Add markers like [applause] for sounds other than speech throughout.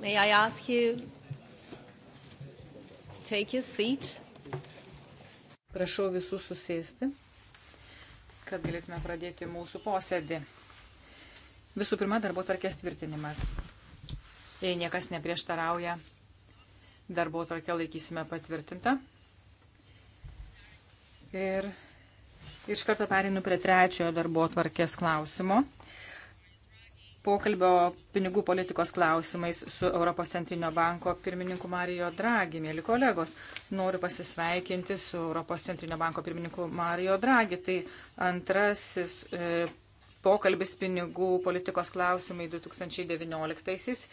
May I ask you to take your seat? Prašau visus susėsti, kad galėtume pradėti mūsų posėdį. Visų pirma, darbo tvarkės tvirtinimas. Jei niekas neprieštarauja, darbo tvarkę laikysime patvirtintą. Ir iš karto perinu prie trečiojo darbo tvarkės klausimo pokalbio pinigų politikos klausimais su Europos centrinio banko pirmininku Marijo Dragi. Mėly kolegos, noriu pasisveikinti su Europos centrinio banko pirmininku Marijo Dragi. Tai antrasis e, pokalbis pinigų politikos klausimai 2019-aisiais,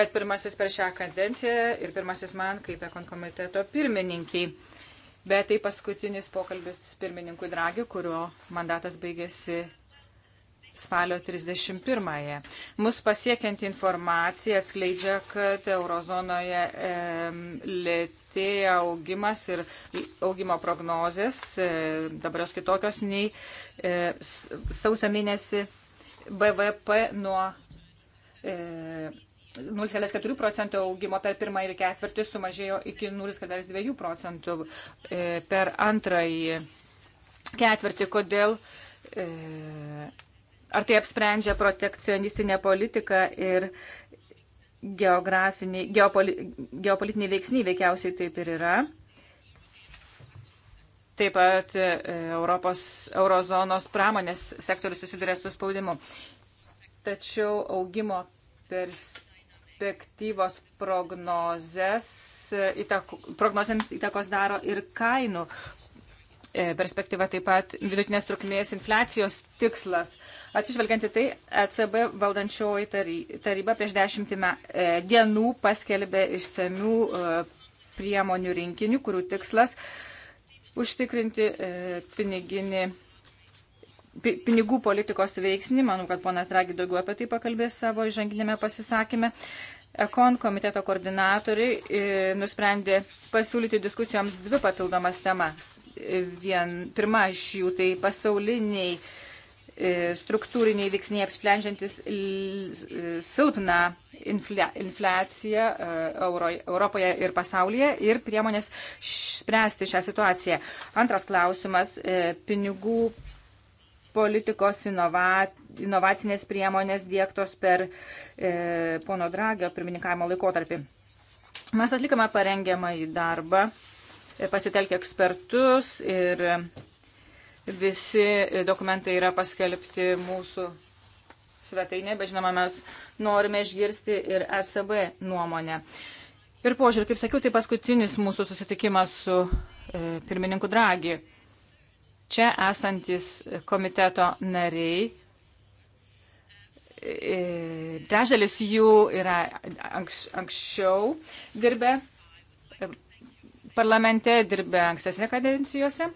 bet pirmasis per šią kadenciją ir pirmasis man kaip ekonkomiteto pirmininkiai. Bet tai paskutinis pokalbis pirmininkui Dragi, kurio mandatas baigėsi spalio 31-ąją. Mus pasiekiant informacija atskleidžia, kad eurozonoje e, lėtėja augimas ir augimo prognozės, e, dabar jos kitokios nei e, sausio mėnesį BVP nuo. E, 0,4 procentų augimo per pirmąjį ir ketvirtį sumažėjo iki 0,2 procentų e, per antrąjį ketvirtį. Kodėl e, Ar tai apsprendžia protekcionistinė politika ir geopoli, geopolitiniai veiksniai veikiausiai taip ir yra. Taip pat e, Europos, eurozonos pramonės sektorius susiduria su spaudimu. Tačiau augimo perspektyvos prognozes, e, įtako, prognozėms įtakos daro ir kainų E, perspektyva taip pat vidutinės trukmės infliacijos tikslas. Atsižvelgiant į tai, ECB valdančioji taryba prieš dešimtį e, dienų paskelbė išsamių e, priemonių rinkinių, kurių tikslas užtikrinti piniginį, pinigų politikos veiksnį. Manau, kad ponas Dragi daugiau apie tai pakalbės savo įžanginėme pasisakymė. Ekon komiteto koordinatoriai e, nusprendė pasiūlyti diskusijoms dvi papildomas temas. Vien, pirma iš jų tai pasauliniai e, struktūriniai veiksniai apsprendžiantis silpną infliaciją e, Euro, Europoje ir pasaulyje ir priemonės spręsti šią situaciją. Antras klausimas - pinigų politikos inova, inovacinės priemonės dėktos per e, pono Dragio pirmininkavimo laikotarpį. Mes atlikome parengiamą į darbą, e, pasitelkę ekspertus ir visi dokumentai yra paskelbti mūsų svetainė, bet žinoma, mes norime išgirsti ir ECB nuomonę. Ir požiūrį, kaip sakiau, tai paskutinis mūsų susitikimas su e, pirmininku Dragi. Čia esantis komiteto nariai, e, trečdalis jų yra anks, anksčiau dirbę e, parlamente, dirbę ankstesnė kadencijose.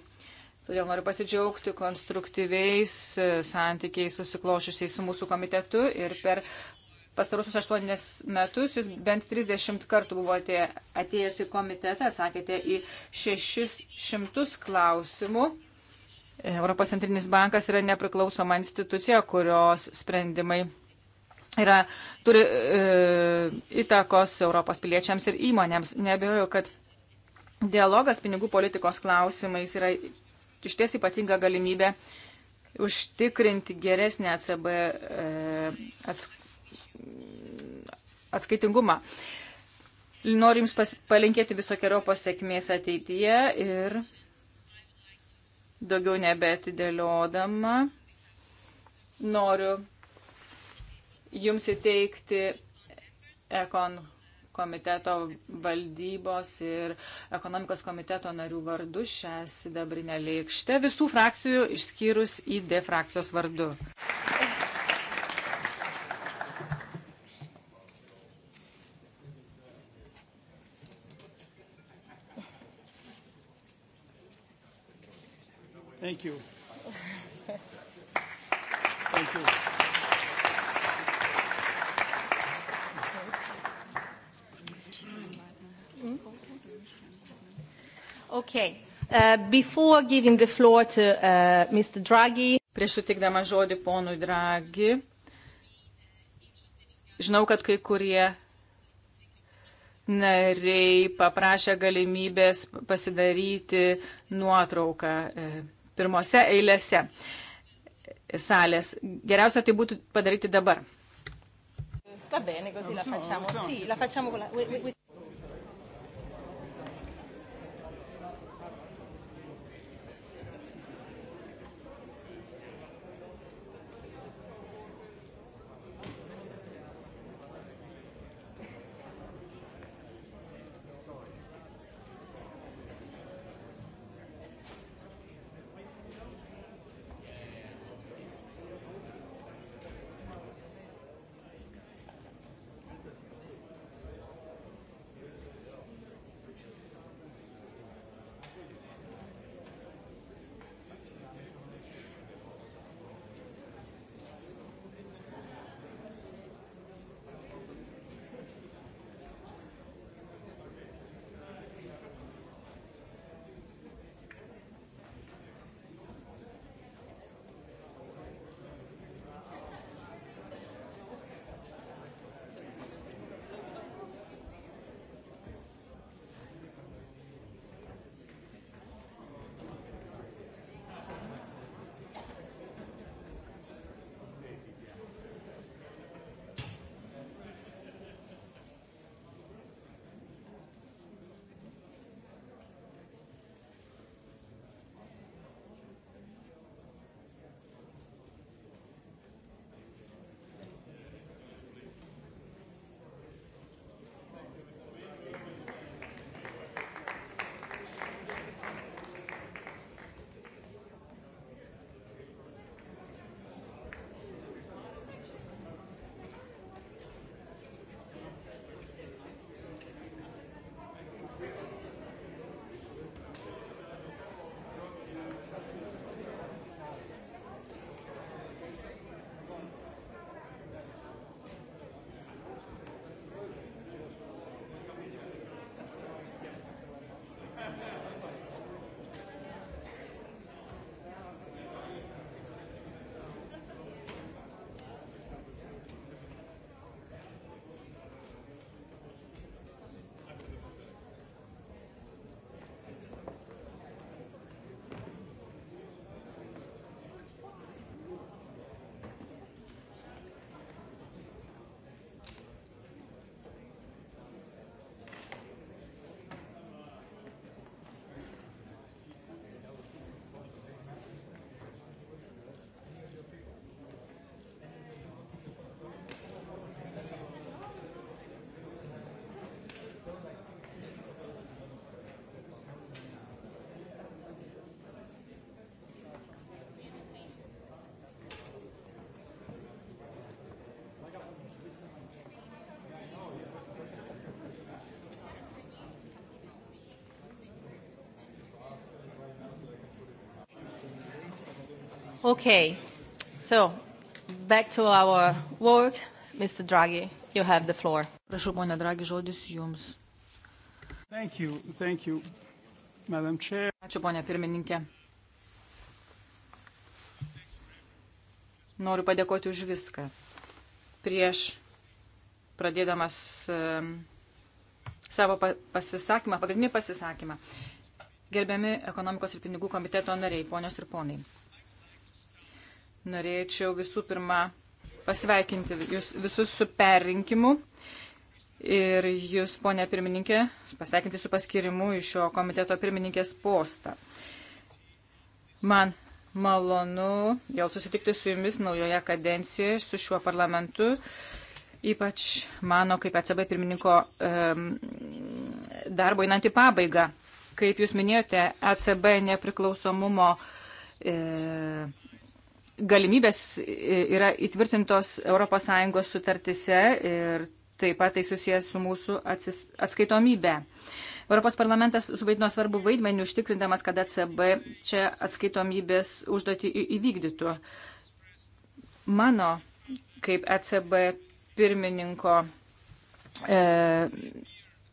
Todėl noriu pasidžiaugti konstruktyviais e, santykiais susiklošiusiais su mūsų komitetu ir per pastarusius aštuonis metus jūs bent 30 kartų buvote atėjęs į komitetą, atsakėte į 600 klausimų. Europos centrinis bankas yra nepriklausoma institucija, kurios sprendimai yra, turi e, įtakos Europos piliečiams ir įmonėms. Nebejoju, kad dialogas pinigų politikos klausimais yra iš ties ypatinga galimybė užtikrinti geresnį ECB e, ats, atskaitingumą. Noriu Jums pas, palinkėti visokiojo pasiekmės ateityje ir daugiau nebetidėliodama, noriu Jums įteikti ekon komiteto valdybos ir ekonomikos komiteto narių vardu šią sidabrinę lėkštę visų frakcijų išskyrus ID frakcijos vardu. Aplausos. Thank you. Thank you. Okay. Uh, before giving the floor to uh, Mr. Draghi. Prieš sutikdama žodį ponui Draghi, žinau, kad kai kurie nariai paprašė galimybės pasidaryti nuotrauką. Uh, pirmose eilėse salės. Geriausia tai būtų padaryti dabar. Va bene, così la facciamo. Sì, la facciamo con la... Okay. So, back to our work. Mr. Draghi, you have the floor. Prašau, pone Draghi, žodis jums. Thank you. Thank you, Madam Chair. Ačiū, ponė pirmininkė. Noriu padėkoti už viską. Prieš pradėdamas savo pasisakymą, pagrindinį pasisakymą, gerbiami ekonomikos ir pinigų komiteto nariai, ponios ir ponai. Norėčiau visų pirma pasveikinti jūs visus su perrinkimu ir jūs, ponė pirmininkė, pasveikinti su paskirimu iš šio komiteto pirmininkės postą. Man malonu vėl susitikti su jumis naujoje kadencijoje, su šiuo parlamentu, ypač mano kaip ECB pirmininko um, darbo einant į pabaigą. Kaip jūs minėjote, ECB nepriklausomumo e, galimybės yra įtvirtintos ES sutartise ir taip pat tai susijęs su mūsų atsis, atskaitomybė. Europos parlamentas suvaidino svarbu vaidmenį užtikrindamas, kad ECB čia atskaitomybės užduotį įvykdytų. Mano kaip ECB pirmininko e,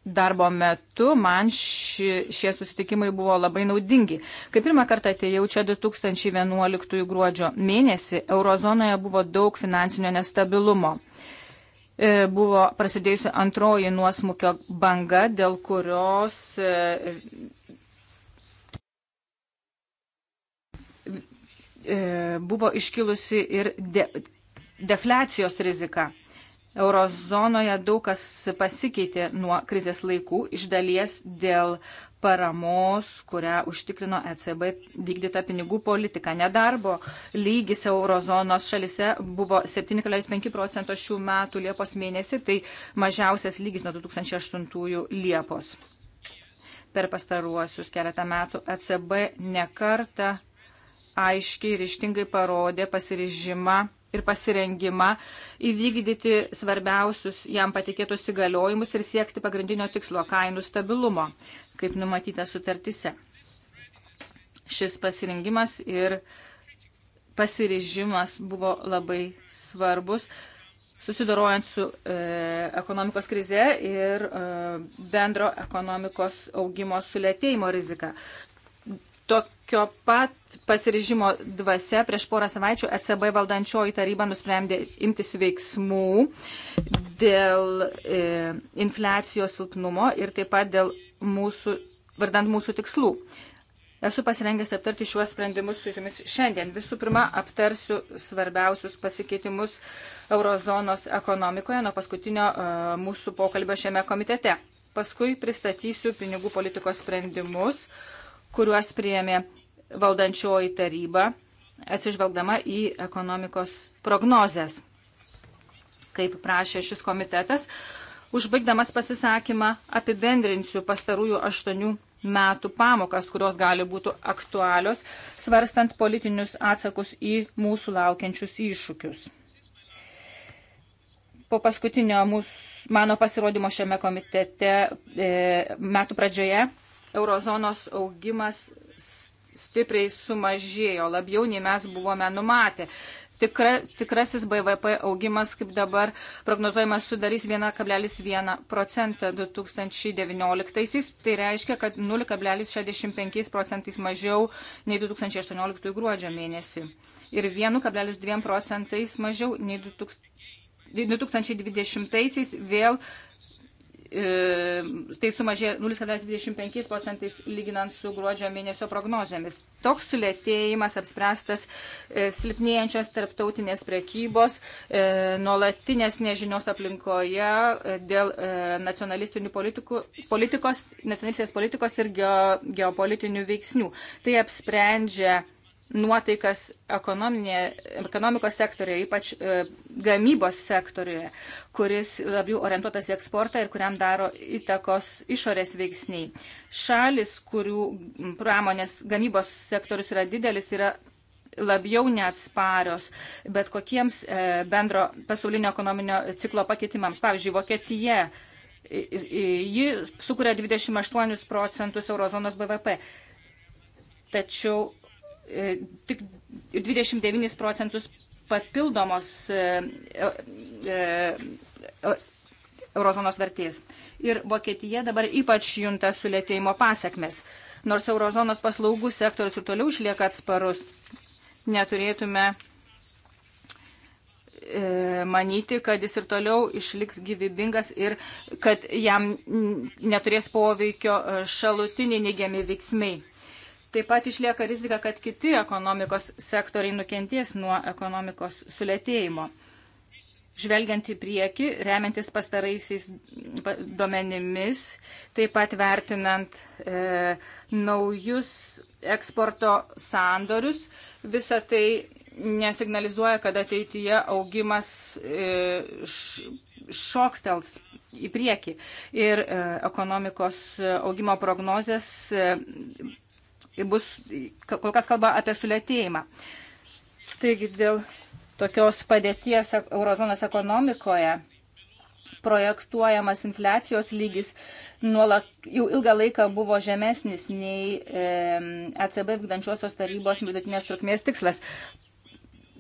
darbo metu man ši, šie susitikimai buvo labai naudingi. Kai pirmą kartą atėjau čia 2011 gruodžio mėnesį, eurozonoje buvo daug finansinio nestabilumo. E, buvo prasidėjusi antroji nuosmukio banga, dėl kurios e, e, buvo iškilusi ir de, defliacijos rizika. Eurozonoje daug kas pasikeitė nuo krizės laikų iš dalies dėl paramos, kurią užtikrino ECB vykdyta pinigų politika. Nedarbo lygis eurozonos šalise buvo 7,5 procento šių metų Liepos mėnesį, tai mažiausias lygis nuo 2008 Liepos. Per pastaruosius keletą metų ECB nekarta aiškiai ir ištingai parodė pasirižimą ir pasirengimą įvykdyti svarbiausius jam patikėtus įgaliojimus ir siekti pagrindinio tikslo kainų stabilumo, kaip numatyta sutartise. Šis pasirinkimas ir pasirižimas buvo labai svarbus susidorojant su e, ekonomikos krize ir e, bendro ekonomikos augimo sulėtėjimo rizika. Tokio pat pasiryžimo dvasia prieš porą savaičių ECB valdančioji taryba nusprendė imtis veiksmų dėl e, infliacijos silpnumo ir taip pat dėl mūsų, vardant mūsų tikslų. Esu pasirengęs aptarti šiuos sprendimus su jumis šiandien. Visų pirma, aptarsiu svarbiausius pasikeitimus eurozonos ekonomikoje nuo paskutinio uh, mūsų pokalbio šiame komitete. Paskui pristatysiu pinigų politikos sprendimus, uh, kuriuos priėmė valdančioji taryba, atsižvelgdama į ekonomikos prognozes, kaip prašė šis komitetas. Užbaigdamas pasisakymą apibendrinsiu pastarųjų aštuonių metų pamokas, kurios gali būti aktualios, svarstant politinius atsakus į mūsų laukiančius iššūkius. Po paskutinio mūsų, mano pasirodymo šiame komitete e, metų pradžioje eurozonos augimas stipriai sumažėjo, labiau nei mes buvome numatę. Tikra, tikrasis BVP augimas, kaip dabar prognozuojamas, sudarys 1,1 procentą 2019-aisiais. Tai reiškia, kad 0,65 procentais mažiau nei 2018 gruodžio mėnesį. Ir 1,2 procentais mažiau nei 2020-aisiais vėl E, tai sumažėjo 0,25 procentais lyginant su gruodžio mėnesio prognozėmis. Toks sulėtėjimas apspręstas e, silpnėjančios tarptautinės prekybos, e, nuolatinės nežinios aplinkoje dėl nacionalistinių politikų, politikos, nacionalistinės politikos ir geopolitinių veiksnių. Tai apsprendžia nuotaikas ekonomikos sektorijoje, ypač e, gamybos sektorijoje, kuris labiau orientuotas į eksportą ir kuriam daro įtakos išorės veiksniai. Šalis, kurių pramonės gamybos sektorius yra didelis, yra labiau neatsparios bet kokiems e, bendro pasaulinio ekonominio ciklo pakitimams. Pavyzdžiui, Vokietija. Ji sukuria 28 procentus eurozonos BVP. Tačiau E, tik 29 procentus papildomos e, e, eurozonos vertės. Ir Vokietija dabar ypač junta sulėtėjimo pasiekmes. Nors eurozonos paslaugų sektorius ir toliau išlieka atsparus, neturėtume manyti, kad jis ir toliau išliks gyvybingas ir kad jam neturės poveikio šalutiniai neigiami veiksmai. Taip pat išlieka rizika, kad kiti ekonomikos sektoriai nukenties nuo ekonomikos sulėtėjimo. Žvelgiant į priekį, remiantis pastaraisiais duomenimis, taip pat vertinant e, naujus eksporto sandorius, visa tai nesignalizuoja, kad ateityje augimas e, šoktels į priekį. Ir e, ekonomikos augimo prognozės e, bus, kol kas kalba apie sulėtėjimą. Taigi dėl tokios padėties eurozonos ekonomikoje projektuojamas infliacijos lygis nuolat, jau ilgą laiką buvo žemesnis nei e, ECB vykdančiosios tarybos vidutinės trukmės tikslas.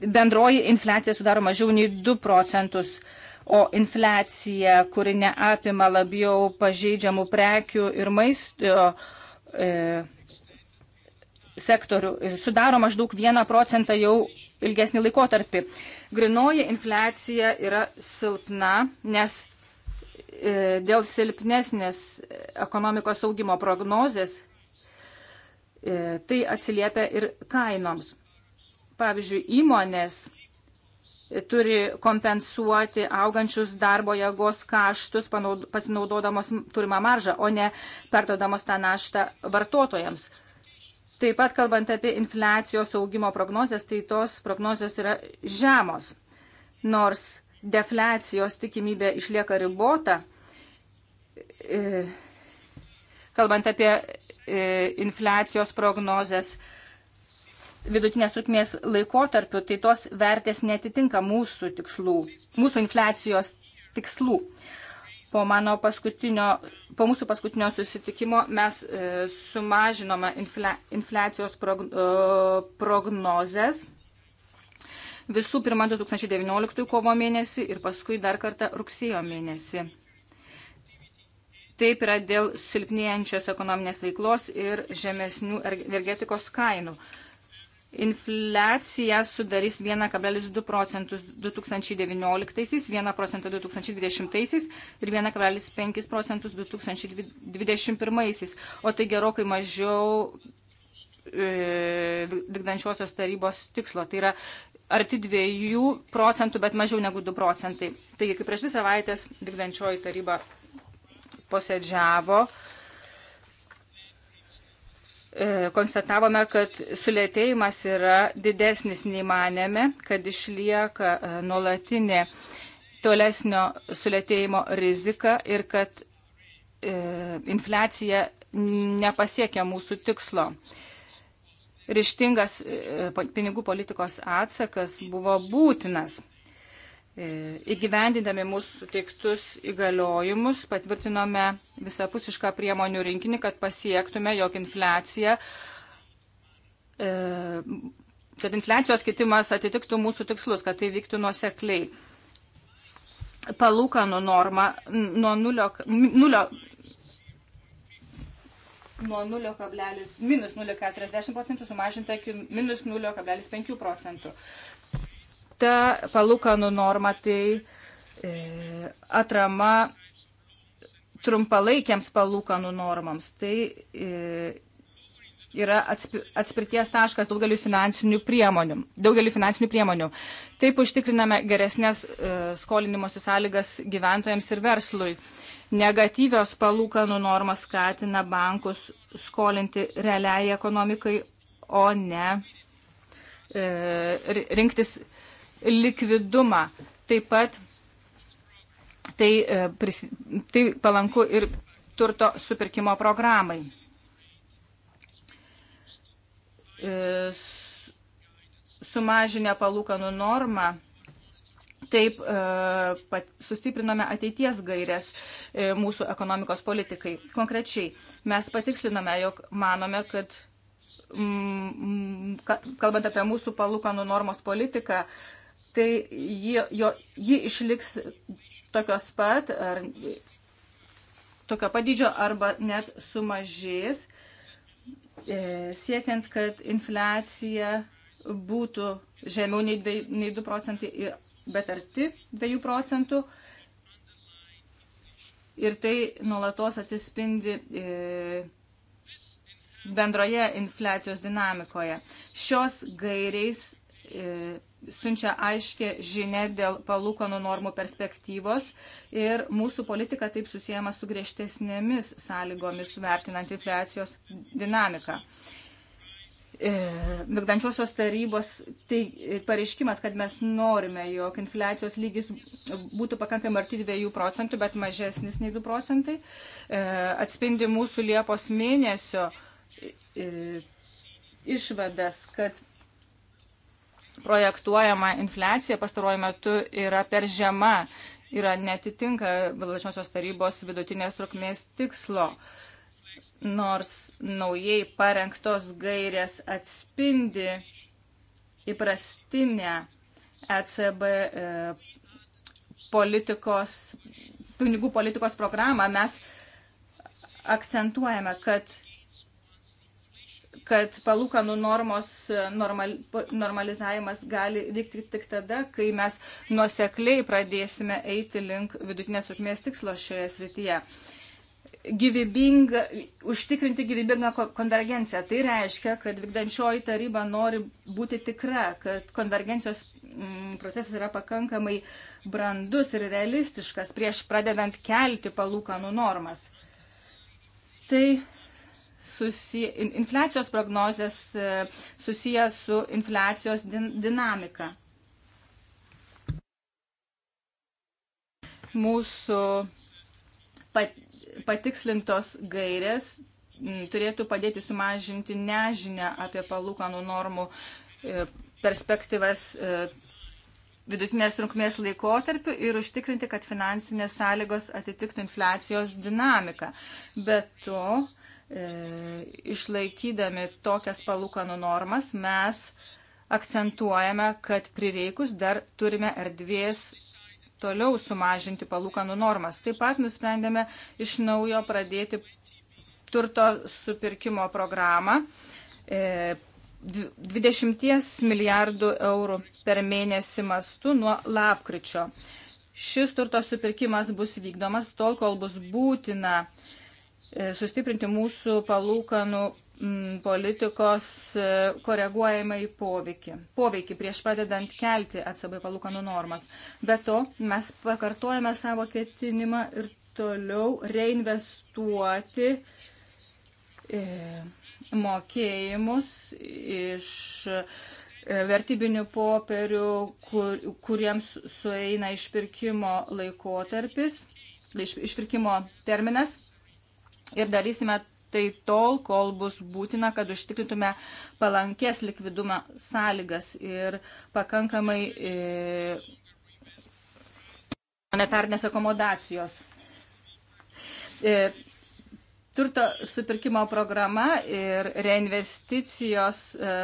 Bendroji infliacija sudaro mažiau nei 2 procentus, o infliacija, kuri neapima labiau pažeidžiamų prekių ir maisto, e, sektorių sudaro maždaug 1 procentą jau ilgesnį laikotarpį. Grinoji infliacija yra silpna, nes e, dėl silpnesnės ekonomikos augimo prognozės e, tai atsiliepia ir kainoms. Pavyzdžiui, įmonės turi kompensuoti augančius darbo jėgos kaštus, pasinaudodamos turimą maržą, o ne perdodamos tą naštą vartotojams. Taip pat kalbant apie infliacijos augimo prognozes, tai tos prognozijos yra žemos. Nors defliacijos tikimybė išlieka ribota, e, kalbant apie e, infliacijos prognozes vidutinės trukmės laikotarpiu, tai tos vertės netitinka mūsų tikslų, mūsų infliacijos tikslų po, mano paskutinio, po mūsų paskutinio susitikimo mes e, sumažinome infle, infliacijos prog, e, prognozes. Visų pirma 2019 kovo mėnesį ir paskui dar kartą rugsėjo mėnesį. Taip yra dėl silpnėjančios ekonominės veiklos ir žemesnių energetikos kainų. E, Infliacija sudarys 1,2 procentus 2019, 1 procentą 2020 ir 1,5 procentus 2021. O tai gerokai mažiau e, vykdančiosios tarybos tikslo. Tai yra arti 2 procentų, bet mažiau negu 2 procentai. Taigi, kaip prieš dvi savaitės vykdančioji taryba posėdžiavo, e, E, konstatavome, kad sulėtėjimas yra didesnis nei manėme, kad išlieka e, nuolatinė tolesnio sulėtėjimo rizika ir kad e, infliacija nepasiekia mūsų tikslo. Ryštingas pinigų politikos atsakas buvo būtinas. E, įgyvendindami mūsų suteiktus įgaliojimus patvirtinome visapusišką priemonių rinkinį, kad pasiektume, jog infliacija, e, kad infliacijos kitimas atitiktų mūsų tikslus, kad tai vyktų nuosekliai. Palūkanų norma nuo 0, nuo 0, minus 0,40 procentų sumažinta iki minus 0,5 procentų kita palūkanų norma tai e, atrama trumpalaikiams palūkanų normams. Tai e, yra atspirties taškas daugeliu finansinių priemonių. Daugeliu finansinių priemonių. Taip užtikriname geresnės e, skolinimosi sąlygas gyventojams ir verslui. Negatyvios palūkanų normas skatina bankus skolinti realiai ekonomikai, o ne rinktis likvidumą. Taip pat tai, e, tai palanku ir turto supirkimo programai. E, sumažinę palūkanų normą Taip e, pat sustiprinome ateities gairias mūsų ekonomikos politikai. Konkrečiai mes patikslinome, jog manome, kad kalbant apie mūsų palūkanų normos politiką, tai ji, jo, ji išliks tokios pat, ar tokio padydžio, arba net sumažės, e, siekiant, kad infliacija būtų žemiau nei 2 procentai, bet arti 2 procentų. Ir tai nuolatos atsispindi e, bendroje infliacijos dinamikoje. Šios gairiais e, siunčia aiškę žinę dėl palūkanų normų perspektyvos ir mūsų politika taip susijęma su griežtesnėmis sąlygomis vertinant infliacijos dinamiką. E, vykdančiosios tarybos tai e, pareiškimas, kad mes norime, jog infliacijos lygis būtų pakankamai arti 2 procentų, bet mažesnis nei 2 procentai, e, atspindi mūsų Liepos mėnesio išvadas, kad projektuojama infliacija pastaruoju metu yra per žema, yra netitinka valdančiosios tarybos vidutinės trukmės tikslo. Nors naujai parengtos gairės atspindi įprastinę ECB e, politikos, pinigų politikos programą, mes akcentuojame, kad kad palūkanų normos e, normal, normalizavimas gali vykti tik tada, kai mes nuosekliai pradėsime eiti link vidutinės trukmės tikslo šioje srityje. Gyvybinga, užtikrinti gyvybingą konvergenciją. Tai reiškia, kad vykdančioji taryba nori būti tikra, kad konvergencijos mm, procesas yra pakankamai brandus ir realistiškas prieš pradedant kelti palūkanų normas. Tai susiję, infliacijos prognozės e, susiję su infliacijos din, dinamika. Mūsų pat, patikslintos gairės turėtų padėti sumažinti nežinę apie palūkanų normų e, perspektyvas e, vidutinės trunkmės laikotarpiu ir užtikrinti, kad finansinės sąlygos atitiktų infliacijos dinamiką. Be to, E, išlaikydami tokias palūkanų normas, mes akcentuojame, kad prireikus dar turime erdvės toliau sumažinti palūkanų normas. Taip pat nusprendėme iš naujo pradėti turto supirkimo programą. 20 e, milijardų eurų per mėnesį mastu nuo lapkričio. Šis turto supirkimas bus vykdomas tol, kol bus būtina uh, E, sustiprinti mūsų palūkanų politikos e, koreguojamai poveikį, poveikį prieš pradedant kelti atslabai palūkanų normas. Be to, mes pakartojame savo ketinimą ir toliau reinvestuoti e, mokėjimus iš e, vertybinių popierių, kur, kuriems sueina išpirkimo laikotarpis, iš, išpirkimo terminas ir darysime tai tol, kol bus būtina, kad užtikrintume palankės likvidumo sąlygas ir pakankamai e, monetarnės akomodacijos. E, turto supirkimo programa ir reinvesticijos e,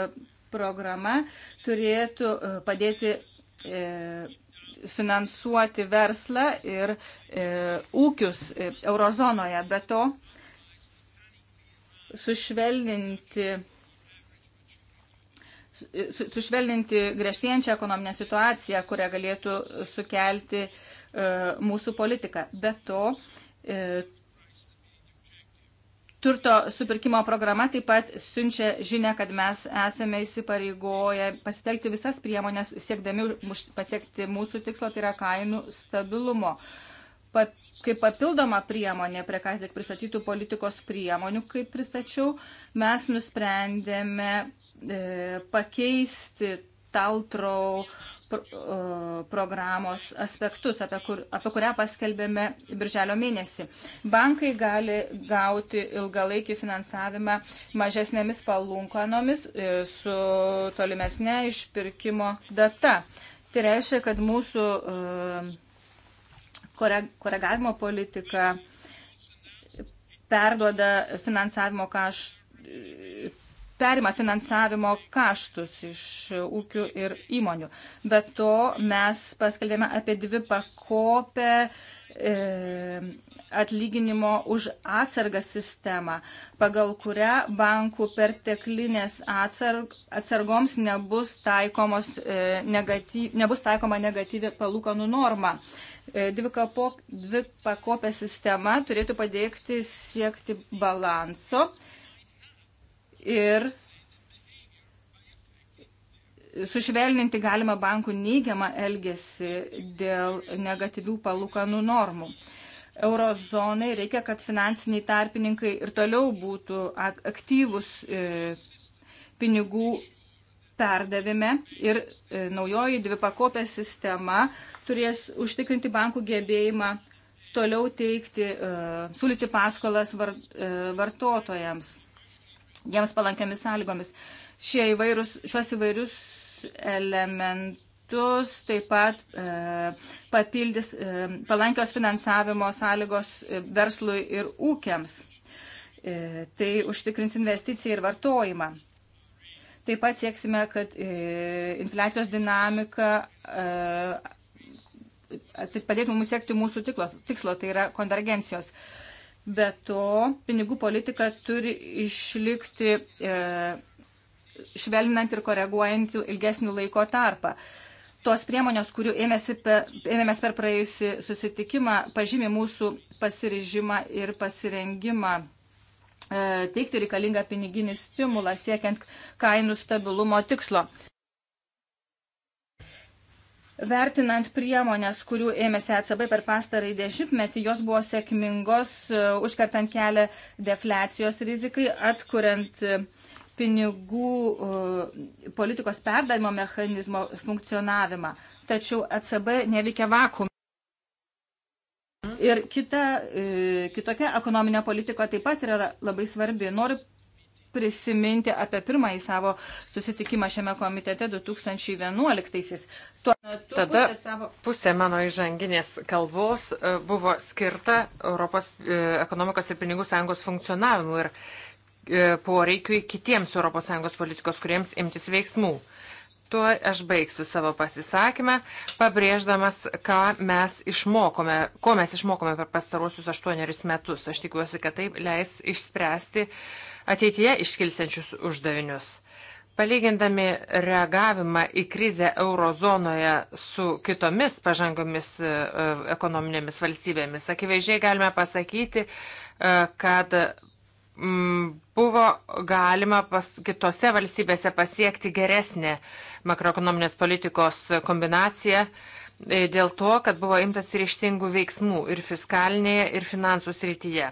programa turėtų e, padėti e, finansuoti verslą ir e, ūkius e, eurozonoje. Be to, e, sušvelninti su, sušvelninti grėžtėjančią ekonominę situaciją, kurią galėtų sukelti e, mūsų politika. Be to, e, turto supirkimo programa taip pat siunčia žinę, kad mes esame įsipareigoję pasitelkti visas priemonės, siekdami pasiekti mūsų tikslo, tai yra kainų stabilumo. Pat kaip papildoma priemonė prie ką tik pristatytų politikos priemonių, kaip pristačiau, mes nusprendėme e, pakeisti Taltrau pro, e, programos aspektus, apie, kur, apie kurią paskelbėme birželio mėnesį. Bankai gali gauti ilgalaikį finansavimą mažesnėmis palūkanomis e, su tolimesne išpirkimo data. Tai reiškia, kad mūsų e, koregavimo politika perduoda finansavimo kaštų perima finansavimo kaštus iš ūkių ir įmonių. Be to mes paskelbėme apie dvi pakopę e, atlyginimo už atsargą sistemą, pagal kurią bankų perteklinės atsarg, atsargoms nebus, taikomos, e, negatyv, nebus taikoma negatyvi palūkanų norma. E, E, dvi, kapo, dvi pakopė sistema turėtų padėkti siekti balanso ir sušvelninti galima bankų neigiamą elgesį dėl negatyvių palūkanų normų. Eurozonai reikia, kad finansiniai tarpininkai ir toliau būtų aktyvus e, pinigų perdavime ir e, naujoji dvipakopė sistema turės užtikrinti bankų gebėjimą toliau teikti, uh, siūlyti paskolas var, uh, vartotojams, jiems palankiamis sąlygomis. Šie įvairūs, šios įvairius elementus taip pat uh, papildys uh, palankios finansavimo sąlygos verslui ir ūkiams. Uh, tai užtikrins investiciją ir vartojimą. Taip pat sieksime, kad e, infliacijos dinamika e, padėtų mums siekti mūsų tiklos, tikslo, tai yra konvergencijos. Be to, pinigų politika turi išlikti e, švelninant ir koreguojant ilgesnių laiko tarpą tos priemonės, kurių per, ėmėmės per praėjusi susitikimą, pažymė mūsų pasirižimą ir pasirengimą E, teikti reikalingą piniginį stimulą siekiant kainų stabilumo tikslo. Vertinant priemonės, kurių ėmėsi ECB per pastarąjį dešimtmetį, jos buvo sėkmingos, e, užkartant kelią deflecijos rizikai, atkuriant e, pinigų politikos perdavimo mechanizmo funkcionavimą. Tačiau ECB neveikia vakum. Ir kita, e, kitokia ekonominė politika taip pat yra labai svarbi. Noriu prisiminti apie pirmąjį savo susitikimą šiame komitete 2011-aisiais. Tuo metu Tada pusė, savo... pusė mano įžanginės kalbos e, buvo skirta Europos e, ekonomikos ir pinigų sąjungos funkcionavimui ir poreikiui kitiems ES politikos kuriems imtis veiksmų. Tuo aš baigsiu savo pasisakymą, pabrėždamas, ką mes išmokome, ko mes išmokome per pastaruosius aštuonerius metus. Aš tikiuosi, kad tai leis išspręsti ateityje iškilsiančius uždavinius. Palygindami reagavimą į krizę eurozonoje su kitomis pažangomis e, ekonominėmis valstybėmis, akivaizdžiai galime pasakyti, e, kad buvo galima pas, kitose valstybėse pasiekti geresnę makroekonominės politikos kombinaciją e, dėl to, kad buvo imtas ryštingų veiksmų ir fiskalinėje, ir finansų srityje.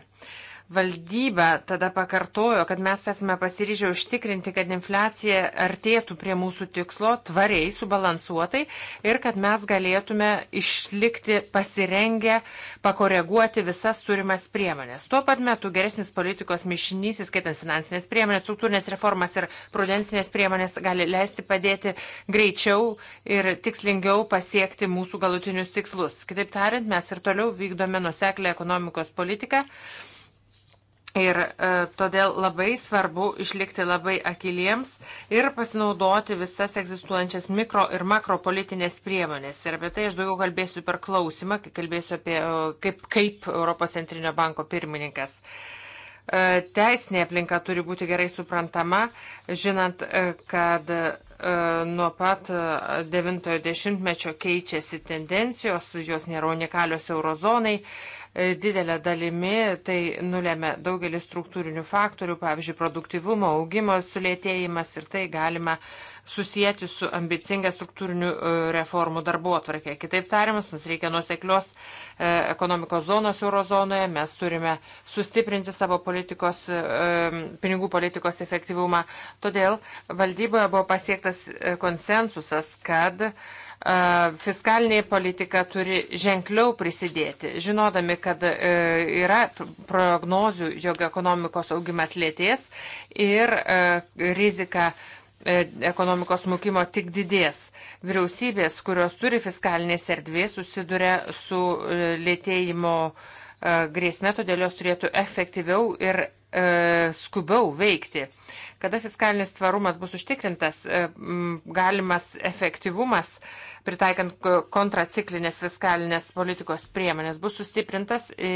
Valdyba tada pakartojo, kad mes esame pasiryžę užtikrinti, kad infliacija artėtų prie mūsų tikslo tvariai, subalansuotai ir kad mes galėtume išlikti pasirengę pakoreguoti visas turimas priemonės. Tuo pat metu geresnis politikos mišinys, įskaitant finansinės priemonės, struktūrinės reformas ir prudensinės priemonės, gali leisti padėti greičiau ir tikslingiau pasiekti mūsų galutinius tikslus. Kitaip tariant, mes ir toliau vykdome nuseklę ekonomikos politiką Ir e, todėl labai svarbu išlikti labai akiliems ir pasinaudoti visas egzistuojančias mikro ir makropolitinės priemonės. Ir apie tai aš daugiau kalbėsiu per klausimą, kai kalbėsiu apie e, kaip, kaip Europos centrinio banko pirmininkas. E, teisinė aplinka turi būti gerai suprantama, žinant, e, kad e, nuo pat 90-mečio e, keičiasi tendencijos, jos nėra unikalios eurozonai. E, E, didelė dalimi tai nulėmė daugelis struktūrinių faktorių, pavyzdžiui, produktivumo augimo sulėtėjimas ir tai galima susijęti su ambicinga struktūrinių e, reformų darbo atvarkė. Kitaip tariamas, mums reikia nuseklios e, ekonomikos zonos eurozonoje, mes turime sustiprinti savo politikos, pinigų politikos efektyvumą. Todėl valdyboje buvo pasiektas konsensusas, kad uh, fiskalinė politika turi ženkliau prisidėti. Žinodami, kad e, yra prognozių, jog ekonomikos augimas lėtės ir e, rizika e, ekonomikos smukimo tik didės. Vyriausybės, kurios turi fiskalinės erdvės, susiduria su lėtėjimo grėsme, todėl jos turėtų efektyviau ir skubiau veikti. Kada fiskalinis tvarumas bus užtikrintas, e, galimas efektyvumas pritaikant kontraciklinės fiskalinės politikos priemonės, bus sustiprintas e,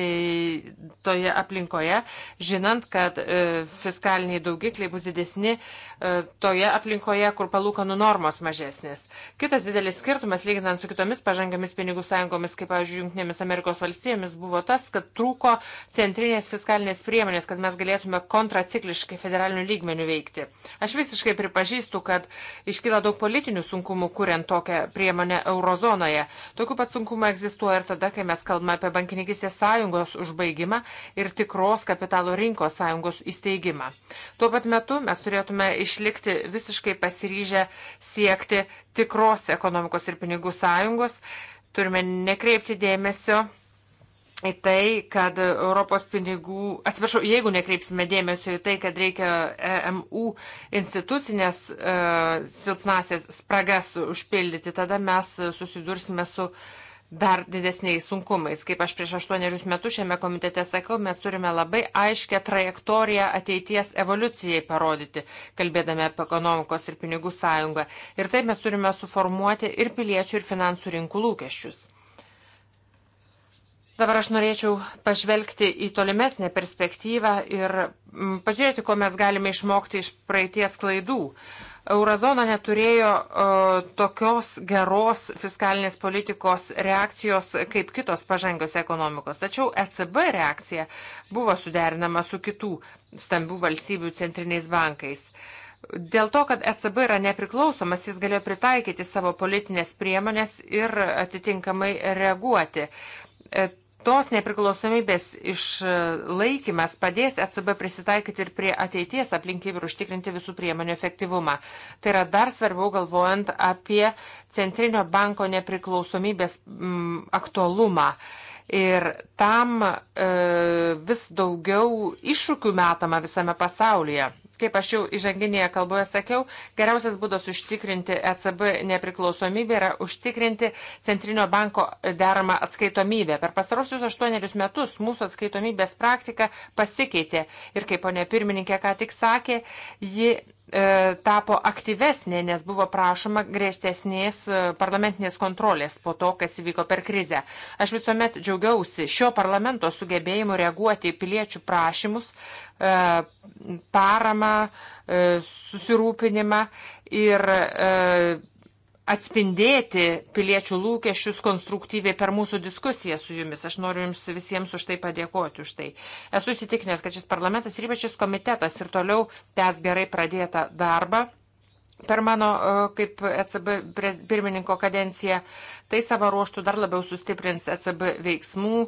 toje aplinkoje, žinant, kad e, fiskaliniai daugikliai bus didesni e, toje aplinkoje, kur palūkanų normos mažesnės. Kitas didelis skirtumas, lyginant su kitomis pažangiamis pinigų sąjungomis, kaip, pavyzdžiui, Junktinėmis Amerikos valstybėmis, buvo tas, kad trūko centrinės fiskalinės priemonės, kad mes galėtume kontracikliškai federalinių lygmenių veikti. Aš visiškai pripažįstu, kad iškyla daug politinių sunkumų, kuriant tokią priemonę priemonę eurozonoje. Tokių pat sunkumų egzistuoja ir tada, kai mes kalbame apie bankininkistės sąjungos užbaigimą ir tikros kapitalo rinkos sąjungos įsteigimą. Tuo pat metu mes turėtume išlikti visiškai pasiryžę siekti tikros ekonomikos ir pinigų sąjungos. Turime nekreipti dėmesio į tai, kad Europos pinigų, atsiprašau, jeigu nekreipsime dėmesio į tai, kad reikia EMU institucinės e, silpnasias spragas užpildyti, tada mes susidursime su dar didesniais sunkumais. Kaip aš prieš aštuonerius metus šiame komitete sakiau, mes turime labai aiškę trajektoriją ateities evoliucijai parodyti, kalbėdami apie ekonomikos ir pinigų sąjungą. Ir taip mes turime suformuoti ir piliečių, ir finansų rinkų lūkesčius. Dabar aš norėčiau pažvelgti į tolimesnę perspektyvą ir mm, pažiūrėti, ko mes galime išmokti iš praeities klaidų. Eurozona neturėjo o, tokios geros fiskalinės politikos reakcijos kaip kitos pažangios ekonomikos. Tačiau ECB reakcija buvo suderinama su kitų stambių valstybių centriniais bankais. Dėl to, kad ECB yra nepriklausomas, jis galėjo pritaikyti savo politinės priemonės ir atitinkamai reaguoti e, Tos nepriklausomybės išlaikimas padės ECB prisitaikyti ir prie ateities aplinkybių ir užtikrinti visų priemonių efektyvumą. Tai yra dar svarbiau galvojant apie centrinio banko nepriklausomybės m, mm, aktualumą. Ir tam e, vis daugiau iššūkių metama visame pasaulyje. Kaip aš jau įžanginėje kalboje sakiau, geriausias būdas užtikrinti ECB nepriklausomybę yra užtikrinti Centrinio banko deramą atskaitomybę. Per pasarosius aštuonerius metus mūsų atskaitomybės praktika pasikeitė ir kaip ponė pirmininkė ką tik sakė, ji E, tapo aktyvesnė, nes buvo prašoma griežtesnės e, parlamentinės kontrolės po to, kas įvyko per krizę. Aš visuomet džiaugiausi šio parlamento sugebėjimu reaguoti į piliečių prašymus, e, paramą, susirūpinimą ir atspindėti piliečių lūkesčius konstruktyviai per mūsų diskusiją su jumis. Aš noriu jums visiems už tai padėkoti už tai. Esu įsitikinęs, kad šis parlamentas ir ypač šis komitetas ir toliau tęs gerai pradėtą darbą. Per mano e, kaip ECB pirmininko kadenciją tai savo ruoštų dar labiau sustiprins ECB veiksmų e,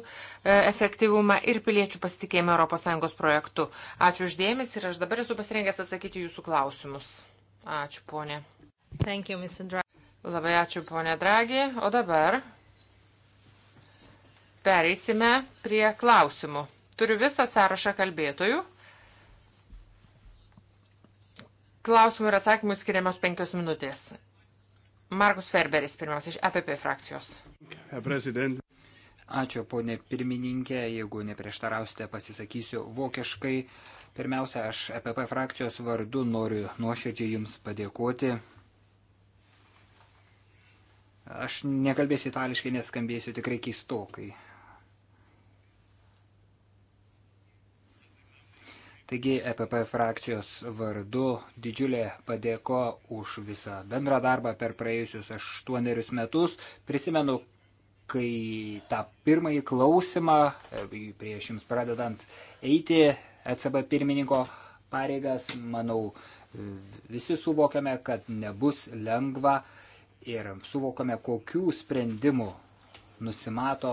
efektyvumą ir piliečių pasitikėjimą ES projektu. Ačiū uždėmesi ir aš dabar esu pasirengęs atsakyti jūsų klausimus. Ačiū, ponė. Thank you, Mr. Draghi. Labai ačiū, ponė Dragi. O dabar pereisime prie klausimų. Turiu visą sąrašą kalbėtojų. Klausimų ir atsakymų skiriamos penkios minutės. Markus Ferberis, pirmiausia, iš APP frakcijos. Ačiū, ponė pirmininkė. Jeigu neprieštarausite, pasisakysiu vokiškai. Pirmiausia, aš APP frakcijos vardu noriu nuoširdžiai Jums padėkoti Aš nekalbėsiu itališkai, nes skambėsiu tikrai keistokai. Taigi EPP frakcijos vardu didžiulė padėko už visą bendrą darbą per praėjusius aštuonerius metus. Prisimenu, kai tą pirmąjį klausimą, e, prieš jums pradedant eiti ECB pirmininko pareigas, manau, e, visi suvokiame, kad nebus lengva uh, ir suvokame, kokių sprendimų nusimato.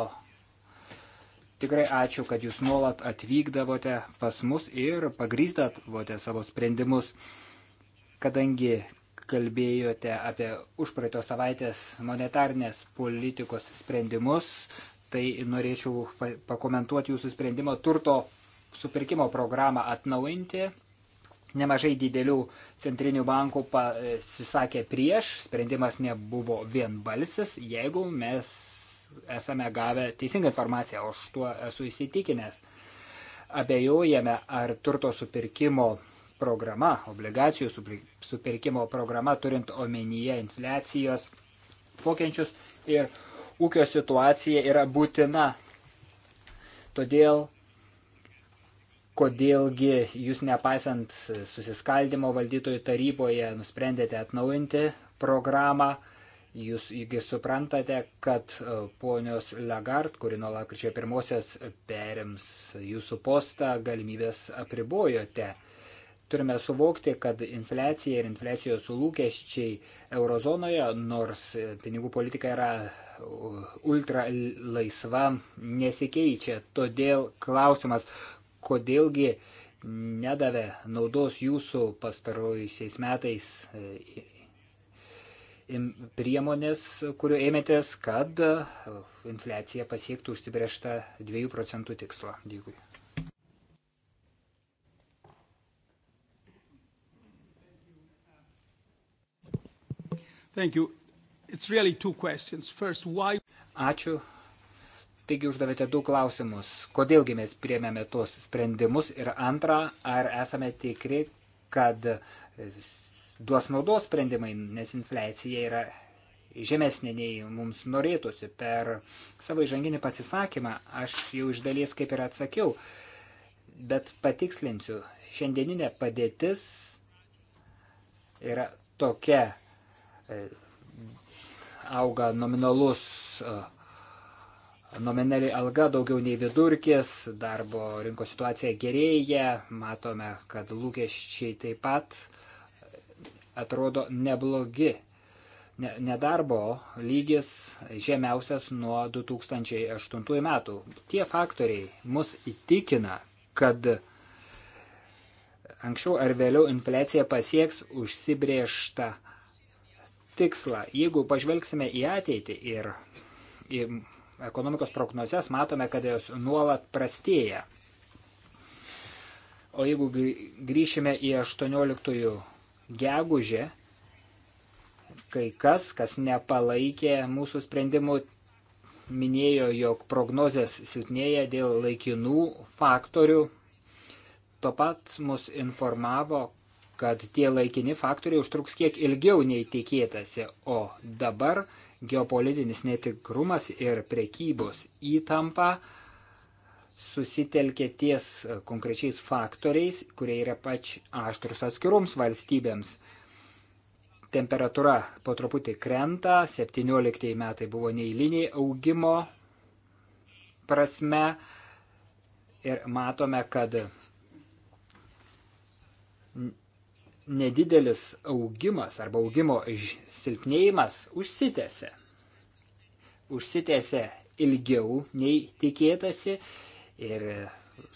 Tikrai ačiū, kad jūs nuolat atvykdavote pas mus ir pagrįstavote savo sprendimus, kadangi kalbėjote apie užpraeitos savaitės monetarnės politikos sprendimus, tai norėčiau pakomentuoti jūsų sprendimą turto supirkimo programą atnaujinti Nemažai didelių centrinių bankų pasisakė e, prieš, sprendimas nebuvo vienbalsis, jeigu mes esame gavę teisingą informaciją, o aš tuo esu įsitikinęs. Abejojame, ar turto supirkimo programa, obligacijų supirkimo programa, turint omenyje infliacijos pokenčius ir ūkio situacija yra būtina. Todėl kodėlgi jūs nepaisant susiskaldimo valdytojų taryboje nusprendėte atnaujinti programą. Jūs įgi suprantate, kad e, ponios Lagard, kuri nuo lakryčio pirmosios perims jūsų postą, galimybės apribojote. Turime suvokti, kad infliacija ir infliacijos lūkesčiai eurozonoje, nors pinigų politika yra e, ultra laisva, nesikeičia. Todėl klausimas, kodėlgi nedavė naudos jūsų pastarojusiais metais e, priemonės, kuriuo ėmėtės, kad e, infliacija pasiektų užsibrėžtą 2 procentų tikslą. Dėkui. Really First, why... Ačiū. Taigi uždavėte du klausimus. Kodėlgi mes priemėme tuos sprendimus ir antra, ar esame tikri, kad duos naudos sprendimai, nes infliacija yra žemesnė nei mums norėtųsi. Per savo įžanginį pasisakymą aš jau iš dalies kaip ir atsakiau, bet patikslinsiu, šiandieninė padėtis yra tokia, e, auga nominalus e, nominali alga daugiau nei vidurkis, darbo rinkos situacija gerėja, matome, kad lūkesčiai taip pat atrodo neblogi. Nedarbo lygis žemiausias nuo 2008 metų. Tie faktoriai mus įtikina, kad anksčiau ar vėliau infliacija pasieks užsibriežtą tikslą. Jeigu pažvelgsime į ateitį ir į ekonomikos prognozes matome, kad jos nuolat prastėja. O jeigu grįšime į 18 gegužę, kai kas, kas nepalaikė mūsų sprendimų, minėjo, jog prognozės silpnėja dėl laikinų faktorių. Tuo pat mus informavo, kad tie laikini faktoriai užtruks kiek ilgiau nei tikėtasi, o dabar geopolitinis netikrumas ir prekybos įtampa susitelkė ties konkrečiais faktoriais, kurie yra pač aštrus atskiroms valstybėms. Temperatūra po truputį krenta, 17 metai buvo neįliniai augimo prasme ir matome, kad nedidelis augimas arba augimo silpnėjimas užsitęsė. Užsitęsė ilgiau nei tikėtasi ir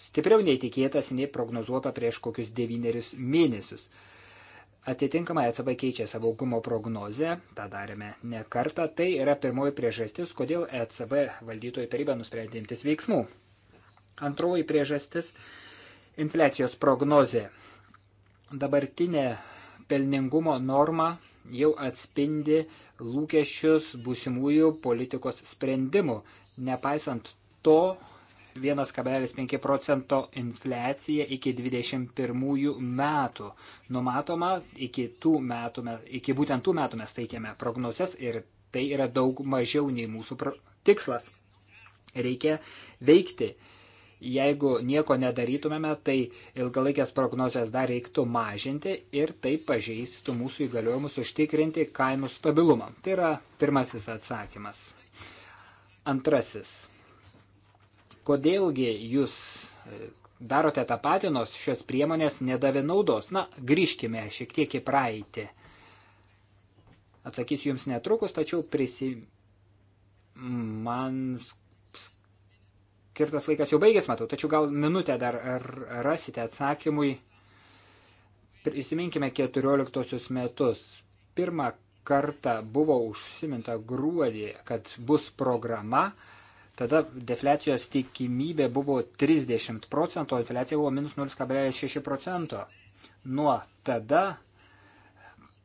stipriau nei tikėtasi, nei prognozuota prieš kokius devynerius mėnesius. Atitinkamai ECB keičia savo augumo prognozę, tą darėme ne kartą, tai yra pirmoji priežastis, kodėl ECB valdytojų taryba nusprendė imtis veiksmų. Antroji priežastis - infliacijos prognozė dabartinė pelningumo norma jau atspindi lūkesčius būsimųjų politikos sprendimų. Nepaisant to, 1,5 procento infliacija iki 21 metų. Numatoma, iki, tų metų, iki būtent tų metų mes teikiame prognozes ir tai yra daug mažiau nei mūsų tikslas. Reikia veikti jeigu nieko nedarytumėme, tai ilgalaikės prognozijas dar reiktų mažinti ir tai pažeistų mūsų įgaliojimus užtikrinti kainų stabilumą. Tai yra pirmasis atsakymas. Antrasis. Kodėlgi jūs e, darote tą patį, nors šios priemonės nedavė naudos? Na, grįžkime šiek tiek į praeitį. Atsakysiu jums netrukus, tačiau prisimenu man skirtas laikas jau baigės, matau, tačiau gal minutę dar rasite atsakymui. Prisiminkime 14 metus. Pirmą kartą buvo užsiminta gruodį, kad bus programa, tada deflecijos tikimybė buvo 30 procentų, o inflecija buvo minus 0,6 procento. Nuo tada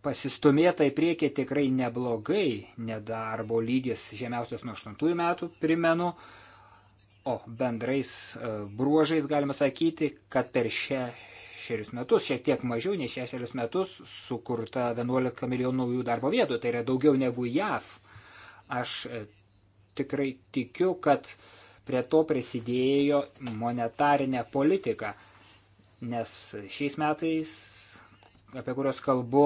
pasistumėta į priekį tikrai neblogai, nedarbo lygis žemiausias nuo 8 metų, primenu, O bendrais e, bruožais galima sakyti, kad per šešerius metus, šiek tiek mažiau nei šešerius metus, sukurta 11 milijonų naujų darbo vietų, tai yra daugiau negu JAV. Aš e, tikrai tikiu, kad prie to prisidėjo monetarinė politika, nes šiais metais, apie kurios kalbu,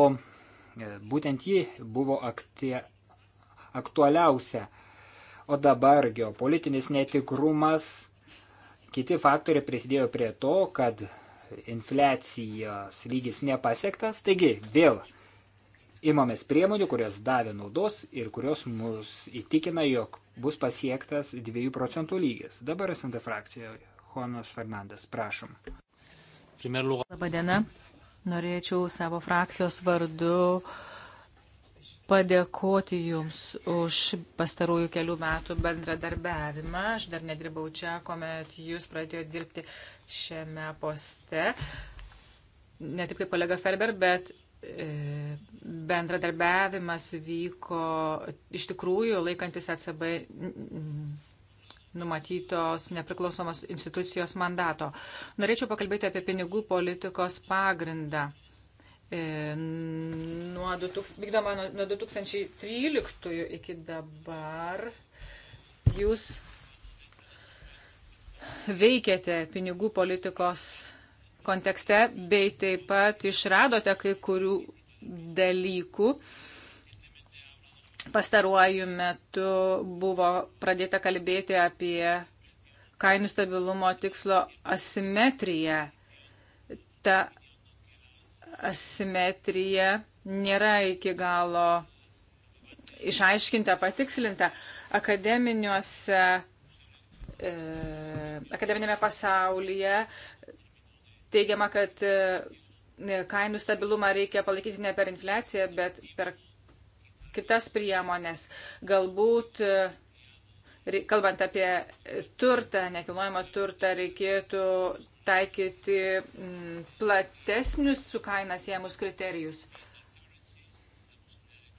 e, būtent ji buvo aktie, aktualiausia. O dabar geopolitinis netikrumas, kiti faktoriai prisidėjo prie to, kad infliacijos lygis nepasiektas. Taigi vėl imamės priemonių, kurios davė naudos ir kurios mus įtikina, jog bus pasiektas 2 procentų lygis. Dabar esant frakcijoje. Juanas Fernandas, prašom. Labadiena. Norėčiau savo frakcijos vardu uh, padėkoti Jums už pastarųjų kelių metų bendradarbiavimą. Aš dar nedirbau čia, kuomet Jūs pradėjote dirbti šiame poste. Ne tik kaip kolega Ferber, bet e, bendradarbiavimas vyko iš tikrųjų laikantis ECB numatytos nepriklausomos institucijos mandato. Norėčiau pakalbėti apie pinigų politikos pagrindą E, nuo 2000, vykdoma nuo 2013 iki dabar jūs veikiate pinigų politikos kontekste, bei taip pat išradote kai kurių dalykų. Pastaruoju metu buvo pradėta kalbėti apie kainų stabilumo tikslo asimetriją. Ta asimetrija nėra iki galo išaiškinta, patikslinta. Akademiniuose, e, akademinėme pasaulyje teigiama, kad e, kainų stabilumą reikia palaikyti ne per infliaciją, bet per kitas priemonės. Galbūt e, kalbant apie turtą, nekilnojamą turtą, reikėtų taikyti mm, platesnius su kainas jėmus kriterijus.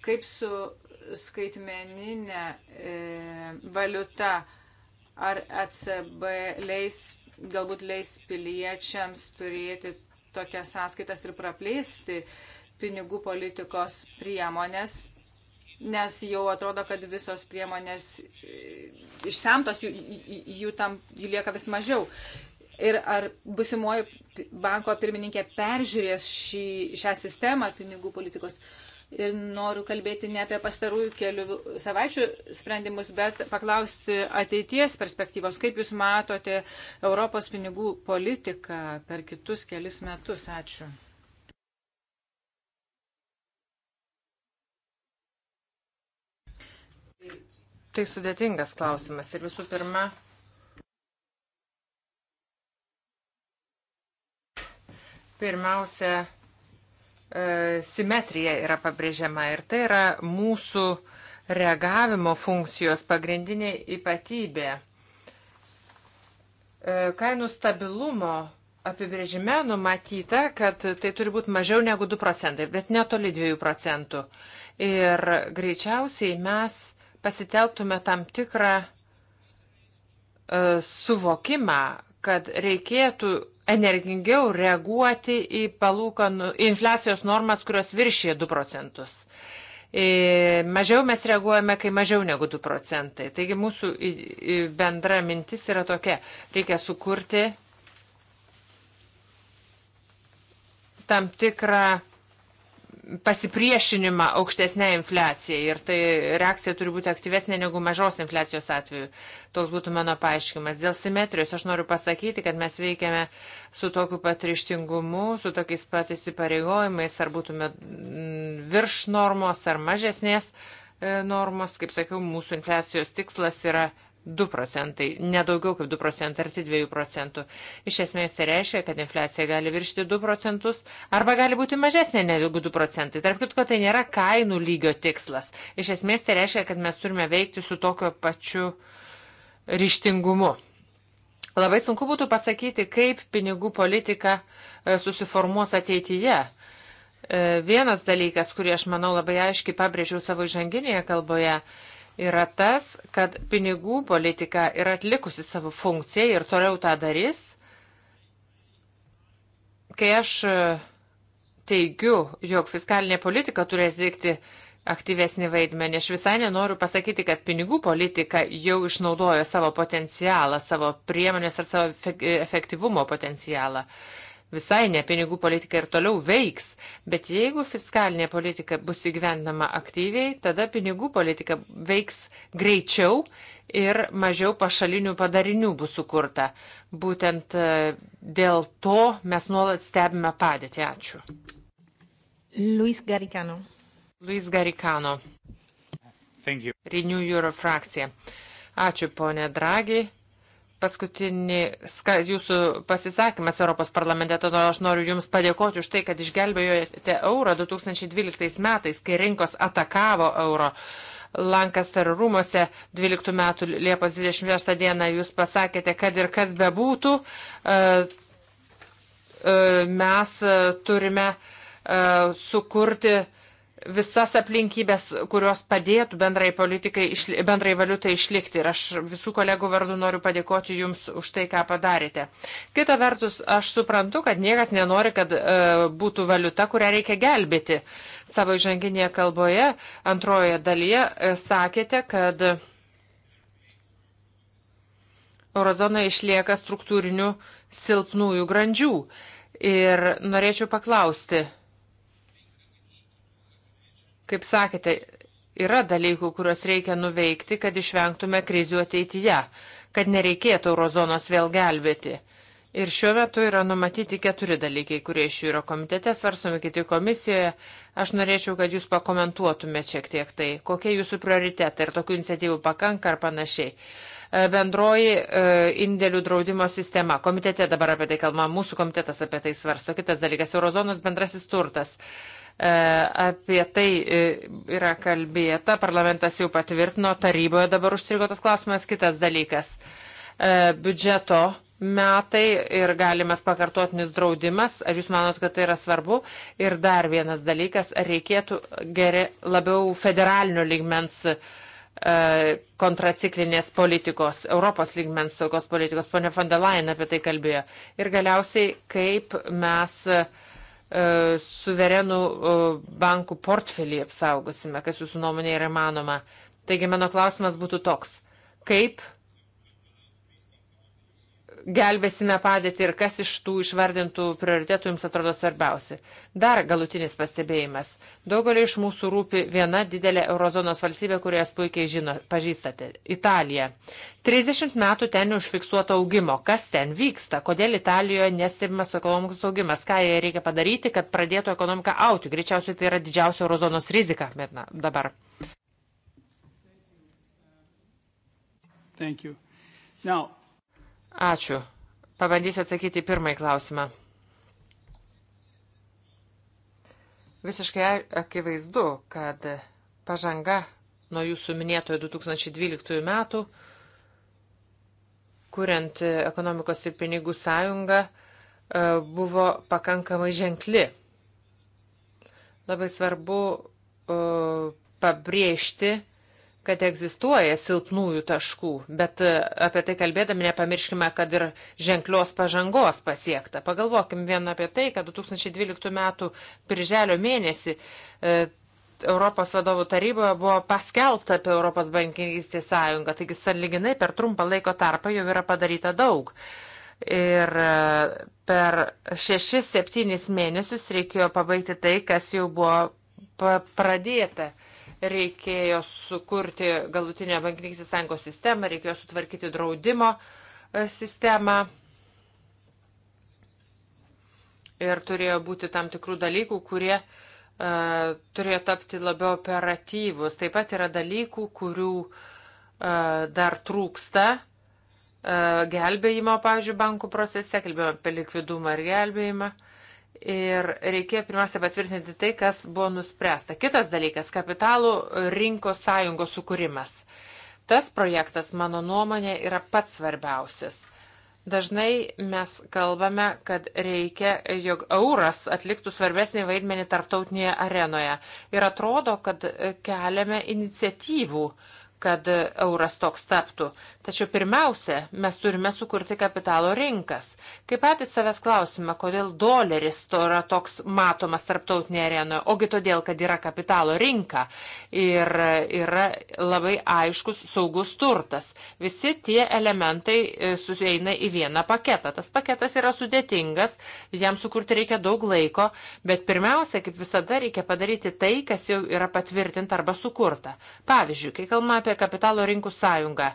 Kaip su skaitmeninė e, valiuta, ar ECB leis, galbūt leis piliečiams turėti tokias sąskaitas ir praplėsti pinigų politikos priemonės nes jau atrodo, kad visos priemonės e, išsemtos, jų, jų tam jų lieka vis mažiau. Ir ar busimoji banko pirmininkė peržiūrės šį, šią sistemą pinigų politikos? Ir noriu kalbėti ne apie pastarųjų kelių savaičių sprendimus, bet paklausti ateities perspektyvos. Kaip Jūs matote Europos pinigų politiką per kitus kelis metus? Ačiū. Tai sudėtingas klausimas ir visų pirma. Pirmiausia, e, simetrija yra pabrėžiama ir tai yra mūsų reagavimo funkcijos pagrindinė ypatybė. E, kainų stabilumo apibrėžime numatyta, kad tai turi būti mažiau negu 2 procentai, bet netoli 2 procentų. Ir greičiausiai mes pasiteltume tam tikrą e, suvokimą, kad reikėtų energingiau reaguoti į palūkanų infliacijos normas, kurios viršyje 2 procentus. E, mažiau mes reaguojame, kai mažiau negu 2 procentai. Taigi mūsų bendra mintis yra tokia. Reikia sukurti tam tikrą pasipriešinimą aukštesnė infliacija ir tai reakcija turi būti aktyvesnė negu mažos infliacijos atveju. Toks būtų mano paaiškimas. Dėl simetrijos aš noriu pasakyti, kad mes veikiame su tokiu pat ryštingumu, su tokiais pat įsipareigojimais, ar būtume mm, virš normos ar mažesnės e, normos. Kaip sakiau, mūsų infliacijos tikslas yra 0,5 2 procentai, nedaugiau kaip 2 procentai, arti 2 procentų. Iš esmės tai reiškia, kad infliacija gali viršti 2 procentus arba gali būti mažesnė negu 2 procentai. Tarp kitko, tai nėra kainų lygio tikslas. Iš esmės tai reiškia, kad mes turime veikti su tokiu pačiu ryštingumu. Labai sunku būtų pasakyti, kaip pinigų politika e, susiformuos ateityje. E, vienas dalykas, kurį aš manau labai aiškiai pabrėžiau savo žanginėje kalboje, yra tas, kad pinigų politika yra atlikusi savo funkciją ir toliau tą darys. Kai aš e, teigiu, jog fiskalinė politika turi atlikti aktyvesnį vaidmenį, aš visai nenoriu pasakyti, kad pinigų politika jau išnaudojo savo potencialą, savo priemonės ar savo efektyvumo potencialą. Uh, visai ne pinigų politika ir toliau veiks, bet jeigu fiskalinė politika bus įgyvendama aktyviai, tada pinigų politika veiks greičiau ir mažiau pašalinių padarinių bus sukurta. Būtent e, dėl to mes nuolat stebime padėtį. Ačiū. Luis Garicano. Luis Garicano. Renew Euro frakcija. Ačiū, ponė Dragi paskutinį ska, jūsų pasisakymas Europos parlamente, todėl aš noriu Jums padėkoti už tai, kad išgelbėjote eurą 2012 metais, kai rinkos atakavo euro. Lankaster rūmose 12 metų Liepos 26 dieną jūs pasakėte, kad ir kas bebūtų, e, e, mes turime e, sukurti visas aplinkybės, kurios padėtų bendrai, politikai, bendrai valiutai išlikti. Ir aš visų kolegų vardu noriu padėkoti Jums už tai, ką padarėte. Kita vertus, aš suprantu, kad niekas nenori, kad e, būtų valiuta, kurią reikia gelbėti. Savo įžanginėje kalboje antrojoje dalyje e, sakėte, kad eurozona išlieka struktūrinių silpnųjų grandžių. Ir norėčiau paklausti, Kaip sakėte, yra dalykų, kuriuos reikia nuveikti, kad išvengtume krizių ateityje, kad nereikėtų eurozonos vėl gelbėti. Ir šiuo metu yra numatyti keturi dalykai, kurie iš jų yra komitete, svarstomi kiti komisijoje. Aš norėčiau, kad jūs pakomentuotumėte šiek tiek tai, kokie jūsų prioritetai ir tokių iniciatyvų pakanka ar panašiai. E, bendroji e, indėlių draudimo sistema. Komitete dabar apie tai kalbama, mūsų komitetas apie tai svarsto. Kitas dalykas - eurozonos bendrasis turtas. E, apie tai e, yra kalbėta, parlamentas jau patvirtino, taryboje dabar užstrigo tas klausimas, kitas dalykas. E, biudžeto metai ir galimas pakartotinis draudimas, ar jūs manot, kad tai yra svarbu? Ir dar vienas dalykas, ar reikėtų geri, labiau federalinio ligmens kontraciklinės politikos, Europos lygmens saugos politikos, ponia von der Leyen apie tai kalbėjo. Ir galiausiai, kaip mes uh, E, suverenų e, bankų portfelį apsaugosime, kas jūsų nuomonė yra manoma. Taigi mano klausimas būtų toks. Kaip gelbėsime padėtį ir kas iš tų išvardintų prioritetų jums atrodo svarbiausi. Dar galutinis pastebėjimas. Daugelį iš mūsų rūpi viena didelė eurozonos valstybė, kurią jūs puikiai žino, pažįstate - Italija. 30 metų ten neužfiksuoto augimo. Kas ten vyksta? Kodėl Italijoje nestibimas ekonomikos augimas? Ką jie reikia padaryti, kad pradėtų ekonomika auti? Greičiausiai tai yra didžiausia eurozonos rizika na, dabar. Thank you. Now, Ačiū. Pabandysiu atsakyti į pirmąjį klausimą. Visiškai akivaizdu, kad pažanga nuo jūsų minėtojo 2012 metų, kuriant ekonomikos ir pinigų sąjungą, e, buvo pakankamai ženkli. Labai svarbu e, pabrėžti, kad egzistuoja silpnųjų taškų, bet e, apie tai kalbėdami nepamirškime, kad ir ženklios pažangos pasiekta. Pagalvokim vien apie tai, kad 2012 m. birželio mėnesį e, Europos vadovų taryboje buvo paskelbta apie Europos bankininkystės sąjungą, taigi saliginai per trumpą laiko tarpą jau yra padaryta daug. Ir e, per 6-7 mėnesius reikėjo pabaigti tai, kas jau buvo pradėta reikėjo sukurti galutinę bankininkystės sąjungos sistemą, reikėjo sutvarkyti draudimo e, sistemą. Ir turėjo būti tam tikrų dalykų, kurie uh, turėjo tapti labiau operatyvus. Taip pat yra dalykų, kurių uh, dar trūksta uh, gelbėjimo, pavyzdžiui, bankų procese, kalbėjome apie likvidumą ir gelbėjimą. Uh, ir reikėjo pirmiausia patvirtinti tai, kas buvo nuspręsta. Kitas dalykas - kapitalų rinkos sąjungos sukūrimas. Tas projektas, mano nuomonė, yra pats svarbiausias. Dažnai mes kalbame, kad reikia, jog euras atliktų svarbesnį vaidmenį tarptautinėje arenoje. Ir atrodo, kad keliame iniciatyvų, uh, kad euras toks taptų. Tačiau pirmiausia, mes turime sukurti kapitalo rinkas. Kai patys savęs klausime, kodėl doleris to yra toks matomas tarptautinėje arenoje, ogi todėl, kad yra kapitalo rinka ir yra labai aiškus saugus turtas. Visi tie elementai e, susieina į vieną paketą. Tas paketas yra sudėtingas, jam sukurti reikia daug laiko, bet pirmiausia, kaip visada, reikia padaryti tai, kas jau yra patvirtinta arba sukurta. Pavyzdžiui, kai kalbame apie kapitalo rinkų sąjungą.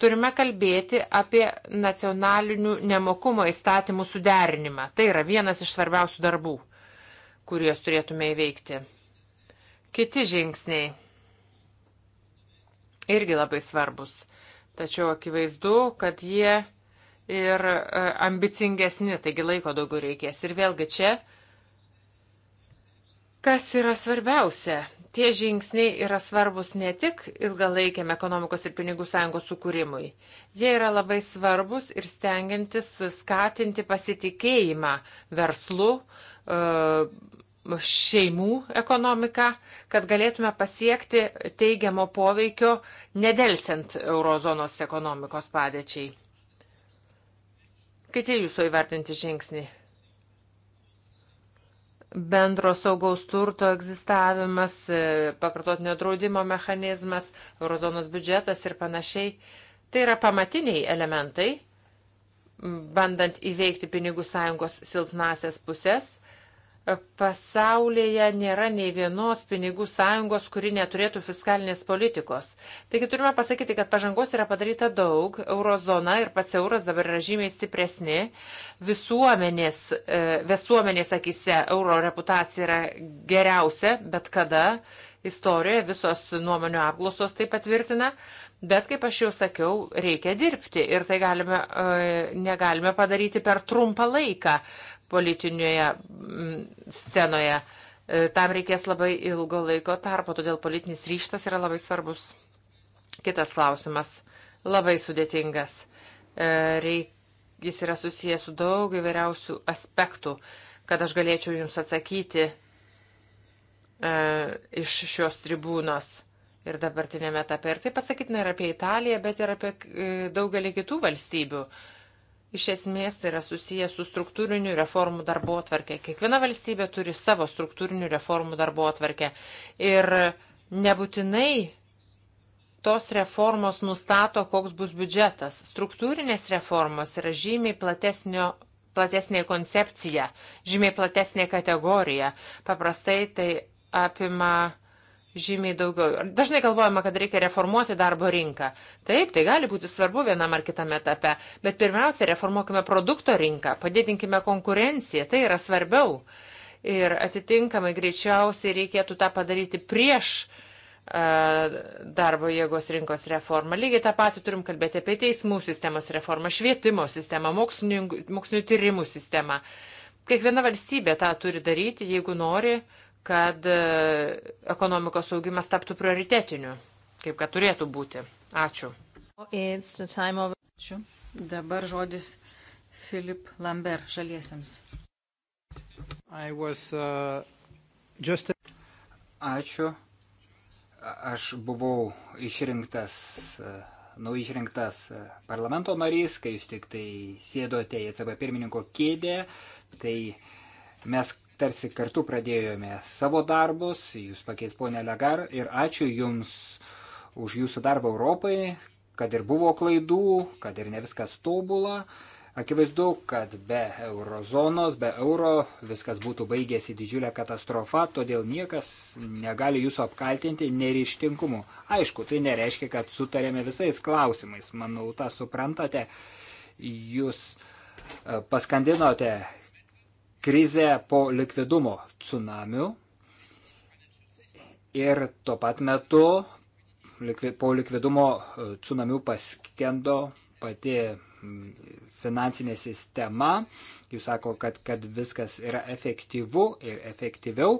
Turime kalbėti apie nacionalinių nemokumo įstatymų suderinimą. Tai yra vienas iš svarbiausių darbų, kuriuos turėtume įveikti. Kiti žingsniai irgi labai svarbus. Tačiau akivaizdu, kad jie ir e, ambicingesni, taigi laiko daugiau reikės. Ir vėlgi čia, kas yra svarbiausia, Tie žingsniai yra svarbus ne tik ilgalaikiam ekonomikos ir pinigų sąjungos sukūrimui, jie yra labai svarbus ir stengiantis skatinti pasitikėjimą verslu, e, šeimų ekonomiką, kad galėtume pasiekti teigiamo poveikio nedelsiant eurozonos ekonomikos padėčiai. Kiti jūsų įvardinti žingsniai bendro saugaus turto egzistavimas, e, pakartotinio draudimo mechanizmas, eurozonos biudžetas ir panašiai. Tai yra pamatiniai elementai, bandant įveikti pinigų sąjungos silpnasias pusės pasaulyje nėra nei vienos pinigų sąjungos, kuri neturėtų fiskalinės politikos. Taigi turime pasakyti, kad pažangos yra padaryta daug, eurozona ir pats euras dabar yra žymiai stipresni, visuomenės, e, visuomenės akise euro reputacija yra geriausia, bet kada istorijoje visos nuomonių apklausos tai patvirtina. Bet, kaip aš jau sakiau, reikia dirbti ir tai galime, e, negalime padaryti per trumpą laiką politinėje mm, scenoje. E, tam reikės labai ilgo laiko tarpo, todėl politinis ryštas yra labai svarbus. Kitas klausimas - labai sudėtingas. E, reik, jis yra susijęs su daug įvairiausių aspektų, kad aš galėčiau jums atsakyti e, iš šios tribūnos ir dabartinėme etape. Ir tai pasakytina ir apie Italiją, bet ir apie e, daugelį kitų valstybių iš esmės tai yra susijęs su struktūrinių reformų darbo atvarkė. Kiekviena valstybė turi savo struktūrinių reformų darbo atvarkę. Ir nebūtinai tos reformos nustato, koks bus biudžetas. Struktūrinės reformos yra žymiai platesnio platesnė koncepcija, žymiai platesnė kategorija. Paprastai tai apima žymiai daugiau. Dažnai galvojama, kad reikia reformuoti darbo rinką. Taip, tai gali būti svarbu vienam ar kitam etape, bet pirmiausia, reformuokime produkto rinką, padidinkime konkurenciją, tai yra svarbiau. Ir atitinkamai greičiausiai reikėtų tą padaryti prieš uh, darbo jėgos rinkos reformą. Lygiai tą patį turim kalbėti apie teismų sistemos reformą, švietimo sistemą, mokslinių, mokslinių tyrimų sistemą. Kiekviena valstybė tą turi daryti, jeigu nori uh, kad e, ekonomikos augimas taptų prioritetiniu, kaip kad turėtų būti. Ačiū. Ačiū. Dabar žodis Filip Lambert žaliesiems. Was, uh, just... Ačiū. Aš buvau išrinktas, e, nau išrinktas e, parlamento narys, kai jūs tik tai sėdote į ECB pirmininko kėdę, tai mes tarsi kartu pradėjome savo darbus, jūs pakeis ponė Legar ir ačiū Jums už Jūsų darbą Europai, kad ir buvo klaidų, kad ir ne viskas tobula. Akivaizdu, kad be eurozonos, be euro viskas būtų baigėsi didžiulę katastrofą, todėl niekas negali jūsų apkaltinti nerištinkumu. Aišku, tai nereiškia, kad sutarėme visais klausimais, manau, tą suprantate. Jūs e, paskandinote krizę po likvidumo tsunamių ir tuo pat metu po likvidumo e, tsunamių paskendo pati mm, finansinė sistema. Jūs sako, kad, kad viskas yra efektyvu ir efektyviau.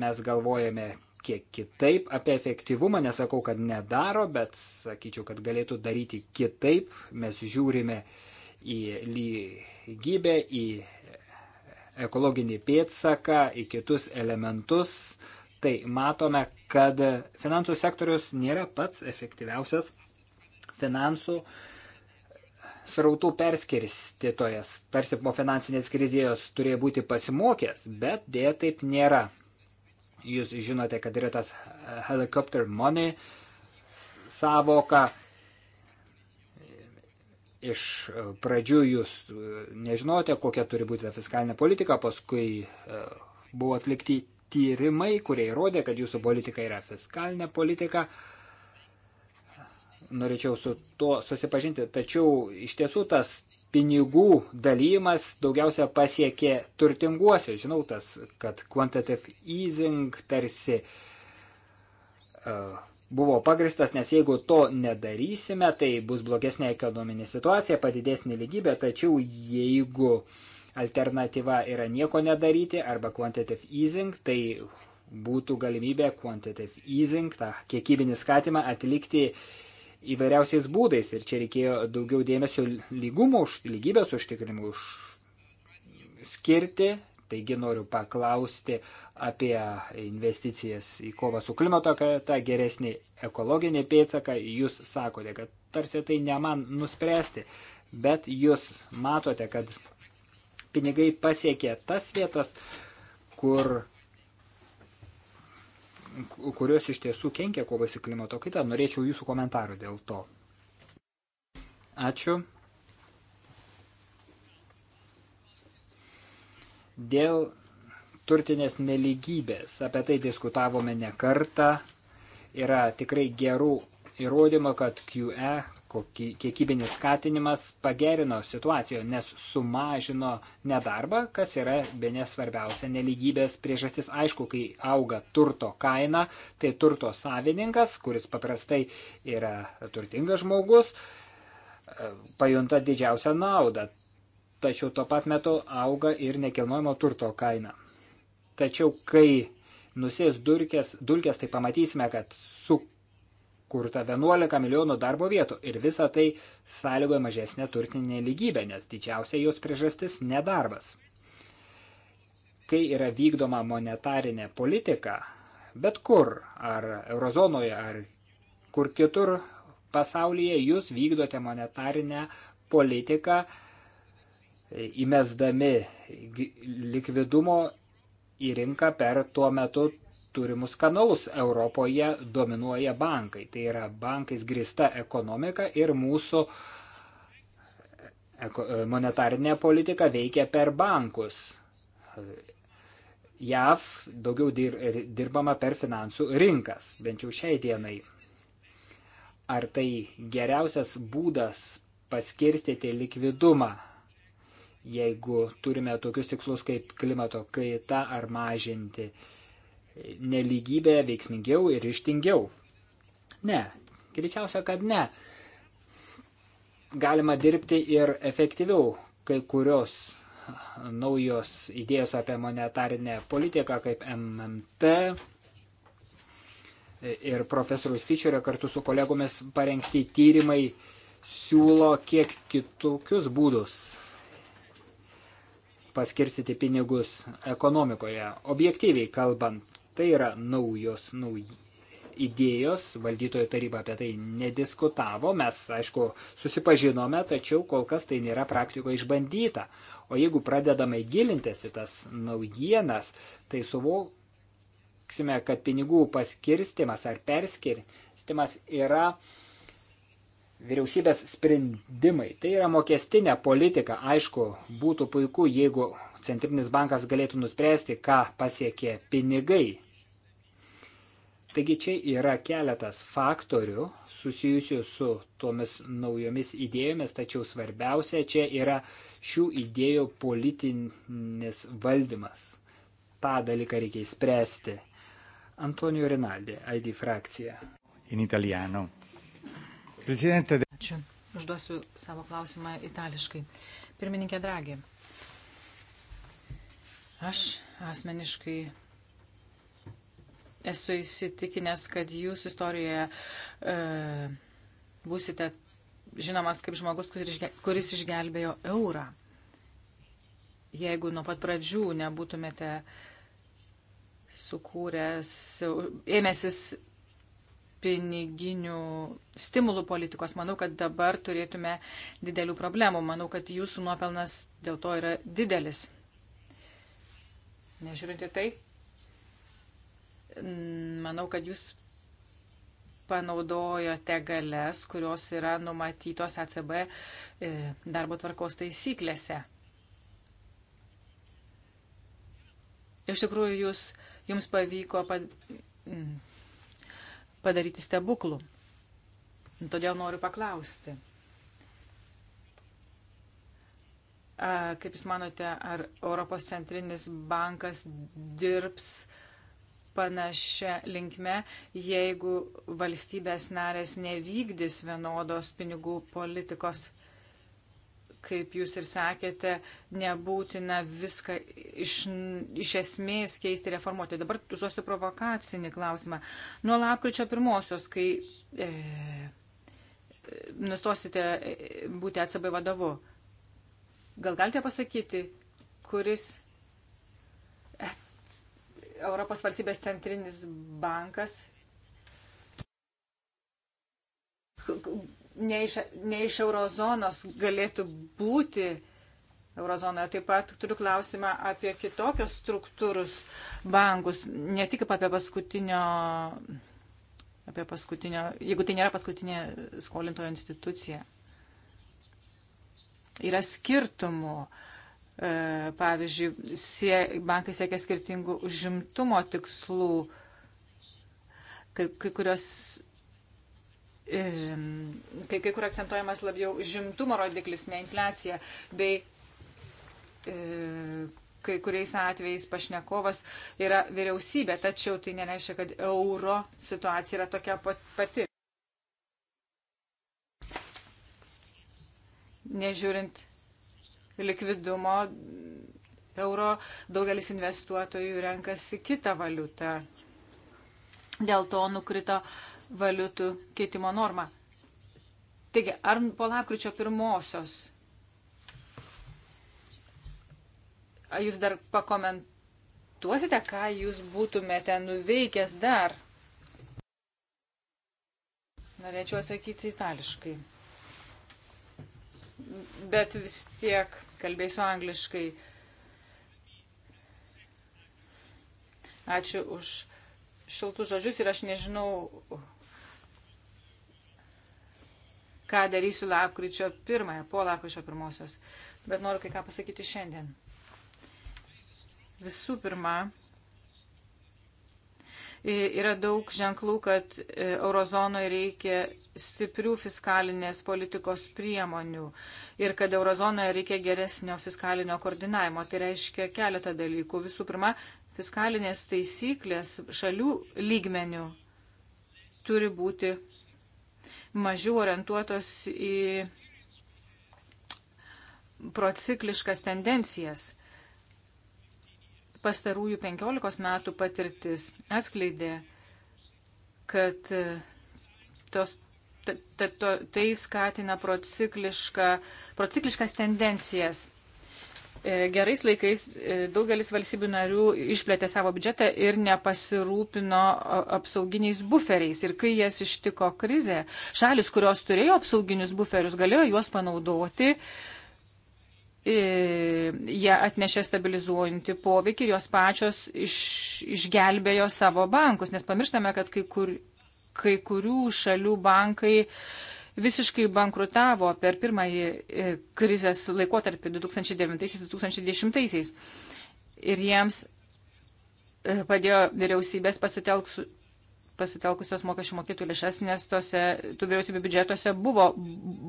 Mes galvojame kiek kitaip apie efektyvumą, nesakau, kad nedaro, bet sakyčiau, kad galėtų daryti kitaip. Mes žiūrime į lygybę, į ekologinį pėdsaką, į kitus elementus, tai matome, kad finansų sektorius nėra pats efektyviausias finansų srautų perskirstytojas. Tarsi po finansinės krizės turėjo būti pasimokęs, bet dėja taip nėra. Jūs žinote, kad yra tas helicopter money savoka, iš pradžių jūs e, nežinote, kokia turi būti ta fiskalinė politika, paskui e, buvo atlikti tyrimai, kurie įrodė, kad jūsų politika yra fiskalinė politika. Norėčiau su tuo susipažinti, tačiau iš tiesų tas pinigų dalymas daugiausia pasiekė turtinguosius. Žinau tas, kad quantitative easing tarsi uh, buvo pagristas, nes jeigu to nedarysime, tai bus blogesnė ekonominė situacija, padidės neligybė, tačiau jeigu alternatyva yra nieko nedaryti arba quantitative easing, tai būtų galimybė quantitative easing, tą kiekybinį skatimą atlikti įvairiausiais būdais ir čia reikėjo daugiau dėmesio lygumo, lygybės užtikrinimų už skirti, Taigi noriu paklausti apie investicijas į kovą su klimato kaita, geresnį ekologinį pėtsaką. Jūs sakote, kad tarsi tai ne man nuspręsti, bet jūs matote, kad pinigai pasiekė tas vietas, kur kurios iš tiesų kenkia kovai su klimato kaita. Norėčiau jūsų komentarų dėl to. Ačiū. dėl turtinės neligybės. Apie tai diskutavome ne kartą. Yra tikrai gerų įrodymų, kad QE, kiekybinis skatinimas, pagerino situaciją, nes sumažino nedarbą, kas yra be nesvarbiausia neligybės priežastis. Aišku, kai auga turto kaina, tai turto savininkas, kuris paprastai yra turtingas žmogus, pajunta didžiausią naudą tačiau tuo pat metu auga ir nekilnojamo turto kaina. Tačiau kai nusės dulkės, dulkės tai pamatysime, kad sukurta 11 milijonų darbo vietų ir visa tai sąlygoja mažesnė turtinė lygybė, nes didžiausia jos priežastis - nedarbas. Kai yra vykdoma monetarinė politika, bet kur, ar eurozonoje, ar kur kitur pasaulyje, jūs vykdote monetarinę politiką, įmesdami likvidumo į rinką per tuo metu turimus kanalus. Europoje dominuoja bankai. Tai yra bankais grista ekonomika ir mūsų monetarinė politika veikia per bankus. JAV daugiau dirbama per finansų rinkas, bent jau šiai dienai. Ar tai geriausias būdas paskirstyti likvidumą jeigu turime tokius tikslus kaip klimato kaita ar mažinti neligybę veiksmingiau ir ištingiau. Ne, greičiausia, kad ne. Galima dirbti ir efektyviau, kai kurios naujos idėjos apie monetarinę politiką kaip MMT ir profesorius Fischerio kartu su kolegomis parengti tyrimai siūlo kiek kitokius būdus paskirstyti pinigus ekonomikoje. Objektyviai kalbant, tai yra naujos nauj... idėjos, valdytojų taryba apie tai nediskutavo, mes, aišku, susipažinome, tačiau kol kas tai nėra praktikoje išbandyta. O jeigu pradedame gilintis į tas naujienas, tai suvoksime, kad pinigų paskirstimas ar perskirstimas yra uh, vyriausybės sprendimai. Tai yra mokestinė politika. Aišku, būtų puiku, jeigu centrinis bankas galėtų nuspręsti, ką pasiekė pinigai. Taigi čia yra keletas faktorių susijusių su tomis naujomis idėjomis, tačiau svarbiausia čia yra šių idėjų politinis valdymas. Ta dalyką reikia įspręsti. Antonio Rinaldi, ID frakcija. In italiano. Presidente... Ačiū. Užduosiu savo klausimą itališkai. Pirmininkė Dragė, aš asmeniškai esu įsitikinęs, kad jūs istorijoje e, būsite žinomas kaip žmogus, kuris išgelbėjo eurą. Jeigu nuo pat pradžių nebūtumėte sukūręs, ėmėsis piniginių stimulų politikos. Manau, kad dabar turėtume didelių problemų. Manau, kad jūsų nuopelnas dėl to yra didelis. Nežiūrint į tai, manau, kad jūs panaudojote galės, kurios yra numatytos ACB e, darbo tvarkos taisyklėse. Iš tikrųjų, jūs, jums pavyko pad, padaryti stebuklų. Todėl noriu paklausti. Kaip Jūs manote, ar Europos centrinis bankas dirbs panašia linkme, jeigu valstybės narės nevykdys vienodos pinigų politikos? kaip jūs ir sakėte, nebūtina viską iš, iš esmės keisti, reformuoti. Dabar užduosiu provokacinį klausimą. Nuo lapkričio pirmosios, kai e, nustosite e, būti ECB vadovu, gal galite pasakyti, kuris Europos valstybės centrinis bankas ne iš, ne iš eurozonos galėtų būti eurozonoje. Taip pat turiu klausimą apie kitokios struktūrus bankus, ne tik apie paskutinio, apie paskutinio, jeigu tai nėra paskutinė skolintojo institucija. Yra skirtumų. E, pavyzdžiui, sie, bankai siekia skirtingų užimtumo tikslų. Kai, kai kurios kai, kai kur akcentuojamas labiau žimtumo rodiklis, ne infliacija, bei e, kai kuriais atvejais pašnekovas yra vyriausybė, tačiau tai nereiškia, kad euro situacija yra tokia pati. Nežiūrint likvidumo, euro daugelis investuotojų renkasi kitą valiutą. Dėl to nukrito uh, valiutų keitimo normą. Taigi, ar po lapkričio pirmosios jūs dar pakomentuosite, ką jūs būtumėte nuveikęs dar? Norėčiau atsakyti itališkai. Bet vis tiek kalbėsiu angliškai. Ačiū už šiltus žodžius ir aš nežinau, ką darysiu lapkričio pirmąją, po lapkričio pirmosios. Bet noriu kai ką pasakyti šiandien. Visų pirma, yra daug ženklų, kad e, eurozonoje reikia stiprių fiskalinės politikos priemonių ir kad eurozonoje reikia geresnio fiskalinio koordinavimo. Tai reiškia keletą dalykų. Visų pirma, fiskalinės taisyklės šalių lygmenių turi būti mažiau orientuotos į procikliškas tendencijas. Pastarųjų 15 metų patirtis atskleidė, kad e, tos, ta, ta, ta, tai skatina procikliška, procikliškas tendencijas E, gerais laikais e, daugelis valstybių narių išplėtė savo biudžetą ir nepasirūpino apsauginiais buferiais. Ir kai jas ištiko krizė, šalis, kurios turėjo apsauginius buferius, galėjo juos panaudoti e, jie atnešė stabilizuojantį poveikį ir jos pačios iš, išgelbėjo savo bankus, nes pamirštame, kad kai, kur, kai kurių šalių bankai visiškai bankrutavo per pirmąjį e, krizės laikotarpį 2009-2010. Ir jiems e, padėjo vyriausybės pasitelks, pasitelkusios mokesčių mokėtų lėšas, nes tose, tų vyriausybių biudžetuose buvo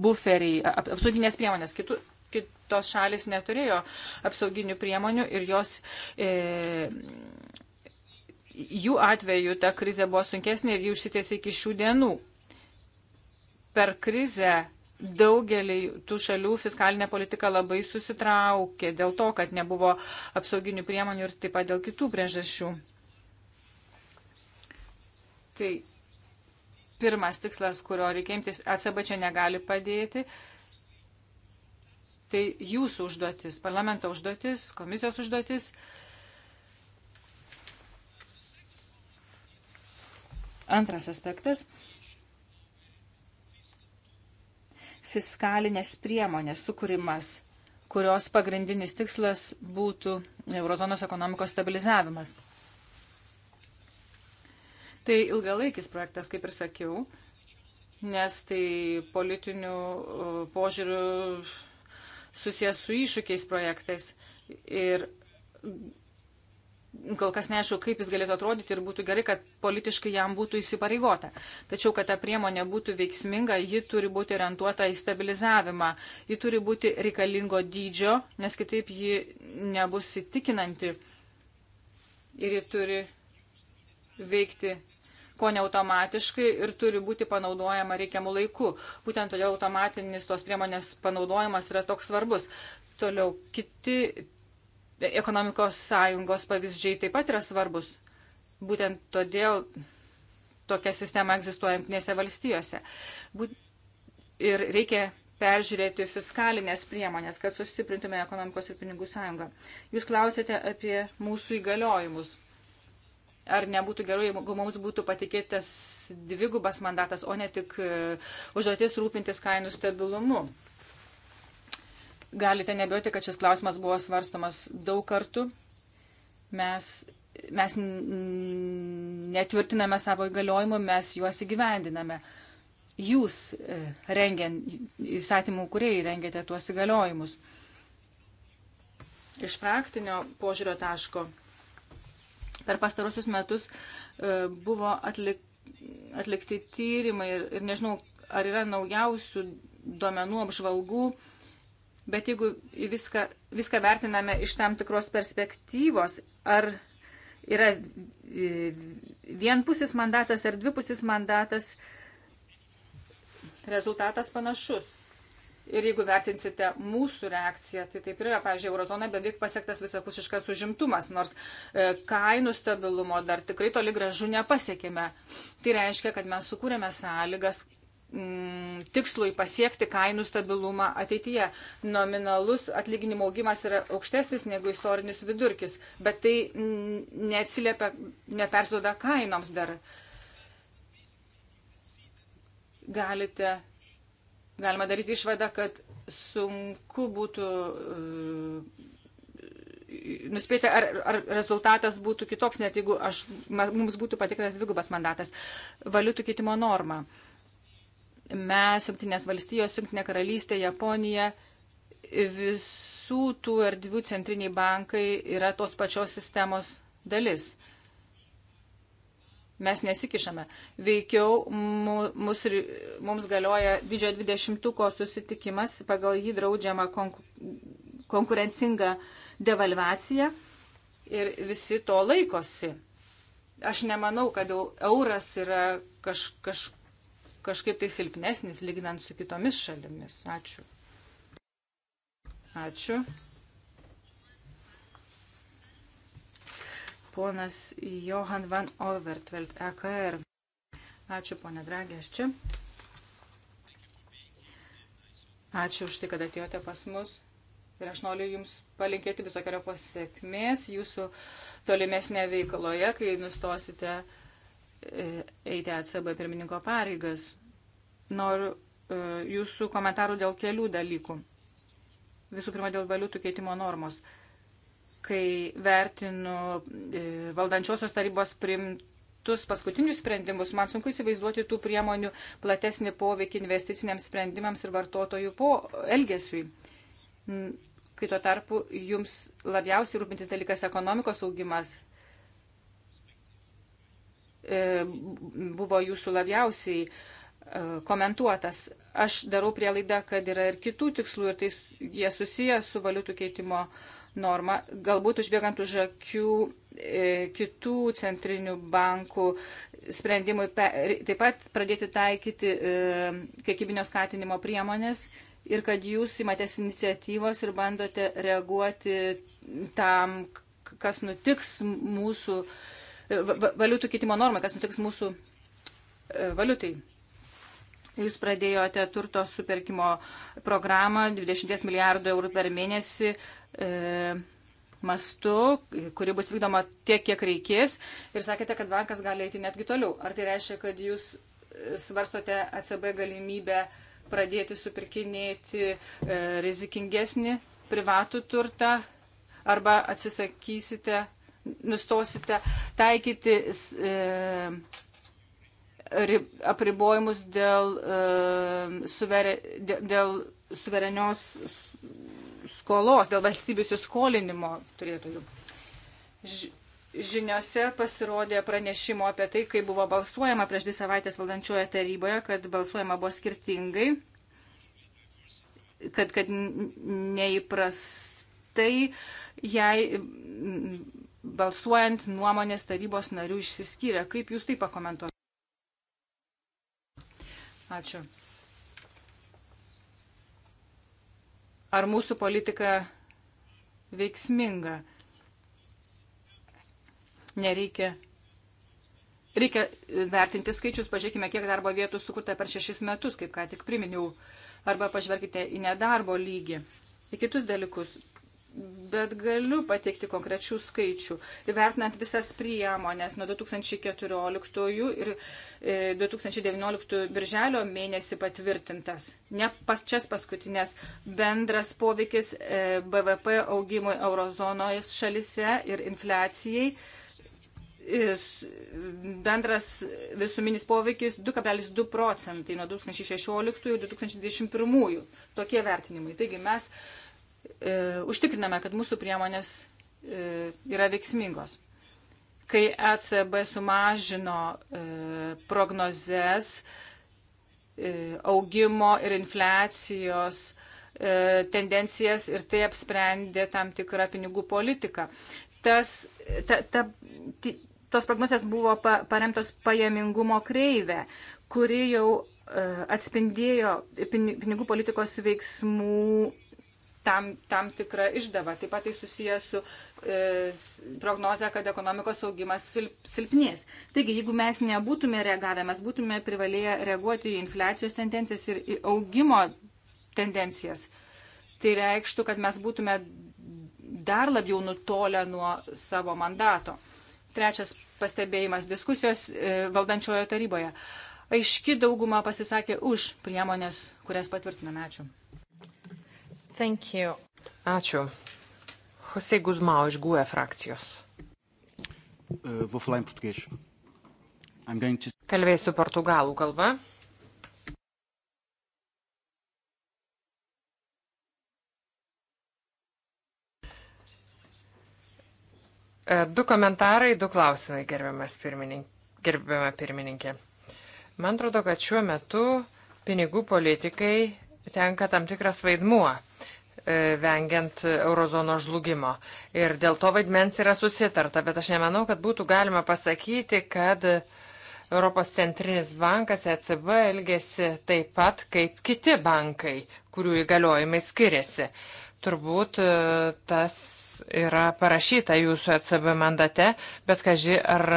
buferiai, apsauginės priemonės. Kitų, kitos šalis neturėjo apsauginių priemonių ir jos. E, jų atveju ta krizė buvo sunkesnė ir ji užsitėsi iki šių dienų per krizę daugelį tų šalių fiskalinė politika labai susitraukė dėl to, kad nebuvo apsauginių priemonių ir taip pat dėl kitų priežasčių. Tai pirmas tikslas, kurio reikia imtis, ECB čia negali padėti. Tai jūsų užduotis, parlamento užduotis, komisijos užduotis. Antras aspektas fiskalinės priemonės sukūrimas, kurios pagrindinis tikslas būtų eurozonos ekonomikos stabilizavimas. Tai ilgalaikis projektas, kaip ir sakiau, nes tai politinių požiūrių susijęs su iššūkiais projektais ir kol kas neaišku, kaip jis galėtų atrodyti ir būtų gerai, kad politiškai jam būtų įsipareigota. Tačiau, kad ta priemonė būtų veiksminga, ji turi būti orientuota į stabilizavimą, ji turi būti reikalingo dydžio, nes kitaip ji nebus įtikinanti ir ji turi veikti ko ne automatiškai ir turi būti panaudojama reikiamu laiku. Būtent todėl automatinis tos priemonės panaudojimas yra toks svarbus. Toliau kiti ekonomikos sąjungos pavyzdžiai taip pat yra svarbus. Būtent todėl tokia sistema egzistuoja jungtinėse valstijose. Būt, ir reikia peržiūrėti fiskalinės priemonės, kad sustiprintume ekonomikos ir pinigų sąjungą. Jūs klausėte apie mūsų įgaliojimus. Ar nebūtų gerai, jeigu mums būtų patikėtas dvigubas mandatas, o ne tik e, užduotis rūpintis kainų stabilumu? Galite nebijoti, kad šis klausimas buvo svarstomas daug kartų. Mes, mes netvirtiname savo įgaliojimų, mes juos įgyvendiname. Jūs e, rengiant, įstatymų kuriai rengiate tuos įgaliojimus. Iš praktinio požiūrio taško per pastarosius metus e, buvo atlik, atlikti tyrimai ir, ir nežinau, ar yra naujausių duomenų apžvalgų Bet jeigu viską, viską vertiname iš tam tikros perspektyvos, ar yra vienpusis mandatas ar dvipusis mandatas, rezultatas panašus. Ir jeigu vertinsite mūsų reakciją, tai taip ir yra, pavyzdžiui, eurozona beveik pasiektas visapusiškas užimtumas, nors e, kainų stabilumo dar tikrai toli gražu nepasiekėme. Tai reiškia, kad mes sukūrėme sąlygas mm, tikslui pasiekti kainų stabilumą ateityje. Nominalus atlyginimo augimas yra aukštesnis negu istorinis vidurkis, bet tai mm, neatsiliepia, nepersiduoda kainoms dar. Galite, galima daryti išvadą, kad sunku būtų uh, nuspėti, ar, ar rezultatas būtų kitoks, net jeigu aš, mums būtų patikras dvigubas mandatas. Valiutų keitimo norma. Uh, mes, Junktinės valstijos, Junktinė karalystė, Japonija, visų tų erdvių centriniai bankai yra tos pačios sistemos dalis. Mes nesikišame. Veikiau mus, mums galioja didžiojo dvidešimtuko susitikimas, pagal jį draudžiama konkurencinga devalvacija ir visi to laikosi. Aš nemanau, kad euras yra kaž, kaž, kažkaip tai silpnesnis lyginant su kitomis šalimis. Ačiū. Ačiū. Ponas Johan van Overtveld, EKR. Ačiū, ponė Dragė, aš čia. Ačiū už tai, kad atėjote pas mus. Ir aš noriu Jums palinkėti visokiojo pasiekmės Jūsų tolimesnė veikloje, kai nustosite uh, E, eiti ECB pirmininko pareigas. Noriu e, jūsų komentarų dėl kelių dalykų. Visų pirma, dėl valiutų keitimo normos. Kai vertinu e, valdančiosios tarybos primtus paskutinius sprendimus, man sunku įsivaizduoti tų priemonių platesnį poveikį investiciniams sprendimams ir vartotojų po elgesiui. Kai tuo tarpu jums labiausiai rūpintis dalykas ekonomikos augimas, E, buvo jūsų labiausiai e, komentuotas. Aš darau prielaidą, kad yra ir kitų tikslų ir tai jie susiję su valiutų keitimo norma. Galbūt užbėgant už akių e, kitų centrinių bankų sprendimui taip pat pradėti taikyti kiekybinio skatinimo priemonės ir kad jūs įmatės iniciatyvos ir bandote reaguoti tam, kas nutiks mūsų uh, E, valiutų kitimo normai, kas nutiks mūsų e, valiutai. Jūs pradėjote turto superkimo programą 20 milijardų eurų per mėnesį e, mastu, kuri bus vykdoma tiek, kiek reikės. Ir sakėte, kad bankas gali eiti netgi toliau. Ar tai reiškia, kad jūs e, svarstote ACB galimybę pradėti supirkinėti e, rizikingesnį privatų turtą arba atsisakysite nustosite taikyti e, apribojimus dėl, e, suvere, dėl suverenios skolos, dėl valstybių įsiskolinimo turėtojų. Ž, žiniuose pasirodė pranešimo apie tai, kaip buvo balsuojama prieš dvi savaitės valdančioje taryboje, kad balsuojama buvo skirtingai, kad, kad neįprastai jai balsuojant nuomonės tarybos narių išsiskyrė. Kaip jūs tai pakomentuotumėte? Ačiū. Ar mūsų politika veiksminga? Nereikia. Reikia vertinti skaičius, pažiūrėkime, kiek darbo vietų sukurta per šešis metus, kaip ką tik priminiau, arba pažvelkite į nedarbo lygį, į kitus dalykus bet galiu pateikti konkrečių skaičių. Įvertinant visas priemonės nuo 2014 ir 2019 e, birželio mėnesį patvirtintas, ne pas čias paskutinės, bendras poveikis e, BVP augimui eurozonoje šalise ir infliacijai. E, bendras visuminis poveikis 2,2 procentai nuo 2016 ir 2021. Tokie vertinimai. Taigi mes uh, e, užtikriname, kad mūsų priemonės e, yra veiksmingos. Kai ECB sumažino e, prognozes e, augimo ir infliacijos e, tendencijas ir tai apsprendė tam tikrą pinigų politiką. Tas, ta, ta, t, tos prognozės buvo pa, paremtos pajamingumo kreivė, kuri jau e, atspindėjo pinigų politikos veiksmų tam, tam tikrą išdavą. Taip pat tai susijęs su e, prognoze, kad ekonomikos augimas silp, silpnės. Taigi, jeigu mes nebūtume reagavę, mes būtume privalėję reaguoti į infliacijos tendencijas ir į augimo tendencijas. Tai reikštų, kad mes būtume dar labiau nutolę nuo savo mandato. Trečias pastebėjimas - diskusijos e, valdančiojo taryboje. Aiški dauguma pasisakė už priemonės, kurias patvirtiname. Ačiū. Thank you. Ačiū. Jose Guzmao iš GUE frakcijos. Uh, vou falar em português. I'm going to... Kalbėsiu portugalų kalba. Uh, du komentarai, du klausimai, gerbiamas pirmininkė. Gerbiama pirmininkė. Man atrodo, kad šiuo metu pinigų politikai tenka tam tikras vaidmuo E, vengiant eurozono žlugimo. Ir dėl to vaidmens yra susitarta, bet aš nemanau, kad būtų galima pasakyti, kad Europos centrinis bankas ECB elgėsi taip pat kaip kiti bankai, kurių įgaliojimai skiriasi. Turbūt e, tas yra parašyta jūsų ECB mandate, bet kažkai ar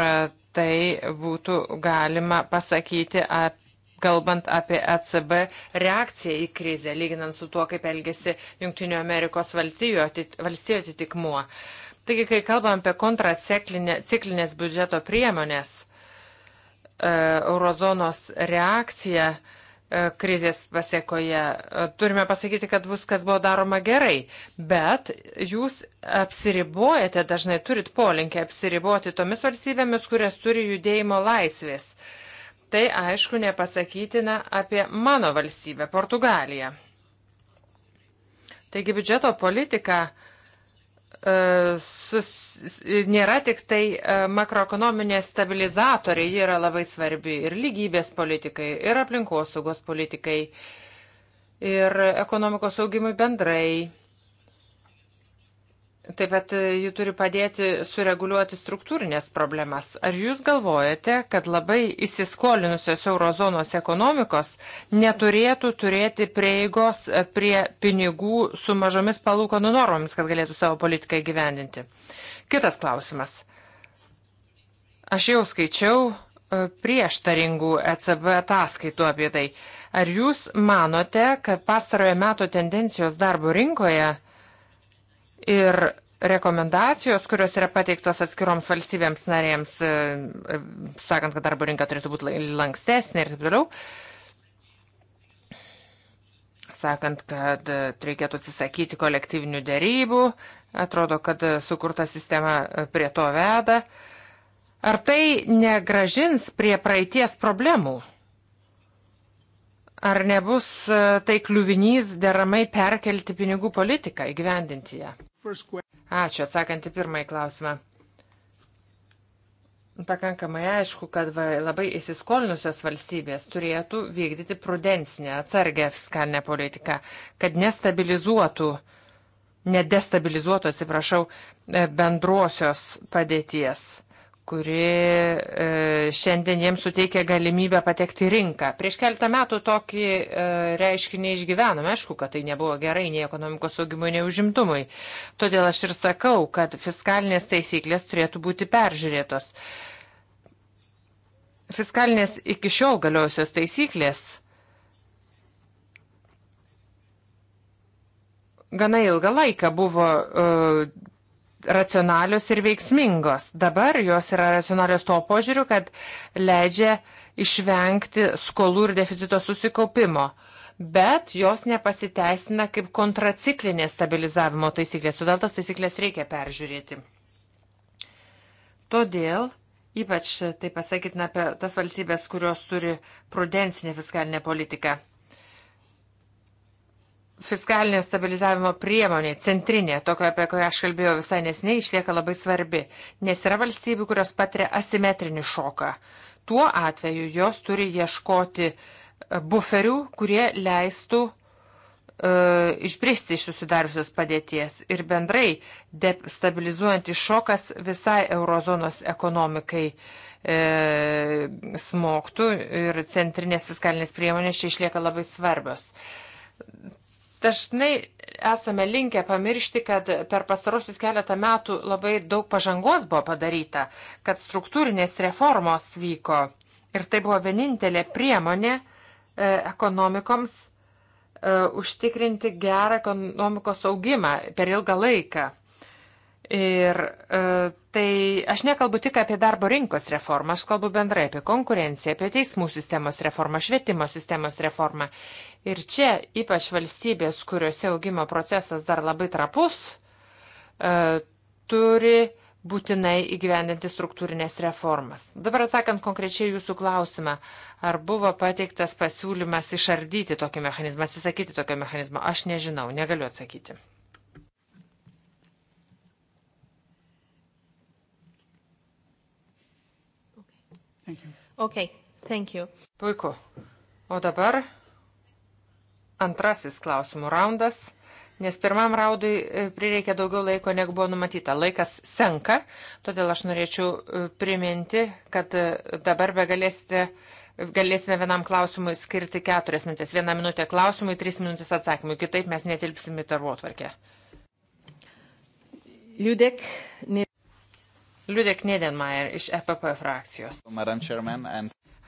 tai būtų galima pasakyti apie kalbant apie ECB reakciją į krizę, lyginant su tuo, kaip elgesi Junktinių Amerikos valstijų atitikmuo. Taigi, kai kalbam apie kontraciklinės biudžeto priemonės, e, eurozonos reakcija e, krizės pasiekoje. E, turime pasakyti, kad viskas buvo daroma gerai, bet jūs apsiribojate, dažnai turit polinkę apsiriboti tomis valstybėmis, kurias turi judėjimo laisvės. Uh, Tai aišku nepasakytina apie mano valstybę, Portugaliją. Taigi biudžeto politika e, sus, nėra tik tai e, makroekonominė stabilizatorė, ji yra labai svarbi ir lygybės politikai, ir aplinkosaugos politikai, ir ekonomikos augimui bendrai. Taip pat e, ji turi padėti sureguliuoti struktūrinės problemas. Ar jūs galvojate, kad labai įsiskolinusios eurozonos ekonomikos neturėtų turėti prieigos e, prie pinigų su mažomis palūkanų normomis, kad galėtų savo politiką įgyvendinti? Kitas klausimas. Aš jau skaičiau e, prieštaringų ECB ataskaitų apie tai. Ar jūs manote, kad pastarojo meto tendencijos darbo rinkoje ir rekomendacijos, kurios yra pateiktos atskiroms valstybėms narėms, e, sakant, kad darbo rinka turėtų būti lankstesnė ir taip toliau, sakant, kad e, reikėtų atsisakyti kolektyvinių dėrybų, atrodo, kad e, sukurta sistema prie to veda. Ar tai negražins prie praeities problemų? Ar nebus tai kliuvinys deramai perkelti pinigų politiką, įgyvendinti ją? Ačiū atsakant į pirmąjį klausimą. Pakankamai aišku, kad labai įsiskolinusios valstybės turėtų vykdyti prudensinę, atsargę fiskalinę politiką, kad nestabilizuotų, nedestabilizuotų, atsiprašau, e, bendrosios padėties kuri e, šiandien jiems suteikia galimybę patekti į rinką. Prieš keltą metų tokį e, reiškinį išgyvenome, aišku, kad tai nebuvo gerai nei ekonomikos augimui, nei užimtumui. Todėl aš ir sakau, kad fiskalinės taisyklės turėtų būti peržiūrėtos. Fiskalinės iki šiol galiojusios taisyklės gana ilgą laiką buvo uh, racionalios ir veiksmingos. Dabar jos yra racionalios to požiūriu, kad leidžia išvengti skolų ir deficito susikaupimo, bet jos nepasiteisina kaip kontraciklinė stabilizavimo taisyklė. Todėl tas taisyklės reikia peržiūrėti. Todėl, ypač tai pasakytina apie tas valstybės, kurios turi prudensinę fiskalinę politiką fiskalinė stabilizavimo priemonė, centrinė, tokia, apie kurią aš kalbėjau visai nesiniai, išlieka labai svarbi, nes yra valstybių, kurios patiria asimetrinį šoką. Tuo atveju jos turi ieškoti e, buferių, kurie leistų e, išbristi iš susidariusios padėties ir bendrai destabilizuojantis šokas visai eurozonos ekonomikai e, smoktų ir centrinės fiskalinės priemonės čia išlieka labai svarbios. Dažnai esame linkę pamiršti, kad per pastarosius keletą metų labai daug pažangos buvo padaryta, kad struktūrinės reformos vyko ir tai buvo vienintelė priemonė e, ekonomikoms e, užtikrinti gerą ekonomikos augimą per ilgą laiką. Ir e, tai aš nekalbu tik apie darbo rinkos reformą, aš kalbu bendrai apie konkurenciją, apie teismų sistemos reformą, švietimo sistemos reformą. Ir čia ypač valstybės, kuriuose augimo procesas dar labai trapus, e, turi būtinai įgyvendinti struktūrinės reformas. Dabar atsakant konkrečiai jūsų klausimą, ar buvo pateiktas pasiūlymas išardyti tokį mechanizmą, atsisakyti tokio mechanizmo, aš nežinau, negaliu atsakyti. Okay, thank you. Puiku. O dabar antrasis klausimų raundas, nes pirmam raundui e, prireikė daugiau laiko, negu buvo numatyta. Laikas senka, todėl aš norėčiau e, priminti, kad e, dabar be galėsite galėsime vienam klausimui skirti keturias minutės. Vieną minutę klausimui, tris minutės atsakymui. Kitaip mes netilpsime į darbo atvarkę. Liudek, ne... Liudek Niedenmajer iš EPP frakcijos.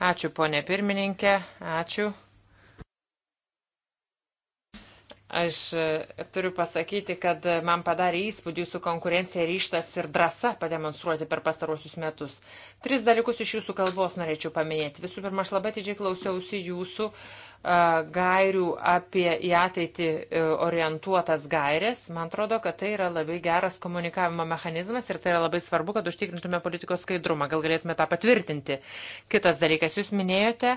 Ačiū, ponė pirmininkė, ačiū. Aš e, turiu pasakyti, kad man padarė įspūdį jūsų konkurencija, ryštas ir drąsa pademonstruoti per pastarosius metus. Tris dalykus iš jūsų kalbos norėčiau paminėti. Visų pirma, aš labai atidžiai klausiausi jūsų uh, gairių apie į ateitį e, orientuotas gairės. Man atrodo, kad tai yra labai geras komunikavimo mechanizmas ir tai yra labai svarbu, kad užtikrintume politikos skaidrumą. Gal galėtume tą patvirtinti. Kitas dalykas, jūs minėjote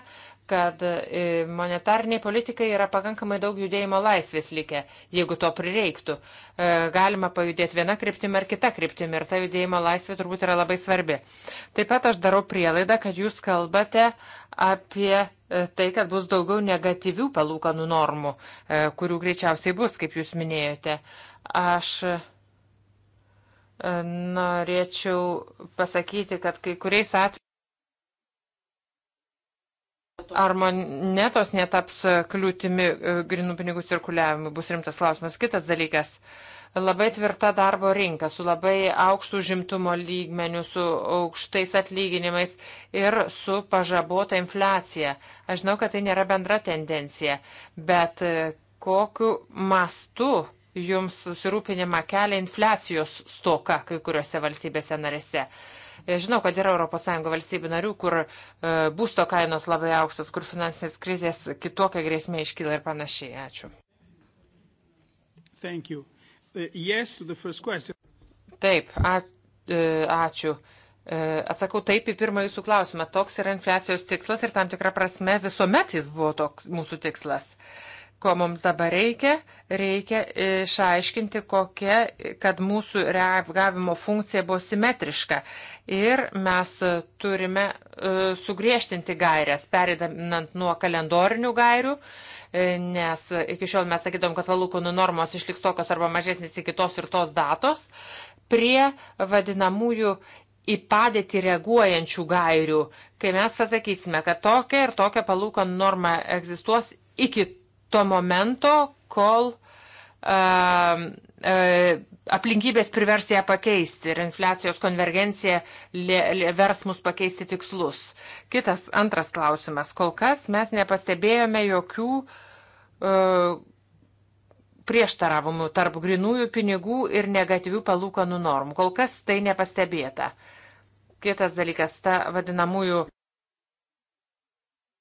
kad e, monetariniai politikai yra pakankamai daug judėjimo laisvės likę, jeigu to prireiktų. E, galima pajudėti vieną kryptimį ar kitą kryptimį ir ta judėjimo laisvė turbūt yra labai svarbi. Taip pat aš darau prielaidą, kad jūs kalbate apie e, tai, kad bus daugiau negatyvių palūkanų normų, kurių greičiausiai bus, kaip jūs minėjote. Aš norėčiau pasakyti, kad kai kuriais atvejais ar monetos netaps kliūtimi e, grinų pinigų cirkuliavimui, bus rimtas klausimas. Kitas dalykas labai tvirta darbo rinka, su labai aukštų žimtumo lygmeniu, su aukštais atlyginimais ir su pažabota infliacija. Aš žinau, kad tai nėra bendra tendencija, bet e, kokiu mastu jums susirūpinimą kelia infliacijos stoka kai kuriuose valstybėse narėse. Uh, E, žinau, kad yra ES valstybių narių, kur e, būsto kainos labai aukštos, kur finansinės krizės kitokia grėsmė iškyla ir panašiai. Ačiū. E, yes, Taip, a, ačiū. Atsakau taip į pirmą jūsų klausimą. Toks yra infliacijos tikslas ir tam tikrą prasme visuomet jis buvo toks mūsų tikslas. Uh, ko mums dabar reikia, reikia išaiškinti, kokia, kad mūsų reagavimo funkcija buvo simetriška. Ir mes turime e, sugriežtinti gairias, perėdant nuo kalendorinių gairių, e, nes iki šiol mes sakydom, kad palūkonų normos išliks tokios arba mažesnės iki tos ir tos datos, prie vadinamųjų į padėtį reaguojančių gairių, kai mes pasakysime, kad tokia ir tokia palūkanų norma egzistuos iki to momento, kol uh, uh, aplinkybės privers ją pakeisti ir infliacijos konvergencija vers mus pakeisti tikslus. Kitas antras klausimas. Kol kas mes nepastebėjome jokių uh, prieštaravimų tarp grinųjų pinigų ir negatyvių palūkanų normų. Kol kas tai nepastebėta. Kitas dalykas, ta vadinamųjų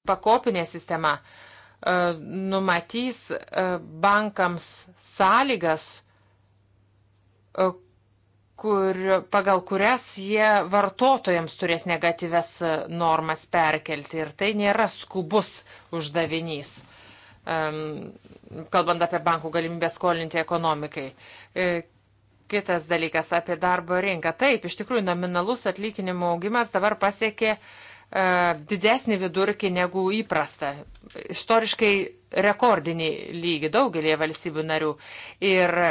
pakopinė sistema. Uh, E, numatys e, bankams sąlygas, e, kur, pagal kurias jie vartotojams turės negatyves normas perkelti. Ir tai nėra skubus uždavinys, kalbant apie bankų galimybę skolinti ekonomikai. Kitas dalykas apie darbo rinką. Taip, iš tikrųjų, nominalus atlyginimų augimas dabar pasiekė uh, E, didesnį vidurkį negu įprasta. Istoriškai rekordinį lygį daugelie valstybių narių. Ir e,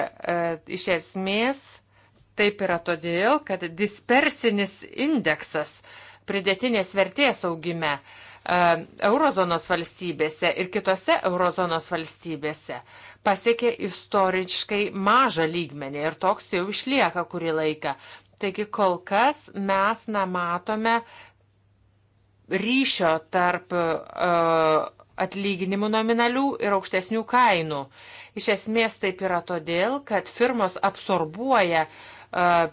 iš esmės taip yra todėl, kad dispersinis indeksas pridėtinės vertės augime e, eurozonos valstybėse ir kitose eurozonos valstybėse pasiekė istoriškai mažą lygmenį ir toks jau išlieka kurį laiką. Taigi kol kas mes nematome ryšio tarp e, atlyginimų nominalių ir aukštesnių kainų. Iš esmės taip yra todėl, kad firmos absorbuoja e,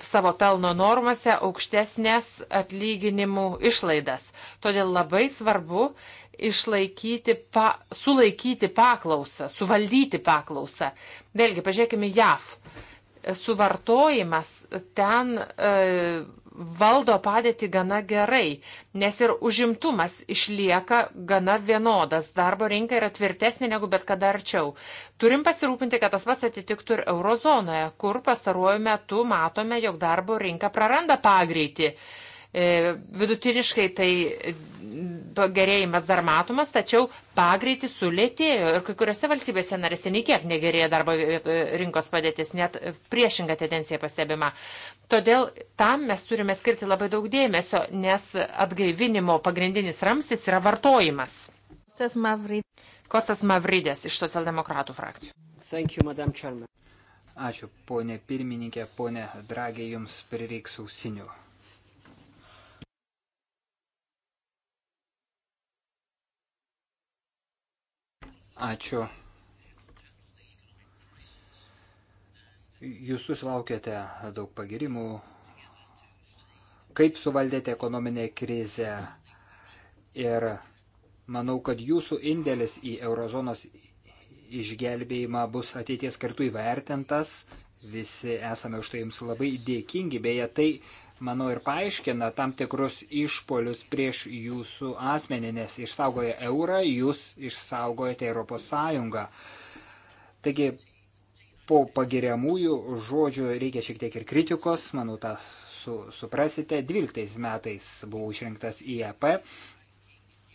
savo pelno normose aukštesnės atlyginimų išlaidas. Todėl labai svarbu išlaikyti, pa, sulaikyti paklausą, suvaldyti paklausą. Vėlgi, pažiūrėkime JAV. Suvartojimas ten e, valdo padėtį gana gerai, nes ir užimtumas išlieka gana vienodas, darbo rinka yra tvirtesnė negu bet kada arčiau. Turim pasirūpinti, kad tas pats atitiktų ir eurozonoje, kur pastaruoju metu matome, jog darbo rinka praranda pagreitį. E, vidutiniškai tai to gerėjimas dar matomas, tačiau pagreitis sulėtėjo ir kai kuriuose valstybėse narėse nei kiek negerėja darbo e, rinkos padėtis, net priešinga tendencija pastebima. Todėl tam mes turime skirti labai daug dėmesio, nes atgaivinimo pagrindinis ramsis yra vartojimas. Kostas Mavridės, Kostas Mavridės iš socialdemokratų frakcijų. Thank you, Madam Chairman. Ačiū, ponė pirmininkė, ponė Dragė, jums prireiks ausinių. Ačiū. Jūs susilaukėte daug pagirimų. Kaip suvaldėte ekonominę krizę? Ir manau, kad jūsų indėlis į eurozonos išgelbėjimą bus ateities kartu įvertintas. Visi esame už tai jums labai dėkingi. Beje, tai manau, ir paaiškina tam tikrus išpolius prieš jūsų asmenį, nes išsaugoja eurą, jūs išsaugojate Europos Sąjungą. Taigi, po pagiriamųjų žodžių reikia šiek tiek ir kritikos, manau, tą su, suprasite. 12 metais buvau išrinktas į EP.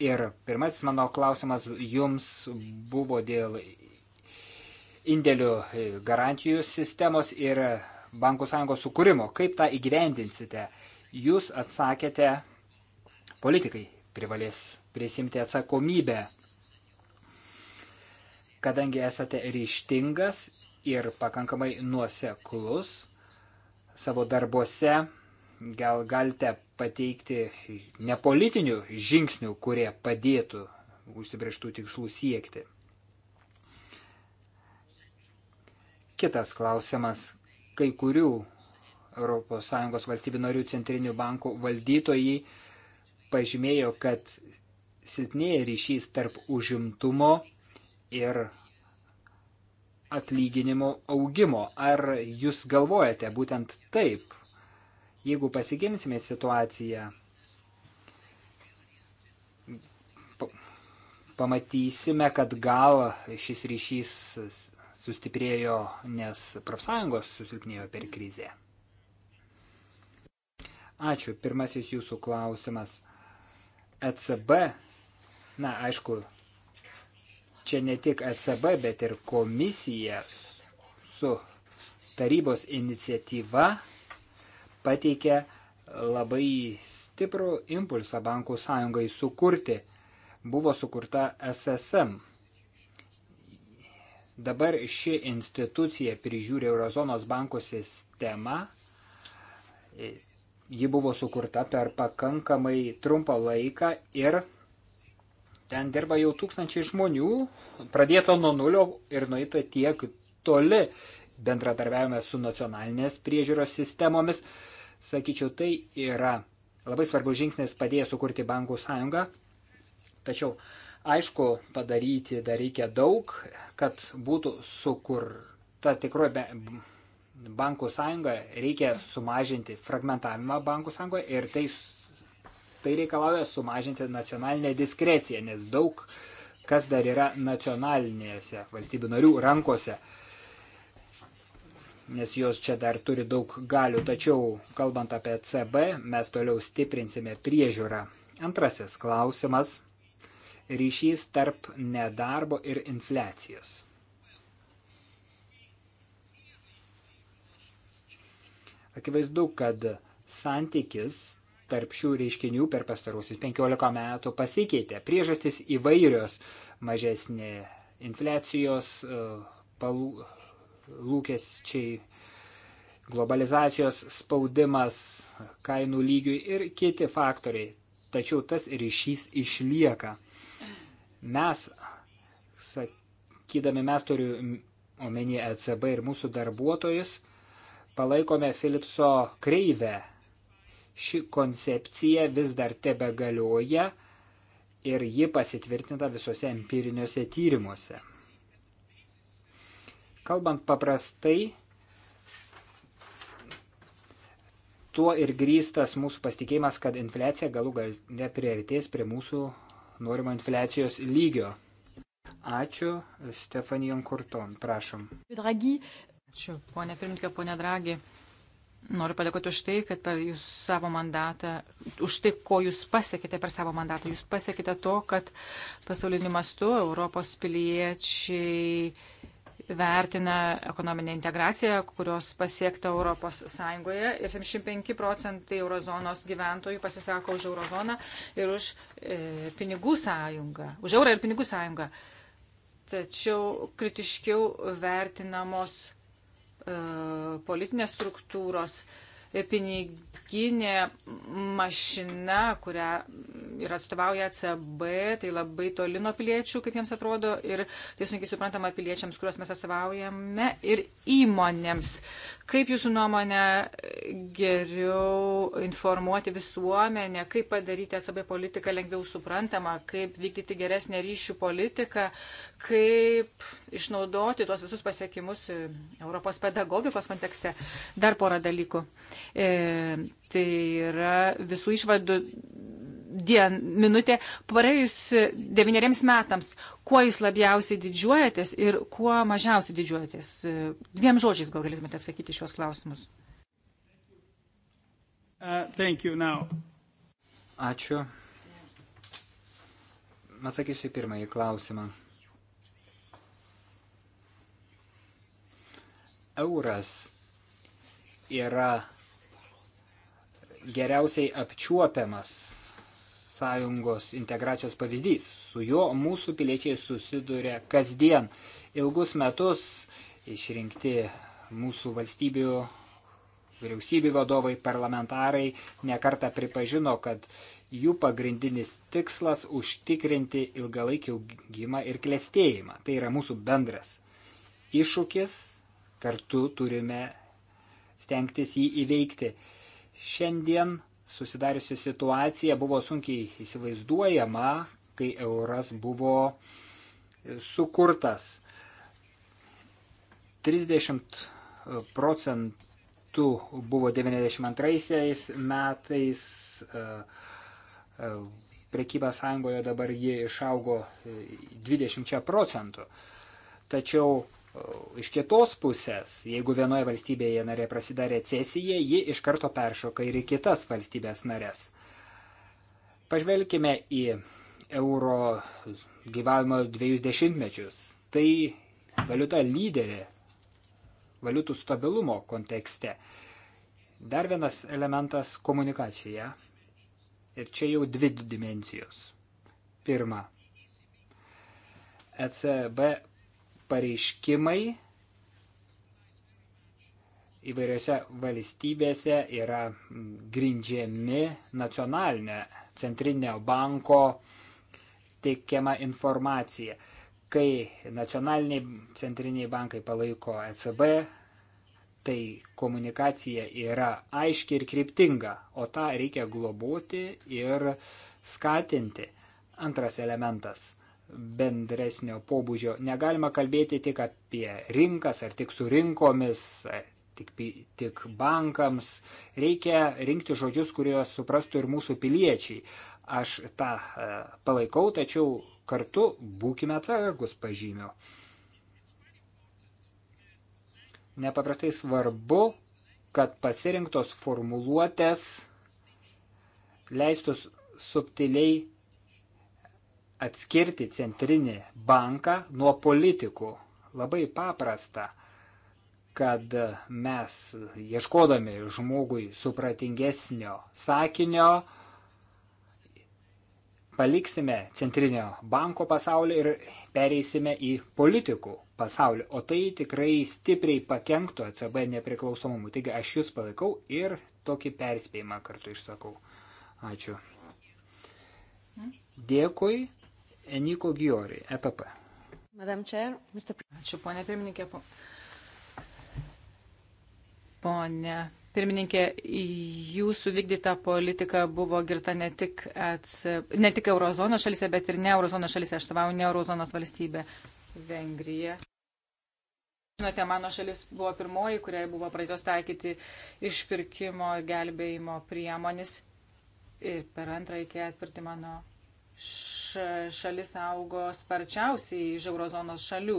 Ir pirmasis mano klausimas jums buvo dėl indėlių garantijų sistemos ir bankų sąjungos sukūrimo. Kaip tą įgyvendinsite? Jūs atsakėte, politikai privalės prisimti atsakomybę, kadangi esate ryštingas ir pakankamai nuoseklus savo darbuose, gal galite pateikti nepolitinių žingsnių, kurie padėtų užsibrieštų tikslų siekti. Kitas klausimas kai kurių ES valstybių narių centrinių bankų valdytojai pažymėjo, kad silpnėja ryšys tarp užimtumo ir atlyginimo augimo. Ar jūs galvojate būtent taip? Jeigu pasigilinsime situaciją, pamatysime, kad gal šis ryšys sustiprėjo, nes profsąjungos susilpnėjo per krizę. Ačiū. Pirmasis jūsų klausimas. ECB, na aišku, čia ne tik ECB, bet ir komisija su tarybos iniciatyva pateikė labai stiprų impulsą bankų sąjungai sukurti. Buvo sukurta SSM Dabar ši institucija prižiūri Eurozonos bankų sistemą. Ji buvo sukurta per pakankamai trumpą laiką ir ten dirba jau tūkstančiai žmonių, pradėta nuo nulio ir nueita tiek toli bendradarbiavime su nacionalinės priežiūros sistemomis. Sakyčiau, tai yra labai svarbus žingsnis padėjęs sukurti bankų sąjungą. Tačiau Aišku, padaryti dar reikia daug, kad būtų sukurta tikroji bankų sąjunga, reikia sumažinti fragmentavimą bankų sąjungoje ir tai, tai reikalauja sumažinti nacionalinę diskreciją, nes daug kas dar yra nacionalinėse valstybių narių rankose, nes jos čia dar turi daug galių, tačiau kalbant apie CB, mes toliau stiprinsime priežiūrą. Antrasis klausimas – ryšys tarp nedarbo ir infliacijos. Akivaizdu, kad santykis tarp šių reiškinių per pastarusius 15 metų pasikeitė. Priežastys įvairios - mažesnė infliacijos, e, palū, lūkesčiai, globalizacijos spaudimas, kainų lygiui ir kiti faktoriai. Tačiau tas ryšys išlieka. Mes, sakydami mes turiu omenyje ECB ir mūsų darbuotojus, palaikome Philipso kreivę. Ši koncepcija vis dar tebe galioja ir ji pasitvirtinta visuose empiriniuose tyrimuose. Kalbant paprastai, tuo ir grįstas mūsų pasitikėjimas, kad infliacija galų gal nepriartės prie mūsų norimo infliacijos lygio. Ačiū, Stefanijan Kurton, prašom. Dragi. Ačiū, ponė pirmininkė, ponė Dragi. Noriu padėkoti už tai, kad per jūs savo mandatą, už tai, ko jūs pasiekite per savo mandatą. Jūs pasiekite to, kad pasauliniu mastu Europos piliečiai vertina ekonominę integraciją, kurios pasiekta ES ir 75 procentai eurozonos gyventojų pasisako už eurozoną ir už e, pinigų sąjungą, už eurą ir pinigų sąjungą. Tačiau kritiškiau vertinamos e, politinės struktūros e, piniginė mašina, kurią ir atstovauja ECB, tai labai toli nuo piliečių, kaip jiems atrodo, ir tai sunkiai suprantama piliečiams, kuriuos mes atstovaujame, ir įmonėms. Kaip jūsų nuomonė geriau informuoti visuomenę, kaip padaryti atsabę politiką lengviau suprantamą, kaip vykdyti geresnę ryšių politiką, kaip išnaudoti tuos visus pasiekimus Europos pedagogikos kontekste. Dar porą dalykų. E, tai yra visų išvadų dien, minutė praėjus devyneriems metams. Kuo jūs labiausiai didžiuojatės ir kuo mažiausiai didžiuojatės? Dviem žodžiais gal galėtumėte atsakyti šios klausimus. Uh, Ačiū. Atsakysiu į pirmąjį klausimą. Euras yra geriausiai apčiuopiamas sąjungos integracijos pavyzdys. Su juo mūsų piliečiai susiduria kasdien. Ilgus metus išrinkti mūsų valstybių vyriausybių vadovai, parlamentarai nekarta pripažino, kad jų pagrindinis tikslas užtikrinti ilgalaikį augimą ir klėstėjimą. Tai yra mūsų bendras iššūkis, kartu turime stengtis jį įveikti. Šiandien susidariusi situacija buvo sunkiai įsivaizduojama, kai euras buvo sukurtas. 30 procentų buvo 92 metais, e, e, prekyba sąjungoje dabar ji išaugo 20 procentų. Tačiau iš kitos pusės, jeigu vienoje valstybėje narė prasideda recesija, ji iš karto peršoka ir į kitas valstybės narės. Pažvelkime į euro gyvavimo dviejus dešimtmečius. Tai valiuta lyderė valiutų stabilumo kontekste. Dar vienas elementas - komunikacija. Ir čia jau dvi dimensijos. Pirma, ECB pareiškimai įvairiose valstybėse yra grindžiami nacionalinė centrinio banko teikiama informacija. Kai nacionaliniai centriniai bankai palaiko ECB, tai komunikacija yra aiški ir kryptinga, o tą reikia globoti ir skatinti. Antras elementas bendresnio pobūdžio. Negalima kalbėti tik apie rinkas, ar tik su rinkomis, ar tik, tik bankams. Reikia rinkti žodžius, kuriuos suprastų ir mūsų piliečiai. Aš tą e, palaikau, tačiau kartu būkime atsargus pažymio. Nepaprastai svarbu, kad pasirinktos formuluotės leistus subtiliai atskirti centrinį banką nuo politikų. Labai paprasta, kad mes ieškodami žmogui supratingesnio sakinio, paliksime centrinio banko pasaulį ir pereisime į politikų pasaulį, o tai tikrai stipriai pakenktų ECB nepriklausomumui. Taigi aš jūs palaikau ir tokį perspėjimą kartu išsakau. Ačiū. Dėkui. Eniko Giori, EPP. Ačiū, ponė pirmininkė. Ponė pirmininkė, jūsų vykdyta politika buvo girta ne tik, ats, ne tik eurozonos šalise, bet ir ne eurozonos šalise. Aš tavau ne eurozonos valstybę Vengrija. Žinote, mano šalis buvo pirmoji, kuriai buvo pradėtos taikyti išpirkimo gelbėjimo priemonis. Ir per antrąjį ketvirtį mano šalis augo sparčiausiai iš eurozonos šalių.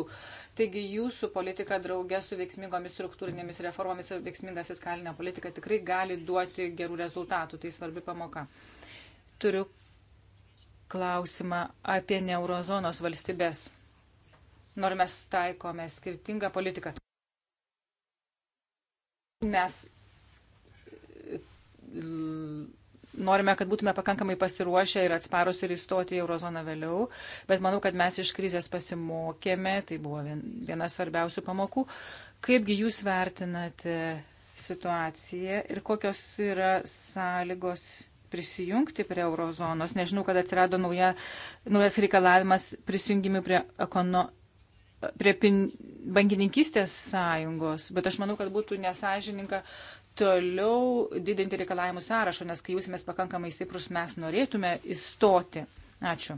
Taigi jūsų politika draugė su veiksmingomis struktūrinėmis reformomis ir veiksminga fiskalinė politika tikrai gali duoti gerų rezultatų. Tai svarbi pamoka. Turiu klausimą apie neurozonos valstybės. Nors mes taikome skirtingą politiką. Mes norime, kad būtume pakankamai pasiruošę ir atsparus ir įstoti į eurozoną vėliau, bet manau, kad mes iš krizės pasimokėme, tai buvo viena svarbiausių pamokų. Kaipgi jūs vertinate situaciją ir kokios yra sąlygos prisijungti prie eurozonos? Nežinau, kad atsirado nauja, naujas reikalavimas prisijungimui prie ekono prie pin, bankininkystės sąjungos, bet aš manau, kad būtų nesažininka toliau didinti reikalavimų sąrašą, nes kai jūsimės pakankamai stiprus, mes norėtume įstoti. Ačiū.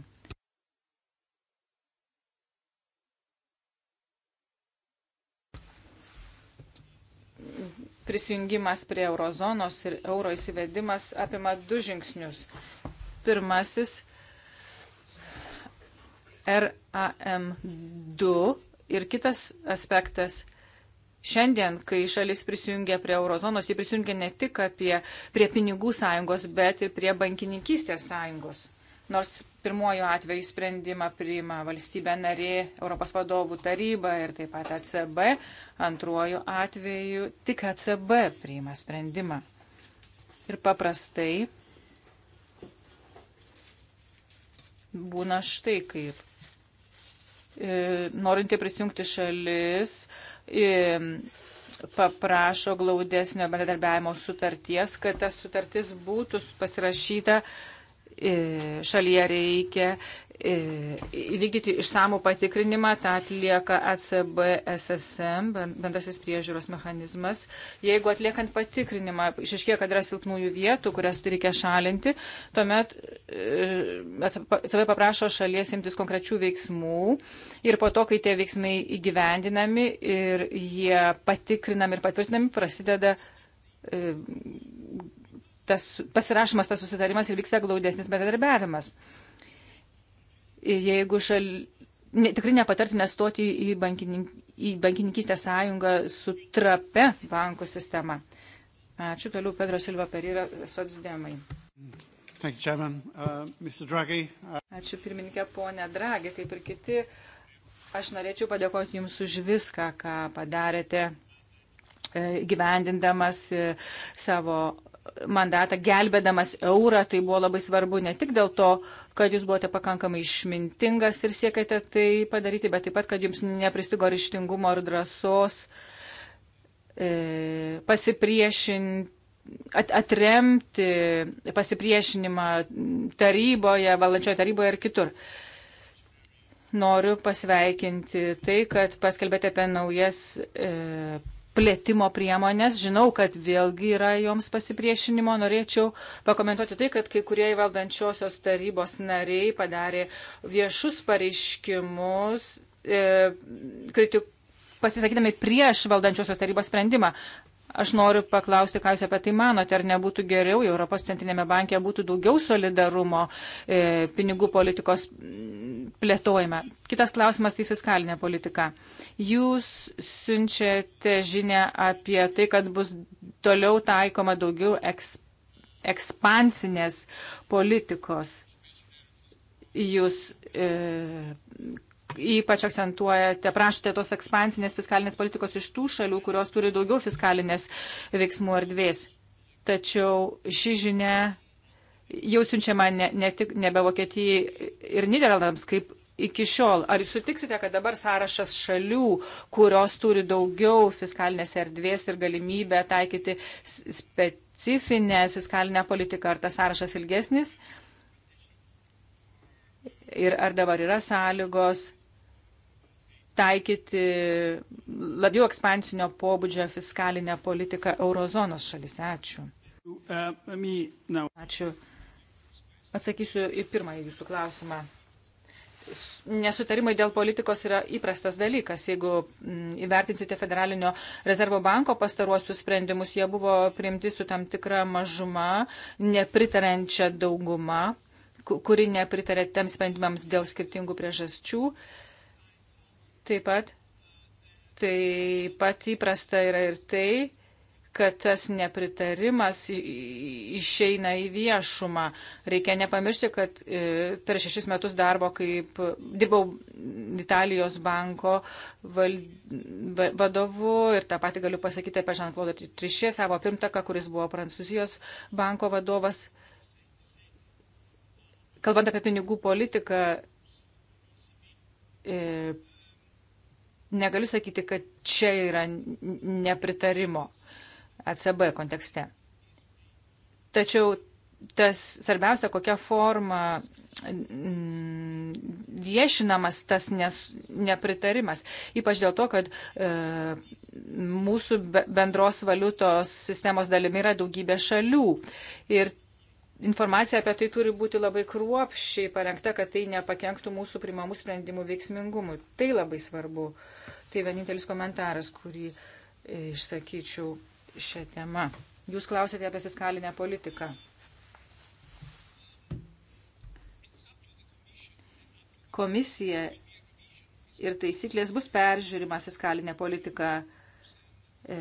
Prisijungimas prie eurozonos ir euro įsivedimas apima du žingsnius. Pirmasis RAM2 ir kitas aspektas – Šiandien, kai šalis prisijungia prie eurozonos, ji prisijungia ne tik apie, prie pinigų sąjungos, bet ir prie bankininkystės sąjungos. Nors pirmojo atveju sprendimą priima valstybė narė, Europos vadovų taryba ir taip pat ECB, antrojo atveju tik ECB priima sprendimą. Ir paprastai būna štai kaip. E, norinti prisijungti šalis paprašo glaudesnio bendradarbiavimo sutarties, kad ta sutartis būtų pasirašyta uh, E, šalyje reikia e, įvykdyti išsamų patikrinimą, tą atlieka ECB, SSM, bendrasis priežiūros mechanizmas. Jeigu atliekant patikrinimą išiškėja, kad yra silpnųjų vietų, kurias turi reikia šalinti, tuomet ECB paprašo šalies imtis konkrečių veiksmų ir po to, kai tie veiksmai įgyvendinami ir jie patikrinami ir patvirtinami, prasideda e, tas pasirašymas, tas susitarimas ir vyksta glaudesnis bendradarbiavimas. Jeigu šal... Ne, tikrai nepatartina stoti į, bankinin, į bankininkystę sąjungą su trape bankų sistema. Ačiū toliau, Pedro Silva Perira, Sotsdemai. Uh, uh, Ačiū pirmininkė ponė Dragi, kaip ir kiti. Aš norėčiau padėkoti Jums už viską, ką padarėte e, gyvendindamas e, savo mandatą gelbėdamas eurą, tai buvo labai svarbu ne tik dėl to, kad jūs buvote pakankamai išmintingas ir siekėte tai padaryti, bet taip pat, kad jums nepristigo ryštingumo ir drąsos e, pasipriešinti. At, atremti pasipriešinimą taryboje, valančioje taryboje ir kitur. Noriu pasveikinti tai, kad paskelbėte apie naujas e, plėtimo priemonės. Žinau, kad vėlgi yra joms pasipriešinimo. Norėčiau pakomentuoti tai, kad kai kurie valdančiosios tarybos nariai padarė viešus pareiškimus, e, kritik, pasisakydami prieš valdančiosios tarybos sprendimą. Aš noriu paklausti, ką Jūs apie tai manote, ar nebūtų geriau, jei Europos centrinėme banke būtų daugiau solidarumo e, pinigų politikos mm, plėtojime. Kitas klausimas tai fiskalinė politika. Jūs siunčiate žinę apie tai, kad bus toliau taikoma daugiau eks, ekspansinės politikos. Jūs e, ypač akcentuojate, prašote tos ekspansinės fiskalinės politikos iš tų šalių, kurios turi daugiau fiskalinės veiksmų erdvės. Tačiau ši žinia jau siunčiama ne, ne tik nebe Vokietijai ir Niderlandams, kaip iki šiol. Ar jūs sutiksite, kad dabar sąrašas šalių, kurios turi daugiau fiskalinės erdvės ir galimybę taikyti specifinę fiskalinę politiką, ar tas sąrašas ilgesnis? Ir ar dabar yra sąlygos taikyti labiau ekspansinio pobūdžio fiskalinę politiką eurozonos šalise. Ačiū. Ačiū. Atsakysiu į pirmąjį jūsų klausimą. Nesutarimai dėl politikos yra įprastas dalykas. Jeigu mm, įvertinsite Federalinio rezervo banko pastaruosius sprendimus, jie buvo priimti su tam tikra mažuma, nepritarančia dauguma, kuri nepritarė tam sprendimams dėl skirtingų priežasčių. Uh, Taip pat, taip pat įprasta yra ir tai, kad tas nepritarimas išeina į viešumą. Reikia nepamiršti, kad e, per šešis metus darbo, kaip dirbau Italijos banko val, va, vadovu ir tą patį galiu pasakyti apie Žanklodą Trišė, savo pirmtaką, kuris buvo Prancūzijos banko vadovas. Kalbant apie pinigų politiką, e, negaliu sakyti, kad čia yra nepritarimo ECB kontekste. Tačiau tas svarbiausia, kokia forma viešinamas tas nes, nepritarimas. Ypač dėl to, kad e, mūsų bendros valiutos sistemos dalimi yra daugybė šalių. Ir informacija apie tai turi būti labai kruopščiai parengta, kad tai nepakenktų mūsų primamų sprendimų veiksmingumui. Tai labai svarbu. Tai vienintelis komentaras, kurį e, išsakyčiau šią temą. Jūs klausėte apie fiskalinę politiką. Komisija ir taisyklės bus peržiūrima fiskalinė politika e,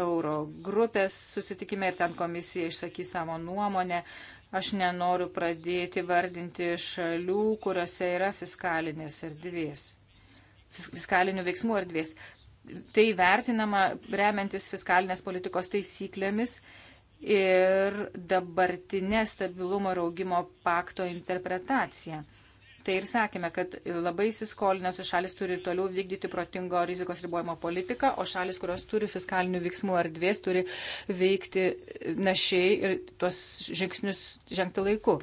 euro grupės susitikime ir ten komisija išsakys savo nuomonę. Aš nenoriu pradėti vardinti šalių, kuriuose yra fiskalinės erdvės, fiskalinių veiksmų erdvės. Tai vertinama remiantis fiskalinės politikos taisyklėmis ir dabartinė stabilumo ir augimo pakto interpretacija tai ir sakėme, kad labai įsiskolinusios šalis turi ir toliau vykdyti protingo rizikos ribojimo politiką, o šalis, kurios turi fiskalinių veiksmų erdvės, turi veikti našiai ir tuos žingsnius žengti laiku.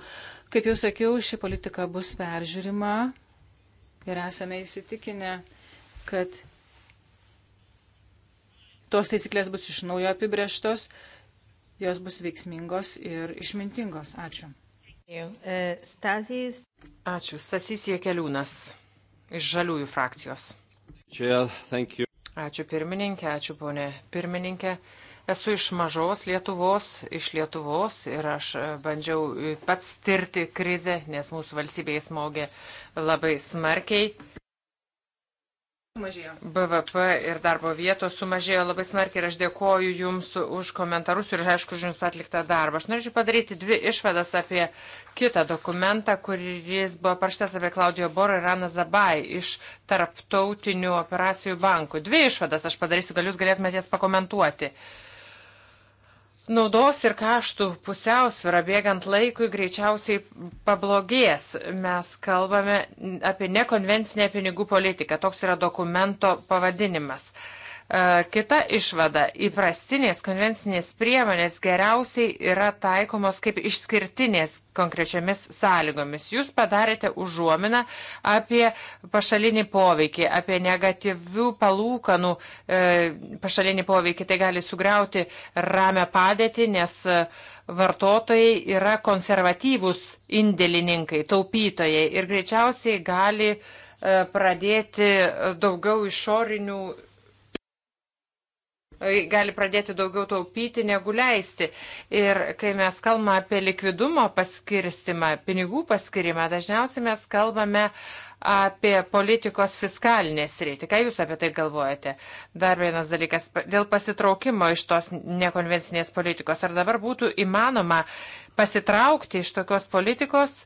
Kaip jau sakiau, ši politika bus peržiūrima ir esame įsitikinę, kad tos taisyklės bus iš naujo apibrieštos, jos bus veiksmingos ir išmintingos. Ačiū. Stasys. Ačiū. Stasys Jekeliūnas iš Žaliųjų frakcijos. Čia, thank you. Ačiū pirmininkė, ačiū ponė pirmininkė. Esu iš mažos Lietuvos, iš Lietuvos ir aš bandžiau pats tirti krizę, nes mūsų valstybė įsmaugė labai smarkiai. Sumažėjo. BVP ir darbo vietos sumažėjo labai smarkiai ir aš dėkoju Jums už komentarus ir aišku už Jums atliktą darbą. Aš norėčiau padaryti dvi išvadas apie kitą dokumentą, kuris buvo paraštas apie Klaudijo Borą ir Aną Zabai iš tarptautinių operacijų bankų. Dvi išvadas aš padarysiu, gal Jūs galėtumėte jas pakomentuoti. Uh, Naudos ir kaštų pusiausvyrą bėgant laikui greičiausiai pablogės. Mes kalbame apie nekonvencinę pinigų politiką. Toks yra dokumento pavadinimas. Uh, E, kita išvada - įprastinės konvencinės priemonės geriausiai yra taikomos kaip išskirtinės konkrečiamis sąlygomis. Jūs padarėte užuominą apie pašalinį poveikį, apie negatyvių palūkanų e, pašalinį poveikį. Tai gali sugriauti ramę padėtį, nes vartotojai yra konservatyvūs indėlininkai, taupytojai ir greičiausiai gali e, pradėti daugiau išorinių gali pradėti daugiau taupyti negu leisti. Ir kai mes kalbame apie likvidumo paskirstimą, pinigų paskirimą, dažniausiai mes kalbame apie politikos fiskalinę sritį. Ką Jūs apie tai galvojate? Dar vienas dalykas, dėl pasitraukimo iš tos nekonvencinės politikos. Ar dabar būtų įmanoma pasitraukti iš tokios politikos?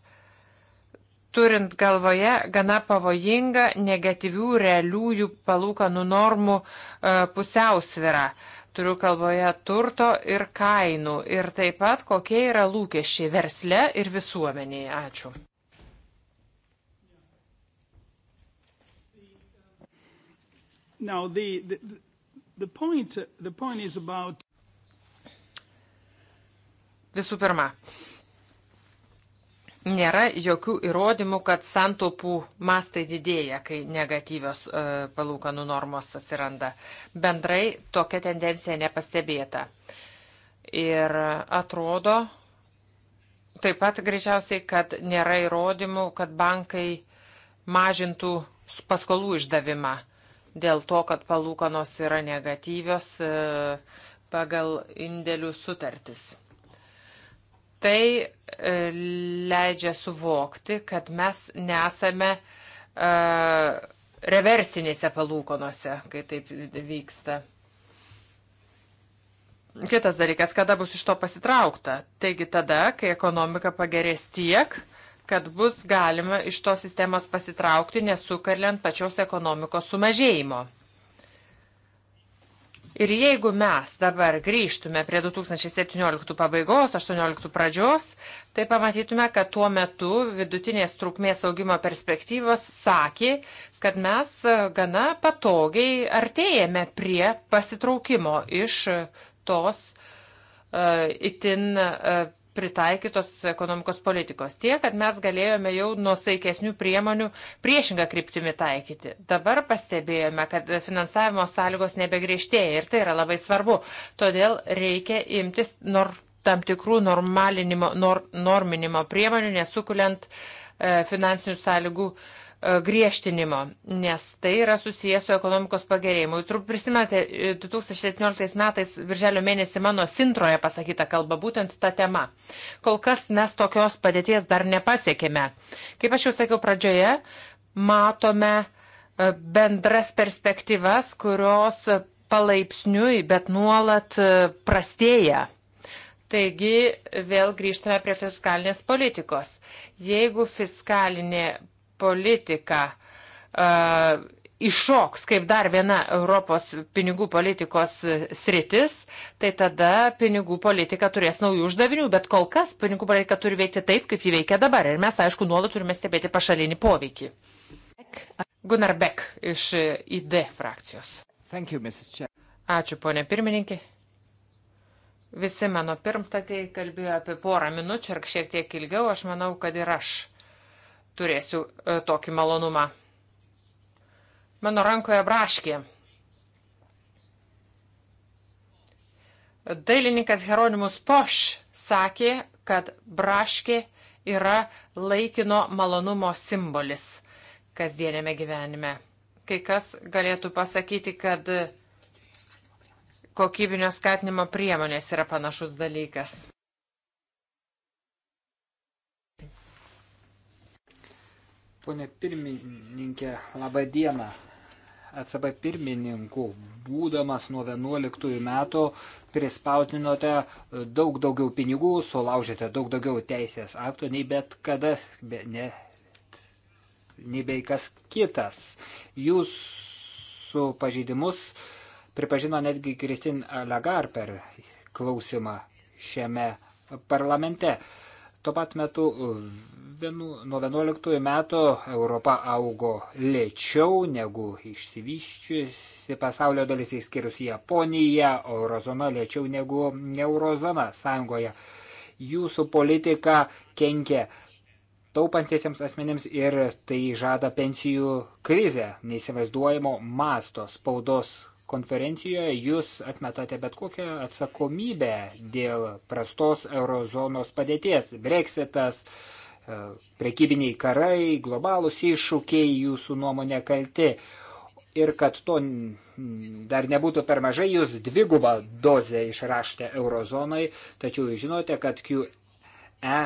turint galvoje gana pavojinga negatyvių realiųjų palūkanų normų e, pusiausvirą. Turiu kalboje turto ir kainų ir taip pat kokie yra lūkesčiai versle ir visuomenėje. Ačiū. Now, the, the, the, point, the point about... Visų pirma, uh, nėra jokių įrodymų, kad santaupų mastai didėja, kai negatyvios e, palūkanų normos atsiranda. Bendrai tokia tendencija nepastebėta. Ir atrodo taip pat greičiausiai, kad nėra įrodymų, kad bankai mažintų paskolų išdavimą dėl to, kad palūkanos yra negatyvios e, pagal indėlių sutartis. Tai e, leidžia suvokti, kad mes nesame e, reversinėse palūkonose, kai taip vyksta. Kitas dalykas, kada bus iš to pasitraukta. Taigi tada, kai ekonomika pagerės tiek, kad bus galima iš tos sistemos pasitraukti, nesukarliant pačios ekonomikos sumažėjimo. Ir jeigu mes dabar grįžtume prie 2017 pabaigos, 2018 pradžios, tai pamatytume, kad tuo metu vidutinės trukmės augimo perspektyvos sakė, kad mes e, gana patogiai artėjame prie pasitraukimo iš tos uh, itin uh, pritaikytos ekonomikos politikos. Tie, kad mes galėjome jau nusaikesnių priemonių priešingą kryptimį taikyti. Dabar pastebėjome, kad finansavimo sąlygos nebegriežtėja ir tai yra labai svarbu. Todėl reikia imtis nor, tam tikrų nor, norminimo priemonių, nesukuliant e, finansinių sąlygų e, E, griežtinimo, nes tai yra susijęs su ekonomikos pagerėjimu. Turbūt prisimenate 2017 e, metais, virželio mėnesį, mano Sintroje pasakyta kalba būtent ta tema. Kol kas mes tokios padėties dar nepasiekėme. Kaip aš jau sakiau pradžioje, matome e, bendras perspektyvas, kurios palaipsniui, bet nuolat prastėja. Taigi vėl grįžtame prie fiskalinės politikos. Jeigu fiskalinė politika uh, iššoks kaip dar viena Europos pinigų politikos sritis, tai tada pinigų politika turės naujų uždavinių, bet kol kas pinigų politika turi veikti taip, kaip ji veikia dabar. Ir mes, aišku, nuolat turime stebėti pašalinį poveikį. Gunnar Beck iš ID frakcijos. Thank you, Ačiū, ponė pirmininkė. Visi mano pirmtakai kalbėjo apie porą minučių ar šiek tiek ilgiau, aš manau, kad ir aš turėsiu e, tokį malonumą. Mano rankoje braškė. Dailininkas Heronimus Poš sakė, kad braškė yra laikino malonumo simbolis kasdienėme gyvenime. Kai kas galėtų pasakyti, kad kokybinio skatinimo priemonės yra panašus dalykas. Pone pirmininkė, laba diena. ECB pirmininku, būdamas nuo 11 metų, prispautinote daug daugiau pinigų, sulaužėte daug daugiau teisės aktų, nei bet kada, be, ne, nei bei kas kitas. Jūsų pažeidimus pripažino netgi Kristin Lagar per klausimą šiame parlamente. Tuo pat metu nuo 11 metų Europa augo lėčiau negu išsivyščiusi pasaulio dalis įskirius Japoniją, eurozona lėčiau negu eurozona sąjungoje. Jūsų politika kenkia taupantiesiems asmenėms ir tai žada pensijų krizę neįsivaizduojamo masto spaudos konferencijoje jūs atmetate bet kokią atsakomybę dėl prastos eurozonos padėties. Brexitas, uh, E, prekybiniai karai, globalūs iššūkiai jūsų nuomonė kalti. Ir kad to dar nebūtų per mažai, jūs dvigubą dozę išraštė eurozonai, tačiau žinote, kad QE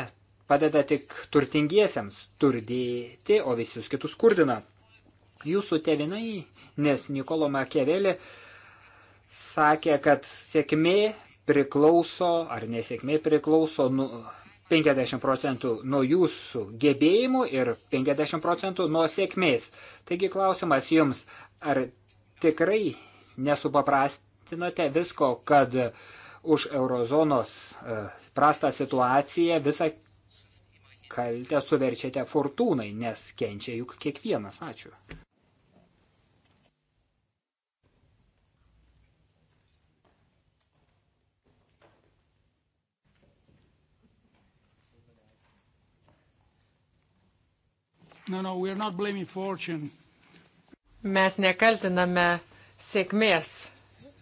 padeda tik turtingiesiems turdėti, o visus kitus skurdina. Jūsų tevinai, nes Nikolo Makiavelė sakė, kad sėkmė priklauso ar nesėkmė priklauso nu, 50 procentų nuo jūsų gebėjimų ir 50 procentų nuo sėkmės. Taigi klausimas jums, ar tikrai nesupaprastinote visko, kad už eurozonos e, prastą situaciją visą kaltę suverčiate fortūnai, nes kenčia juk kiekvienas. Ačiū. No, no, we are not blaming fortune. Mes nekaltiname sėkmės,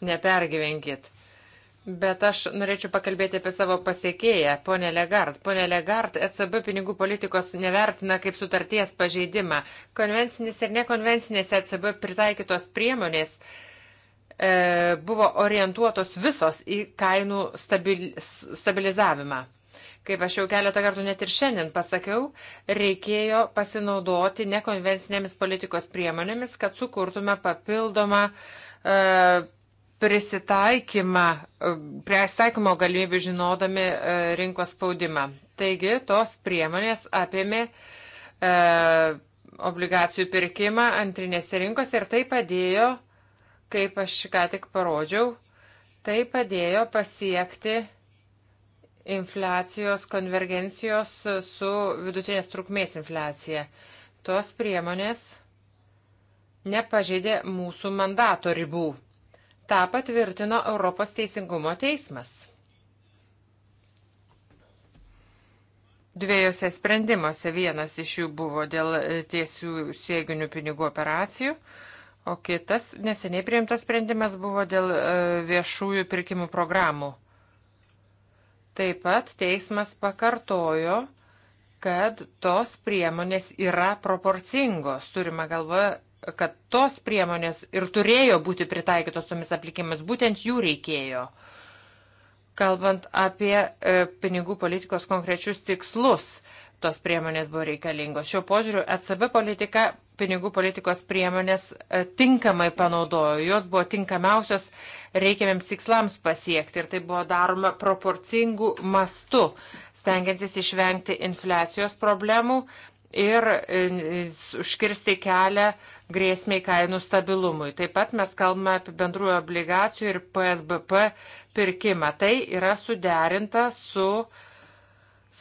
nepergyvenkit. Bet aš norėčiau pakalbėti apie savo pasiekėją, ponė Legard. Ponė Legard, ECB pinigų politikos nevertina kaip sutarties pažeidimą. Konvencinis ir nekonvencinės ECB pritaikytos priemonės e, buvo orientuotos visos į kainų stabil, stabilizavimą. Kaip aš jau keletą kartų net ir šiandien pasakiau, reikėjo pasinaudoti nekonvencinėmis politikos priemonėmis, kad sukurtume papildomą uh, prisitaikymą, e, prisitaikymo galimybių žinodami e, rinkos spaudimą. Taigi tos priemonės apėmė e, obligacijų pirkimą antrinėse rinkose ir tai padėjo, kaip aš ką tik parodžiau, tai padėjo pasiekti infliacijos konvergencijos su vidutinės trukmės infliacija. Tos priemonės nepažeidė mūsų mandato ribų. Ta patvirtino Europos teisingumo teismas. Dviejose sprendimuose vienas iš jų buvo dėl tiesių sieginių pinigų operacijų, o kitas neseniai priimtas sprendimas buvo dėl e, viešųjų pirkimų programų. Taip pat teismas pakartojo, kad tos priemonės yra proporcingos. Turime galvoje, kad tos priemonės ir turėjo būti pritaikytos tomis aplikimis, būtent jų reikėjo. Kalbant apie e, pinigų politikos konkrečius tikslus, tos priemonės buvo reikalingos. Šiuo požiūriu ECB politika pinigų politikos priemonės e, tinkamai panaudojo. Jos buvo tinkamiausios reikiamiems tikslams pasiekti ir tai buvo daroma proporcingų mastų, stengiantis išvengti infliacijos problemų ir e, užkirsti kelią grėsmiai kainų stabilumui. Taip pat mes kalbame apie bendrųjų obligacijų ir PSBP pirkimą. Tai yra suderinta su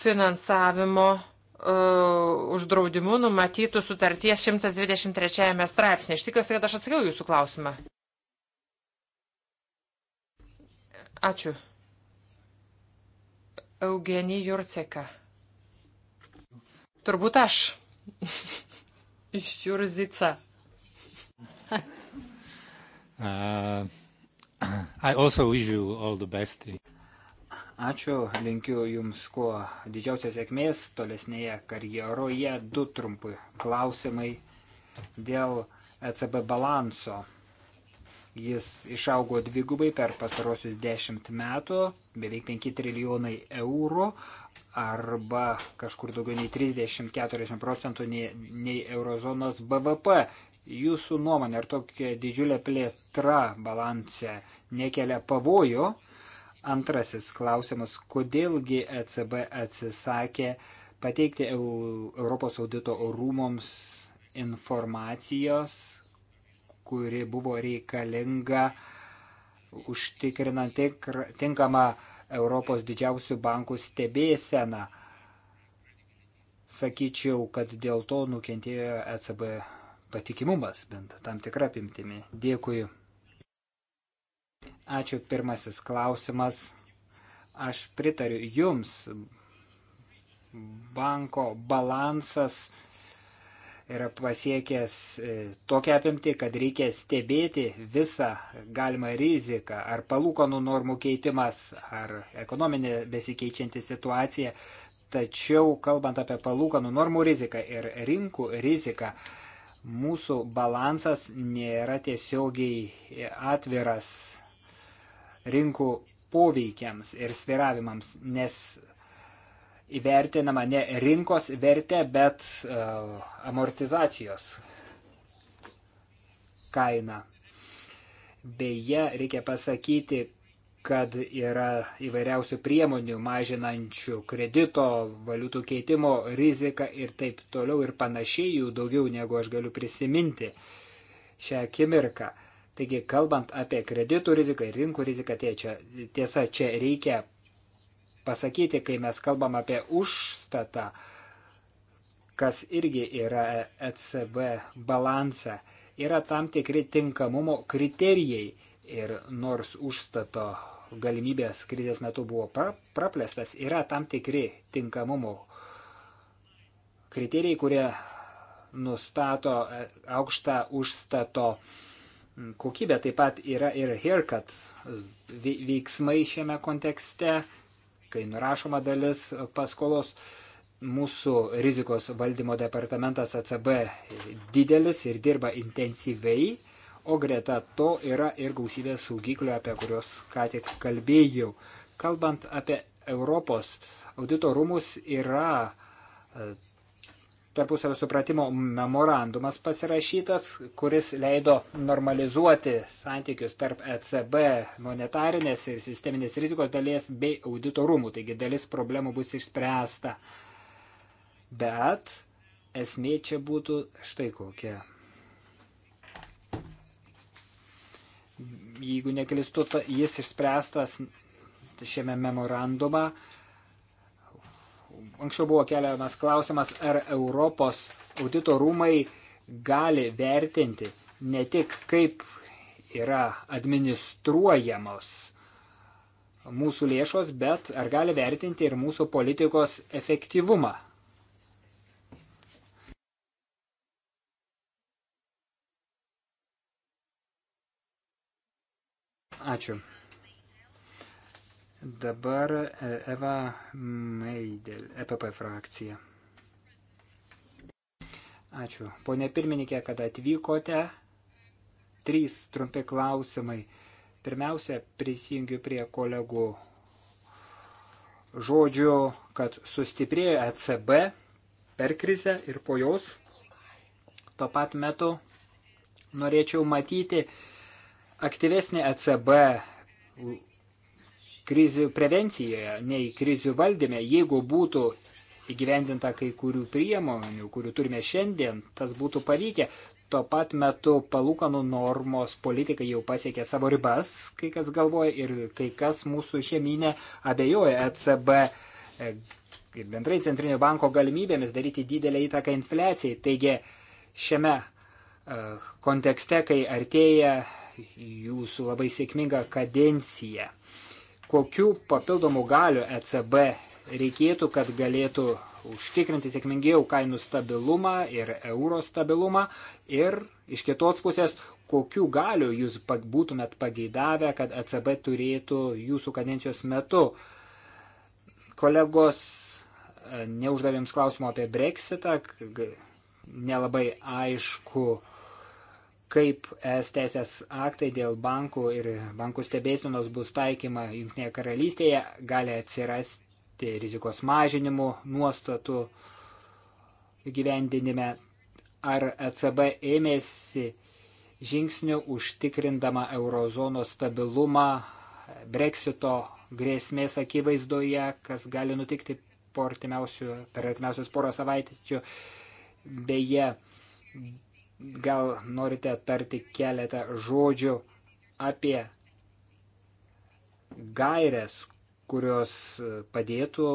finansavimo E, uždraudimu numatytų sutarties 123 straipsnė. Aš tikiuosi, kad aš atsakiau jūsų klausimą. Ačiū. Eugenija Jurceka. Turbūt aš. [laughs] Iš Jurzica. uh, [clears throat] I also wish you all the best. Ačiū, linkiu Jums kuo didžiausios sėkmės tolesnėje karjeroje. Du trumpi klausimai dėl ECB balanso. Jis išaugo dvigubai per pasarosius dešimt metų, beveik 5 trilijonai eurų arba kažkur daugiau nei 30-40 procentų nei, nei eurozonos BVP. Jūsų nuomonė, ar tokia didžiulė plėtra balanse nekelia pavojų? Antrasis klausimas, kodėlgi ECB atsisakė pateikti Europos audito rūmoms informacijos, kuri buvo reikalinga užtikrinant tinkamą Europos didžiausių bankų stebėseną. Sakyčiau, kad dėl to nukentėjo ECB patikimumas, bent tam tikrą apimtimi. Dėkui. Ačiū pirmasis klausimas. Aš pritariu jums. Banko balansas yra pasiekęs e, tokią apimtį, kad reikia stebėti visą galimą riziką, ar palūkanų normų keitimas, ar ekonominė besikeičianti situacija. Tačiau, kalbant apie palūkanų normų riziką ir rinkų riziką, mūsų balansas nėra tiesiogiai atviras rinkų poveikiams ir sviravimams, nes įvertinama ne rinkos vertė, bet uh, amortizacijos kaina. Beje, reikia pasakyti, kad yra įvairiausių priemonių mažinančių kredito, valiutų keitimo riziką ir taip toliau ir panašiai jų daugiau negu aš galiu prisiminti šią akimirką. Uh, Taigi, kalbant apie kreditų riziką ir rinkų riziką, tie čia, tiesa, čia reikia pasakyti, kai mes kalbam apie užstatą, kas irgi yra ECB balansą, yra tam tikri tinkamumo kriterijai. Ir nors užstato galimybės krizės metu buvo praplėstas, yra tam tikri tinkamumo kriterijai, kurie nustato e, aukštą užstato uh, kokybė. Taip pat yra ir haircut veiksmai šiame kontekste, kai nurašoma dalis paskolos. Mūsų rizikos valdymo departamentas ACB didelis ir dirba intensyviai, o greta to yra ir gausybė saugiklių, apie kuriuos ką tik kalbėjau. Kalbant apie Europos audito rūmus, yra tarpusavio supratimo memorandumas pasirašytas, kuris leido normalizuoti santykius tarp ECB monetarinės ir sisteminės rizikos dalies bei auditorumų, taigi dalis problemų bus išspręsta. Bet esmė čia būtų štai kokia. Jeigu neklistu, jis išspręstas šiame memorandumą Anksčiau buvo keliamas klausimas, ar Europos audito rūmai gali vertinti ne tik kaip yra administruojamos mūsų lėšos, bet ar gali vertinti ir mūsų politikos efektyvumą. Ačiū. Dabar e, Eva Meidel, EPP frakcija. Ačiū. Pone pirmininkė, kad atvykote. Trys trumpi klausimai. Pirmiausia, prisijungiu prie kolegų žodžių, kad sustiprėjo ECB per krizę ir po jos. Tuo pat metu norėčiau matyti aktyvesnį ECB krizių prevencijoje, nei krizių valdyme. Jeigu būtų įgyvendinta kai kurių priemonių, kurių turime šiandien, tas būtų pavykę. Tuo pat metu palūkanų normos politika jau pasiekė savo ribas, kai kas galvoja ir kai kas mūsų žemynė abejoja ECB e, ir bendrai Centrinio banko galimybėmis daryti didelę įtaką infliacijai. Taigi šiame e, kontekste, kai artėja jūsų labai sėkminga kadencija kokių papildomų galių ECB reikėtų, kad galėtų užtikrinti sėkmingiau kainų stabilumą ir euro stabilumą ir iš kitos pusės, kokių galių jūs būtumėt pageidavę, kad ECB turėtų jūsų kadencijos metu. Kolegos, e, neuždavėms klausimo apie Brexitą, nelabai aišku, kaip es teisės aktai dėl bankų ir bankų stebėsinos bus taikyma Junktinėje karalystėje, gali atsirasti rizikos mažinimų nuostatų gyvendinime. Ar ECB ėmėsi žingsnių užtikrindama eurozonos stabilumą Brexito grėsmės akivaizdoje, kas gali nutikti po artimiausių, per artimiausias porą savaičių. Beje, gal norite tarti keletą žodžių apie gairės, kurios padėtų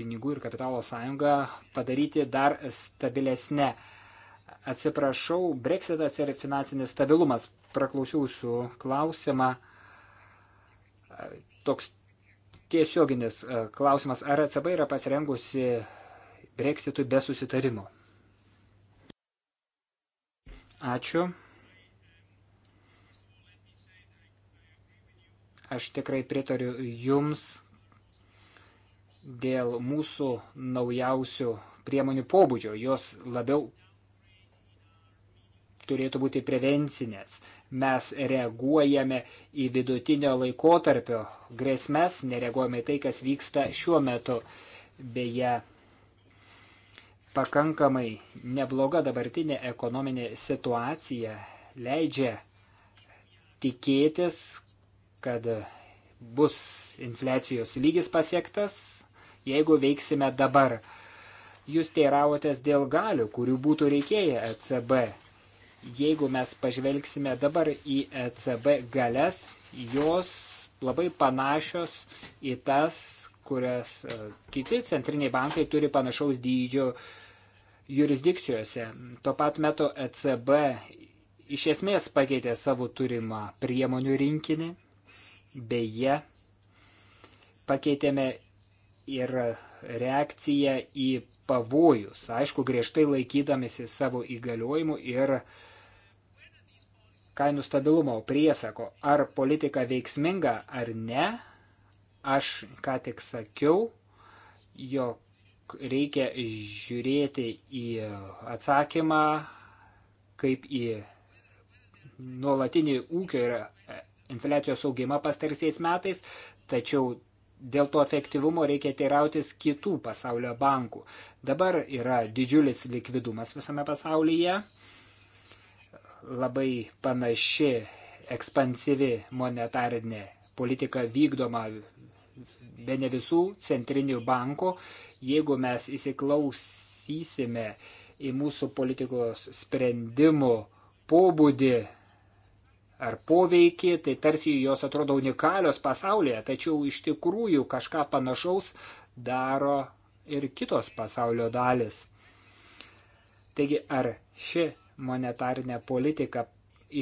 pinigų ir kapitalo sąjungą padaryti dar stabilesnę. Atsiprašau, breksitas ir finansinis stabilumas. Praklausiau jūsų klausimą. Toks tiesioginis e, klausimas, ar ECB yra pasirengusi breksitui be susitarimo. Ačiū. Aš tikrai pritariu Jums dėl mūsų naujausių priemonių pobūdžio. Jos labiau turėtų būti prevencinės. Mes reaguojame į vidutinio laikotarpio grėsmes, nereaguojame į tai, kas vyksta šiuo metu. Beje, pakankamai nebloga dabartinė ekonominė situacija leidžia tikėtis, kad bus infliacijos lygis pasiektas, jeigu veiksime dabar. Jūs teiravotės dėl galių, kurių būtų reikėję ECB. Jeigu mes pažvelgsime dabar į ECB galės, jos labai panašios į tas, kurias e, kiti centriniai bankai turi panašaus dydžio uh, jurisdikcijose. Tuo pat metu ECB iš esmės pakeitė savo turimą priemonių rinkinį, beje, pakeitėme ir reakciją į pavojus, aišku, griežtai laikydamėsi savo įgaliojimų ir kainų stabilumo priesako, ar politika veiksminga ar ne, aš ką tik sakiau, jog reikia žiūrėti į atsakymą kaip į nuolatinį ūkio ir e, infliacijos augimą pastarsiais metais, tačiau dėl to efektyvumo reikia teirautis kitų pasaulio bankų. Dabar yra didžiulis likvidumas visame pasaulyje, labai panaši ekspansyvi monetarinė politika vykdoma be ne visų centrinių bankų jeigu mes įsiklausysime į mūsų politikos sprendimų pobūdį ar poveikį, tai tarsi jos atrodo unikalios pasaulyje, tačiau iš tikrųjų kažką panašaus daro ir kitos pasaulio dalis. Taigi, ar ši monetarinė politika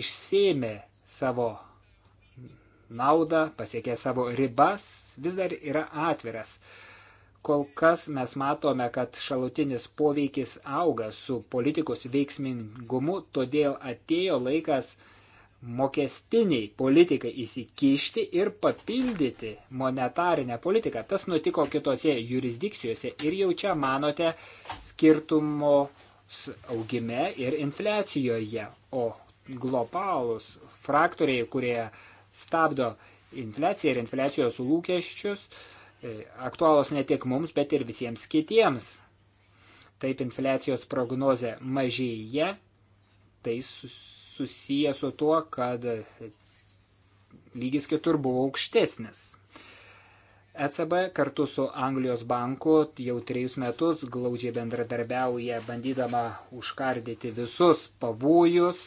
išsėmė savo naudą, pasiekė savo ribas, vis dar yra atviras Kol kas mes matome, kad šalutinis poveikis auga su politikos veiksmingumu, todėl atėjo laikas mokestiniai politikai įsikišti ir papildyti monetarinę politiką. Tas nutiko kitose jurisdikcijose ir jau čia manote skirtumo augime ir infliacijoje, o globalūs fraktoriai, kurie stabdo infliaciją ir infliacijos lūkesčius, uh, E, aktualos ne tik mums, bet ir visiems kitiems. Taip infliacijos prognozė mažėja, tai susiję su tuo, kad lygis kitur buvo aukštesnis. ECB kartu su Anglijos banku jau trejus metus glaudžiai bendradarbiauja, bandydama užkardyti visus pavojus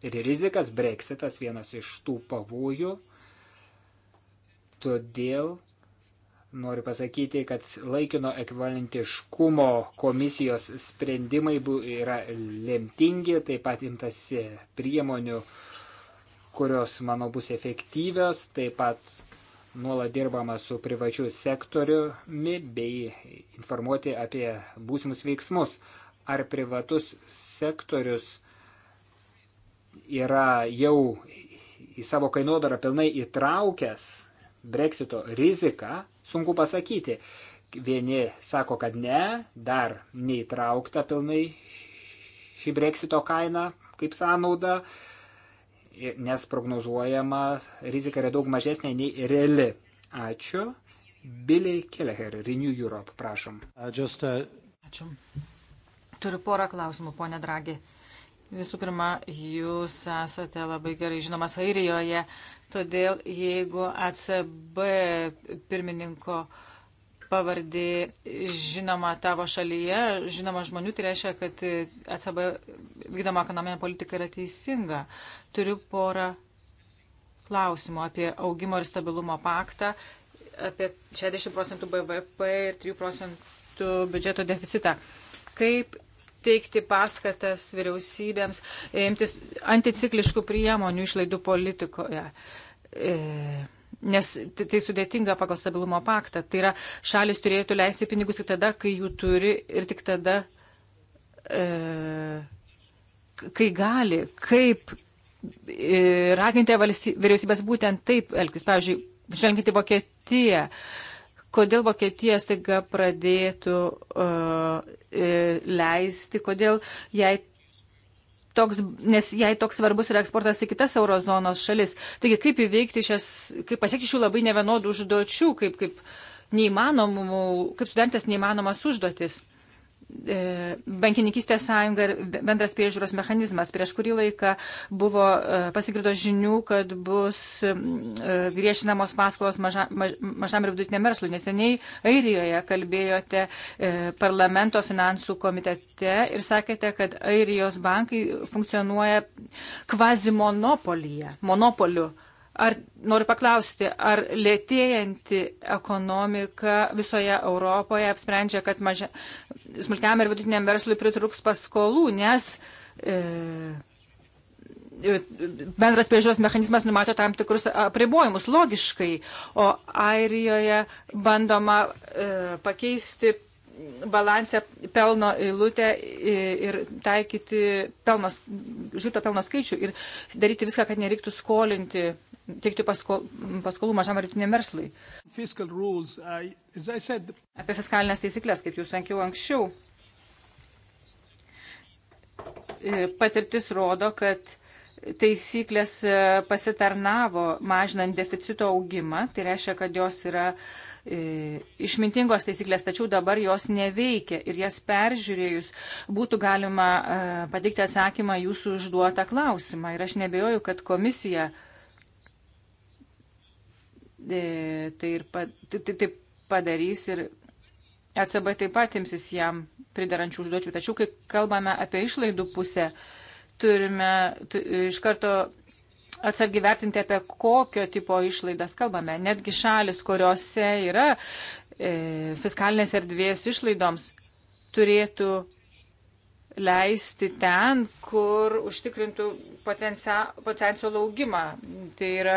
ir rizikas. Brexitas vienas iš tų pavojų. Todėl Noriu pasakyti, kad laikino ekvivalentiškumo komisijos sprendimai yra lemtingi, taip pat imtasi priemonių, kurios, manau, bus efektyvios, taip pat nuolat dirbama su privačiu sektoriumi bei informuoti apie būsimus veiksmus. Ar privatus sektorius yra jau į savo kainodarą pilnai įtraukęs breksito riziką, sunku pasakyti. Vieni sako, kad ne, dar neįtraukta pilnai šį breksito kainą kaip sąnauda, nes prognozuojama rizika yra daug mažesnė nei reali. Ačiū. Billy Kelleher, Renew Europe, prašom. Uh, just, uh... Ačiū. Turiu porą klausimų, ponė Dragi. Visų pirma, jūs esate labai gerai žinomas Airijoje, Todėl jeigu ACB pirmininko pavardė žinoma tavo šalyje, žinoma žmonių, tai reiškia, kad ACB vykdoma ekonominė politika yra teisinga. Turiu porą klausimų apie augimo ir stabilumo paktą, apie 60 procentų BVP ir 3 procentų biudžeto deficitą. Kaip teikti paskatas vyriausybėms, imtis anticikliškų priemonių išlaidų politikoje. E, nes tai sudėtinga pagal stabilumo paktą. Tai yra, šalis turėtų leisti pinigus tik tada, kai jų turi ir tik tada, e, kai gali, kaip e, raginti vyriausybės būtent taip elgtis. Pavyzdžiui, žvelgiant į Vokietiją, kodėl Vokietija staiga pradėtų e, e leisti, kodėl jai toks, nes jai toks svarbus yra eksportas į kitas eurozonos šalis. Taigi kaip įveikti šias, kaip pasiekti šių labai nevienodų užduočių, kaip, kaip, neįmanomų, kaip sudarytas neįmanomas užduotis. E, bankininkystės sąjunga ir bendras priežiūros mechanizmas. Prieš kurį laiką buvo e, pasigirdo žinių, kad bus e, griežinamos paskolos maža, maž, mažam ir vidutiniam verslui. Neseniai Airijoje kalbėjote parlamento finansų komitete ir sakėte, kad Airijos bankai funkcionuoja kvazi monopolyje, monopoliu. Ar noriu paklausti, ar lėtėjanti ekonomika visoje Europoje apsprendžia, kad mažia, smulkiam ir vidutiniam verslui pritruks paskolų, nes e, bendras priežiūros mechanizmas numato tam tikrus apribojimus logiškai, o Airijoje bandoma e, pakeisti balansę pelno eilutę ir taikyti pelnos, žuto pelno skaičių ir daryti viską, kad nereiktų skolinti, teikti paskol, paskolų mažam rytiniam verslui. Rules, I, I said... Apie fiskalinės teisiklės, kaip jūs sakiau anksčiau, e, patirtis rodo, kad taisyklės e, pasitarnavo mažinant deficito augimą, tai reiškia, kad jos yra uh, E, išmintingos taisyklės, tačiau dabar jos neveikia ir jas peržiūrėjus būtų galima e, pateikti atsakymą jūsų užduotą klausimą. Ir aš nebejoju, kad komisija e, tai ir pa, tai, tai padarys ir ECB taip pat imsis jam pridarančių užduočių. Tačiau, kai kalbame apie išlaidų pusę, turime tu, iš karto atsargiai vertinti, apie kokio tipo išlaidas kalbame. Netgi šalis, kuriuose yra e, fiskalinės erdvės išlaidoms, turėtų leisti ten, kur užtikrintų potencialų augimą. Tai yra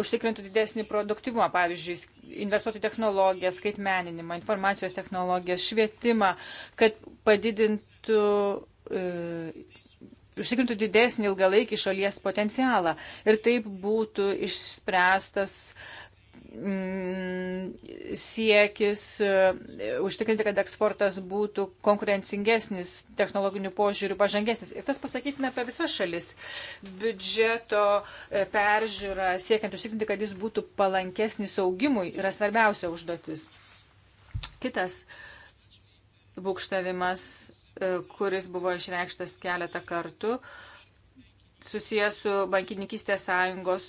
užtikrintų didesnį produktivumą, pavyzdžiui, investuotų technologiją, skaitmeninimą, informacijos technologiją, švietimą, kad padidintų e, užsikrintų didesnį ilgalaikį šalies potencialą. Ir taip būtų išspręstas mm, siekis e, užtikrinti, kad eksportas būtų konkurencingesnis, technologinių požiūrių pažangesnis. Ir tas pasakytina apie visas šalis. Biudžeto e, peržiūra, siekiant užtikrinti, kad jis būtų palankesnis augimui, yra svarbiausia užduotis. Kitas būkštavimas E, kuris buvo išreikštas keletą kartų, susijęs su bankininkystės sąjungos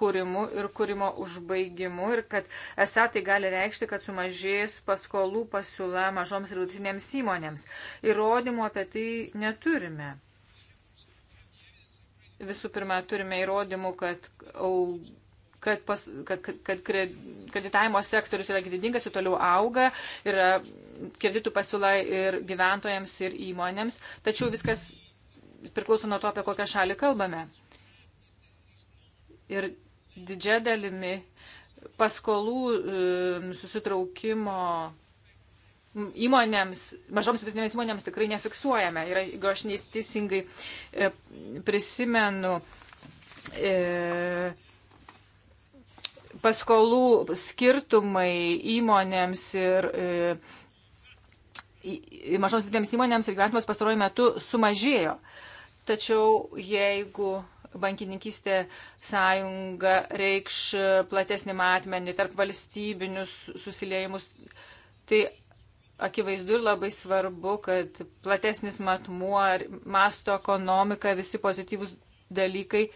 kūrimu ir kūrimo užbaigimu ir kad esą tai gali reikšti, kad sumažės paskolų pasiūla mažoms ir vidutinėms įmonėms. Įrodymų apie tai neturime. Visų pirma, turime įrodymų, kad aug, kad, pas, kad, kad, kad kreditavimo sektorius yra didingas ir toliau auga, yra kreditų pasiūla ir gyventojams, ir įmonėms, tačiau viskas priklauso nuo to, apie kokią šalį kalbame. Ir didžia dalimi paskolų um, susitraukimo įmonėms, mažoms vidutinėms įmonėms tikrai nefiksuojame. Ir jeigu aš neįstisingai e, prisimenu, e, paskolų skirtumai įmonėms ir e, mažoms didelėms įmonėms ir gyvenimas pastaruoju metu sumažėjo. Tačiau jeigu bankininkystė sąjunga reikš platesnį matmenį tarp valstybinius susiliejimus, tai akivaizdu ir labai svarbu, kad platesnis matmuo, masto ekonomika, visi pozityvus dalykai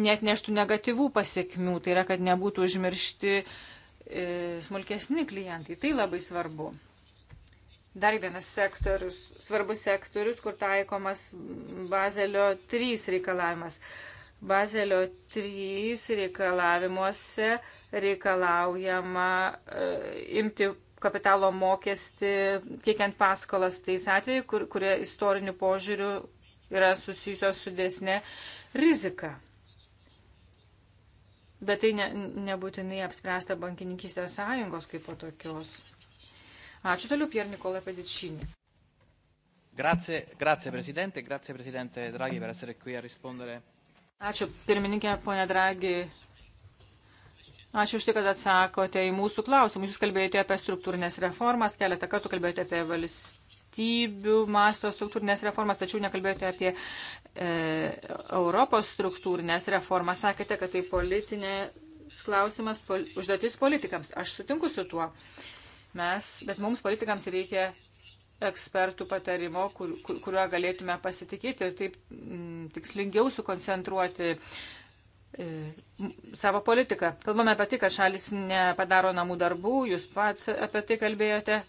net neštų negatyvų pasiekmių, tai yra, kad nebūtų užmiršti e, smulkesni klientai. Tai labai svarbu. Dar vienas sektorius, svarbus sektorius, kur taikomas Bazelio 3 reikalavimas. Bazelio 3 reikalavimuose reikalaujama e, imti kapitalo mokestį, teikiant paskolas tais atvejai, kur, kurie istoriniu požiūriu yra susijusios su desne rizika. Bet tai ne, nebūtinai apspręsta bankininkystės sąjungos kaip po tokios. Ačiū toliau, Pier Nikola Pedičinė. Grazie, grazie Presidente, grazie Presidente Draghi per essere qui a rispondere. Ačiū pirmininkė, ponia Draghi. Ačiū už tai, kad atsakote į mūsų klausimus. Jūs kalbėjote apie struktūrinės reformas, keletą kartų kalbėjote apie valstybę valstybių masto struktūrinės reformas, tačiau nekalbėjote apie e, Europos struktūrinės reformas. Sakėte, kad tai politinė klausimas, pol, užduotis politikams. Aš sutinku su tuo. Mes, bet mums politikams reikia ekspertų patarimo, kur, kur, kuriuo galėtume pasitikėti ir taip m, mm, tikslingiau sukoncentruoti e, savo politiką. Kalbame apie tai, kad šalis nepadaro namų darbų, jūs pats apie tai kalbėjote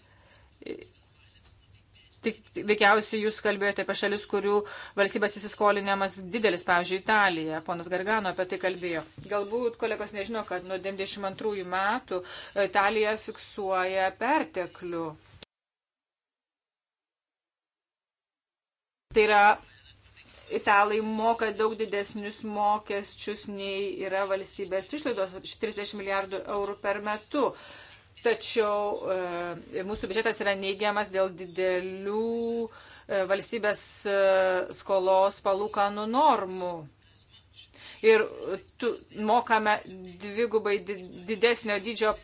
tik, veikiausiai jūs kalbėjote apie šalis, kurių valstybės įsiskolinimas didelis, pavyzdžiui, Italija. Ponas Gargano apie tai kalbėjo. Galbūt kolegos nežino, kad nuo 92 metų Italija fiksuoja perteklių. Tai yra, italai moka daug didesnius mokesčius, nei yra valstybės išlaidos - 30 milijardų eurų per metu. Uh, tačiau e, mūsų biudžetas yra neigiamas dėl didelių e, valstybės e, skolos palūkanų normų. Ir tu, mokame dvigubai didesnio dydžio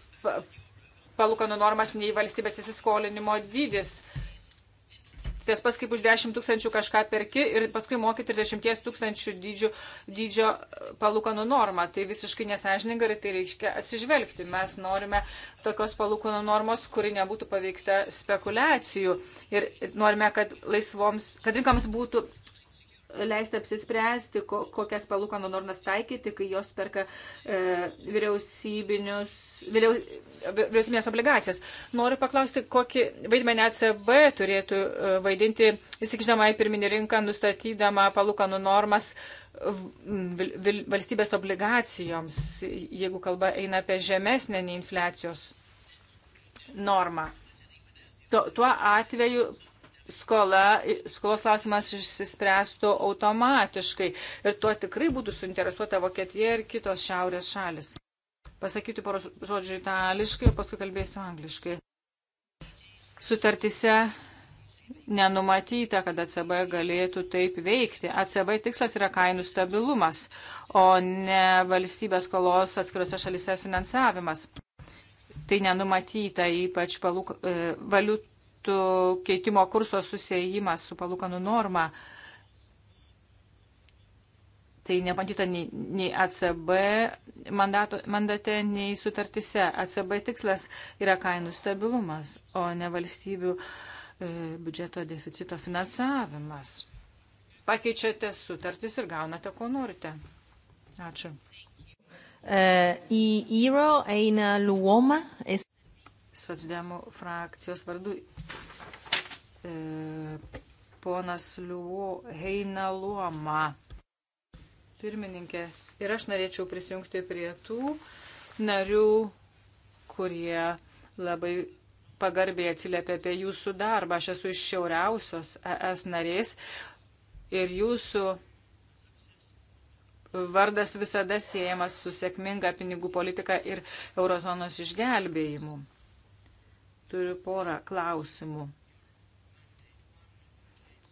palūkanų normas nei valstybės įsiskolinimo dydis. Uh, tas pats kaip už 10 tūkstančių kažką perki ir paskui moki 30 tūkstančių dydžio, dydžio e, palūkanų normą. Tai visiškai nesažininga ir tai reiškia atsižvelgti. Mes norime tokios palūkanų normos, kuri nebūtų paveikta spekulacijų ir norime, kad laisvoms, kad rinkams būtų leisti apsispręsti, ko, kokias palūkanų normas taikyti, kai jos perka e, vyriausybinius, vyriau, vyriausybinės obligacijas. Noriu paklausti, kokį vaidmenį ECB turėtų e, vaidinti įsikiždama į pirminį rinką, nustatydama palūkanų normas valstybės obligacijoms, jeigu kalba eina apie žemesnę nei infliacijos normą. Tuo atveju skola, skolos klausimas išsispręstų automatiškai. Ir tuo tikrai būtų suinteresuota Vokietija ir kitos šiaurės šalis. Pasakyti porą žodžių itališkai, paskui kalbėsiu angliškai. Sutartise nenumatyta, kad ACB galėtų taip veikti. ACB tikslas yra kainų stabilumas, o ne valstybės skolos atskirose šalise finansavimas. Tai nenumatyta ypač palūk, e, valiutų vyktų keitimo kurso susijimas su palūkanų norma. Tai nematyta nei, nei ACB mandato, mandate, nei sutartise. ACB tikslas yra kainų stabilumas, o ne valstybių e, biudžeto deficito finansavimas. Pakeičiate sutartis ir gaunate, ko norite. Ačiū. Uh, η Ήρο είναι λουόμα socdemų frakcijos vardu e, ponas Liuvo Heinaluoma. Pirmininkė. Ir aš norėčiau prisijungti prie tų narių, kurie labai pagarbiai atsiliepia apie jūsų darbą. Aš esu iš šiauriausios ES narės ir jūsų vardas visada siejamas su sėkminga pinigų politika ir eurozonos išgelbėjimu. Turiu porą klausimų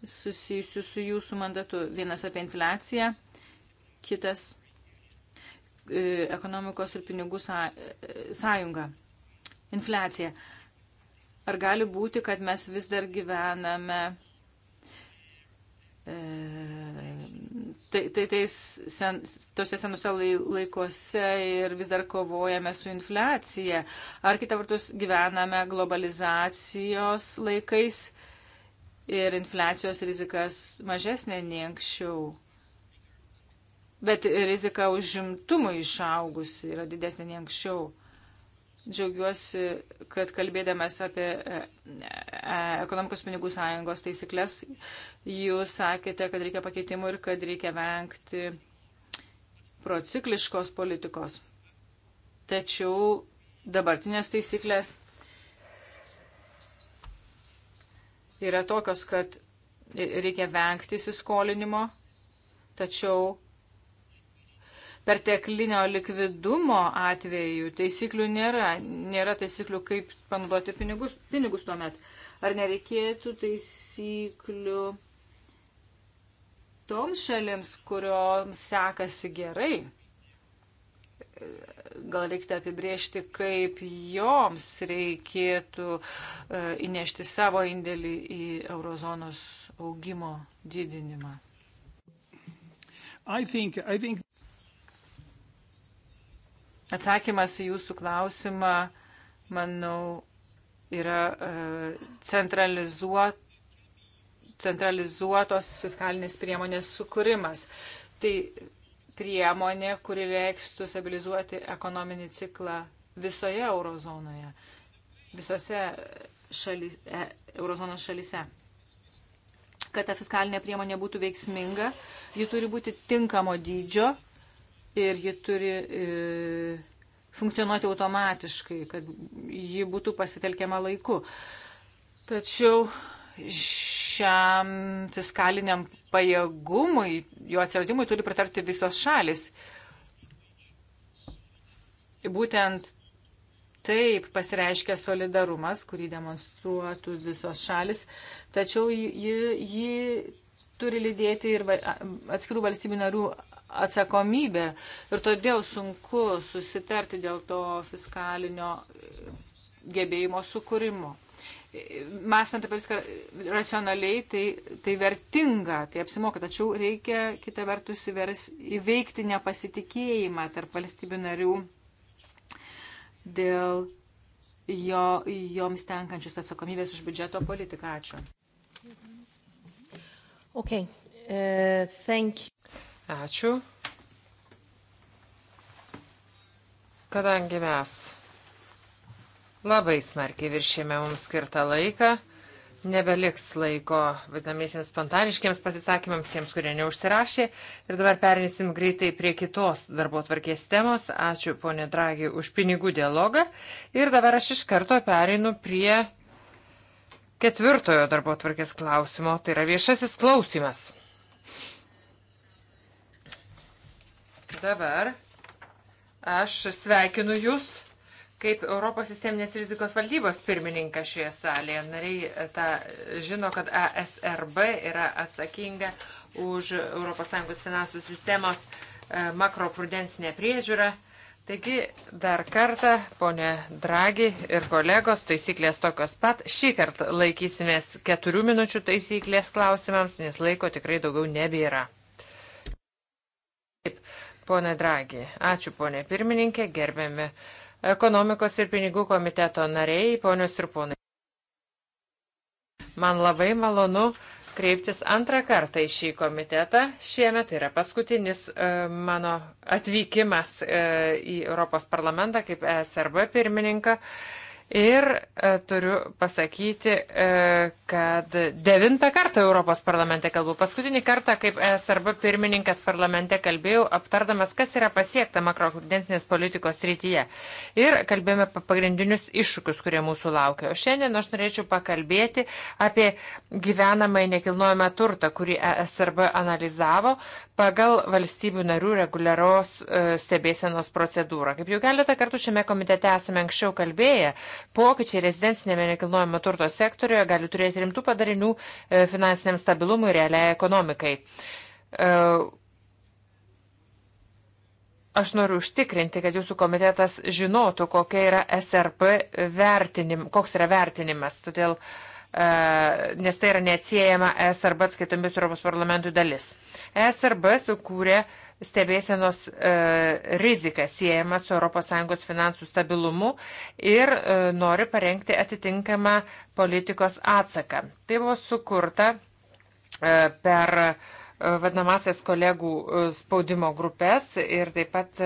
susijusių su jūsų mandatu. Vienas apie infliaciją, kitas e, ekonomikos ir pinigų e, sąjunga. Infliacija. Ar gali būti, kad mes vis dar gyvename e, tai, tai tais sen, tose senose laikuose ir vis dar kovojame su infliacija. Ar kitą vartus gyvename globalizacijos laikais ir infliacijos rizikas mažesnė nei anksčiau. Bet rizika užimtumui išaugusi yra didesnė nei anksčiau. Džiaugiuosi, kad kalbėdamas apie e, e, ekonomikos pinigų sąjungos taisyklės, jūs sakėte, kad reikia pakeitimų ir kad reikia vengti procikliškos politikos. Tačiau dabartinės taisyklės yra tokios, kad reikia vengti įsiskolinimo, tačiau perteklinio likvidumo atveju taisyklių nėra. Nėra taisyklių, kaip panaudoti pinigus, pinigus tuomet. Ar nereikėtų taisyklių toms šalims, kurioms sekasi gerai? Gal reikėtų apibriežti, kaip joms reikėtų e, įnešti savo indėlį į eurozonos augimo didinimą. I think, I think... Atsakymas į jūsų klausimą, manau, yra e, centralizuot, centralizuotos fiskalinės priemonės sukūrimas. Tai priemonė, kuri reikštų stabilizuoti ekonominį ciklą visoje eurozonoje, visose šalis, e, eurozonos šalise. Kad ta fiskalinė priemonė būtų veiksminga, ji turi būti tinkamo dydžio ir ji turi e, funkcionuoti automatiškai, kad ji būtų pasitelkiama laiku. Tačiau šiam fiskaliniam pajėgumui, jo atsiradimui turi pritarti visos šalis. Būtent taip pasireiškia solidarumas, kurį demonstruotų visos šalis, tačiau jį, jį turi lydėti ir atskirų valstybių narių atsakomybė ir todėl sunku susitarti dėl to fiskalinio gebėjimo sukūrimo. Mąstant apie viską racionaliai, tai, tai vertinga, tai apsimoka, tačiau reikia kitą vertus įvers, įveikti nepasitikėjimą tarp valstybių narių dėl jo, joms tenkančius atsakomybės už biudžeto politiką. Ačiū. Okay. Uh, thank you. Ačiū. Kadangi mes labai smarkiai viršėme mums skirtą laiką, nebeliks laiko vadinamiesiems spontaniškiams pasisakymams tiems, kurie neužsirašė. Ir dabar perinsim greitai prie kitos darbo tvarkės temos. Ačiū, ponė Dragi, už pinigų dialogą. Ir dabar aš iš karto pereinu prie ketvirtojo darbo tvarkės klausimo. Tai yra viešasis klausimas. Dabar aš sveikinu Jūs kaip Europos sisteminės rizikos valdybos pirmininkas šioje salėje. Nariai e, tą žino, kad ASRB yra atsakinga už ES finansų sistemos e, makroprudensinę priežiūrą. Taigi dar kartą, ponė Dragi ir kolegos, taisyklės tokios pat. Šį kartą laikysimės keturių minučių taisyklės klausimams, nes laiko tikrai daugiau nebėra. Taip. Pone Dragi, ačiū ponė pirmininkė, gerbiami ekonomikos ir pinigų komiteto nariai, ponios ir ponai. Man labai malonu kreiptis antrą kartą į šį komitetą. Šiemet yra paskutinis e, mano atvykimas e, į Europos parlamentą kaip ESRB pirmininką. Ir e, turiu pasakyti, e, kad devintą kartą Europos parlamente kalbu. Paskutinį kartą, kaip SRB pirmininkas parlamente kalbėjau, aptardamas, kas yra pasiekta makroprudencinės politikos rytyje. Ir kalbėjome apie pagrindinius iššūkius, kurie mūsų laukia. O šiandien aš norėčiau pakalbėti apie gyvenamąjį nekilnojamą turtą, kurį e SRB analizavo pagal valstybių narių reguliaros e, stebėsenos procedūrą. Kaip jau keletą kartų šiame komitete esame anksčiau kalbėję, Pokyčiai rezidencinėme nekilnojamo turto sektoriuje gali turėti rimtų padarinių e, finansiniam stabilumui ir realiai ekonomikai. E, aš noriu užtikrinti, kad jūsų komitetas žinotų, kokia yra SRP vertinim, koks yra vertinimas. Todėl uh, E, nes tai yra neatsiejama ESRB atskaitomis Europos parlamentų dalis. ESRB sukūrė stebėsenos e, riziką siejama su ES finansų stabilumu ir e, nori parengti atitinkamą politikos atsaką. Tai buvo sukurta per vadinamasias kolegų spaudimo grupės ir taip pat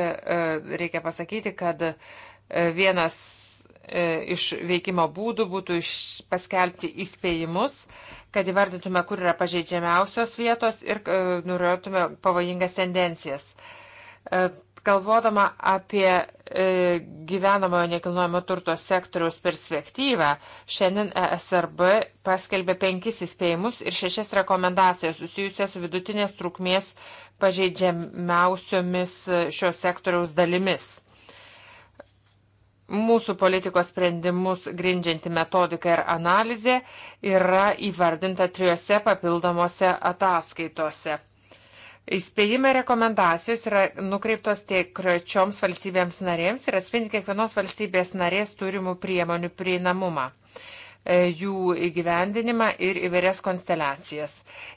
reikia pasakyti, kad vienas E, iš veikimo būdų būtų paskelbti įspėjimus, kad įvardytume, kur yra pažeidžiamiausios vietos ir e, nurodytume pavojingas tendencijas. E, galvodama apie gyvenamojo nekilnojamo turto sektoriaus perspektyvą, šiandien ESRB paskelbė penkis įspėjimus ir šešias rekomendacijas susijusias su vidutinės trukmės pažeidžiamiausiomis šio sektoriaus dalimis mūsų politikos sprendimus grindžianti metodika ir analizė yra įvardinta trijose papildomose ataskaitose. Įspėjimai rekomendacijos yra nukreiptos tiek krečioms valstybėms narėms ir atspindi kiekvienos valstybės narės turimų priemonių prieinamumą. E, jų įgyvendinimą ir įvairias konsteliacijas.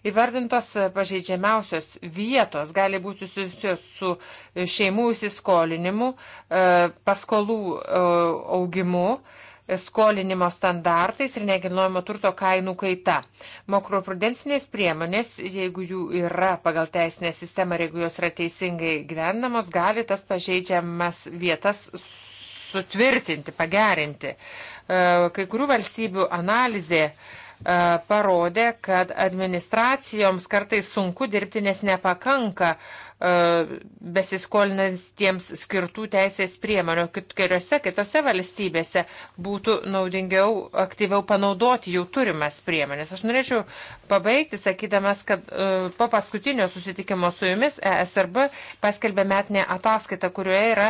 Įvardintos pažeidžiamiausios vietos gali būti susijusios su šeimų įsiskolinimu, e, paskolų e, augimu skolinimo standartais ir nekilnojamo turto kainų kaita. Makroprudensinės priemonės, jeigu jų yra pagal teisinę sistemą ir jeigu jos yra teisingai gyvenamos, gali tas pažeidžiamas vietas sutvirtinti, pagerinti. E, kai kurių valstybių analizė e, parodė, kad administracijoms kartais sunku dirbti, nes nepakanka E, besiskolinantiems skirtų teisės priemonių. Keliose kitose valstybėse būtų naudingiau aktyviau panaudoti jau turimas priemonės. Aš norėčiau pabaigti sakydamas, kad e, po paskutinio susitikimo su jumis ESRB paskelbė metinę ataskaitą, kurioje yra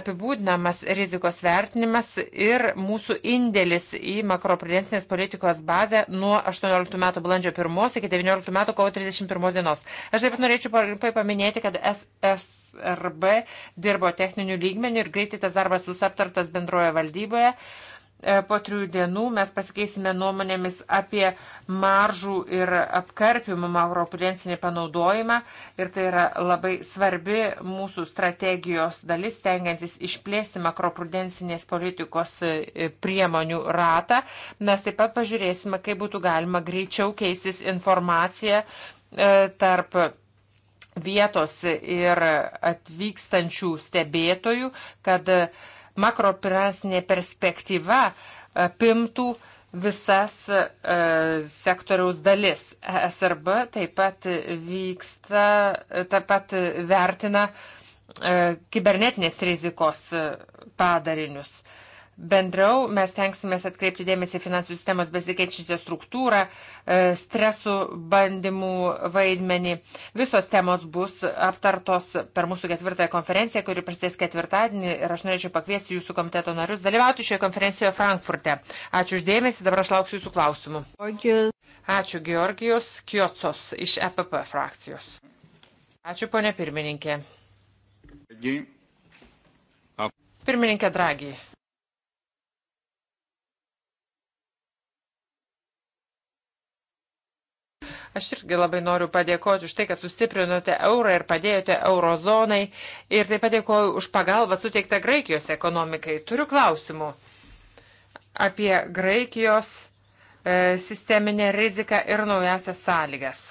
apibūdinamas rizikos vertinimas ir mūsų indėlis į makroprudencinės politikos bazę nuo 18 metų balandžio 1 iki 19 metų kovo 31 dienos. Aš taip pat norėčiau paminėti, kad kad SSRB dirbo techninių lygmenių ir greitai tas darbas bus aptartas bendroje valdyboje. E, po trijų dienų mes pasikeisime nuomonėmis apie maržų ir apkarpimų makroprudencinį panaudojimą ir tai yra labai svarbi mūsų strategijos dalis, tengiantis išplėsti makroprudencinės politikos e, priemonių ratą. Mes taip pat pažiūrėsime, kaip būtų galima greičiau keisis informacija e, tarp vietos ir atvykstančių stebėtojų, kad makropirasinė perspektyva apimtų visas e, sektoriaus dalis. E SRB taip pat vyksta, taip pat vertina e, kibernetinės rizikos e, padarinius. E, Bendriau mes tenksimės atkreipti dėmesį finansų sistemos besikeičiančią struktūrą, e, stresų bandymų vaidmenį. Visos temos bus aptartos per mūsų ketvirtąją konferenciją, kuri prasidės ketvirtadienį ir aš norėčiau pakviesti jūsų komiteto narius dalyvauti šioje konferencijoje Frankfurte. Ačiū uždėmesį, dabar aš lauksiu jūsų klausimų. Ačiū Georgijos Kiocos iš EPP frakcijos. Ačiū ponė pirmininkė. Pirmininkė Dragiai. Aš irgi labai noriu padėkoti už tai, kad sustiprinote eurą ir padėjote eurozonai. Ir taip pat dėkoju už pagalbą suteiktą Graikijos ekonomikai. Turiu klausimų apie Graikijos e, sisteminę riziką ir naujasias sąlygas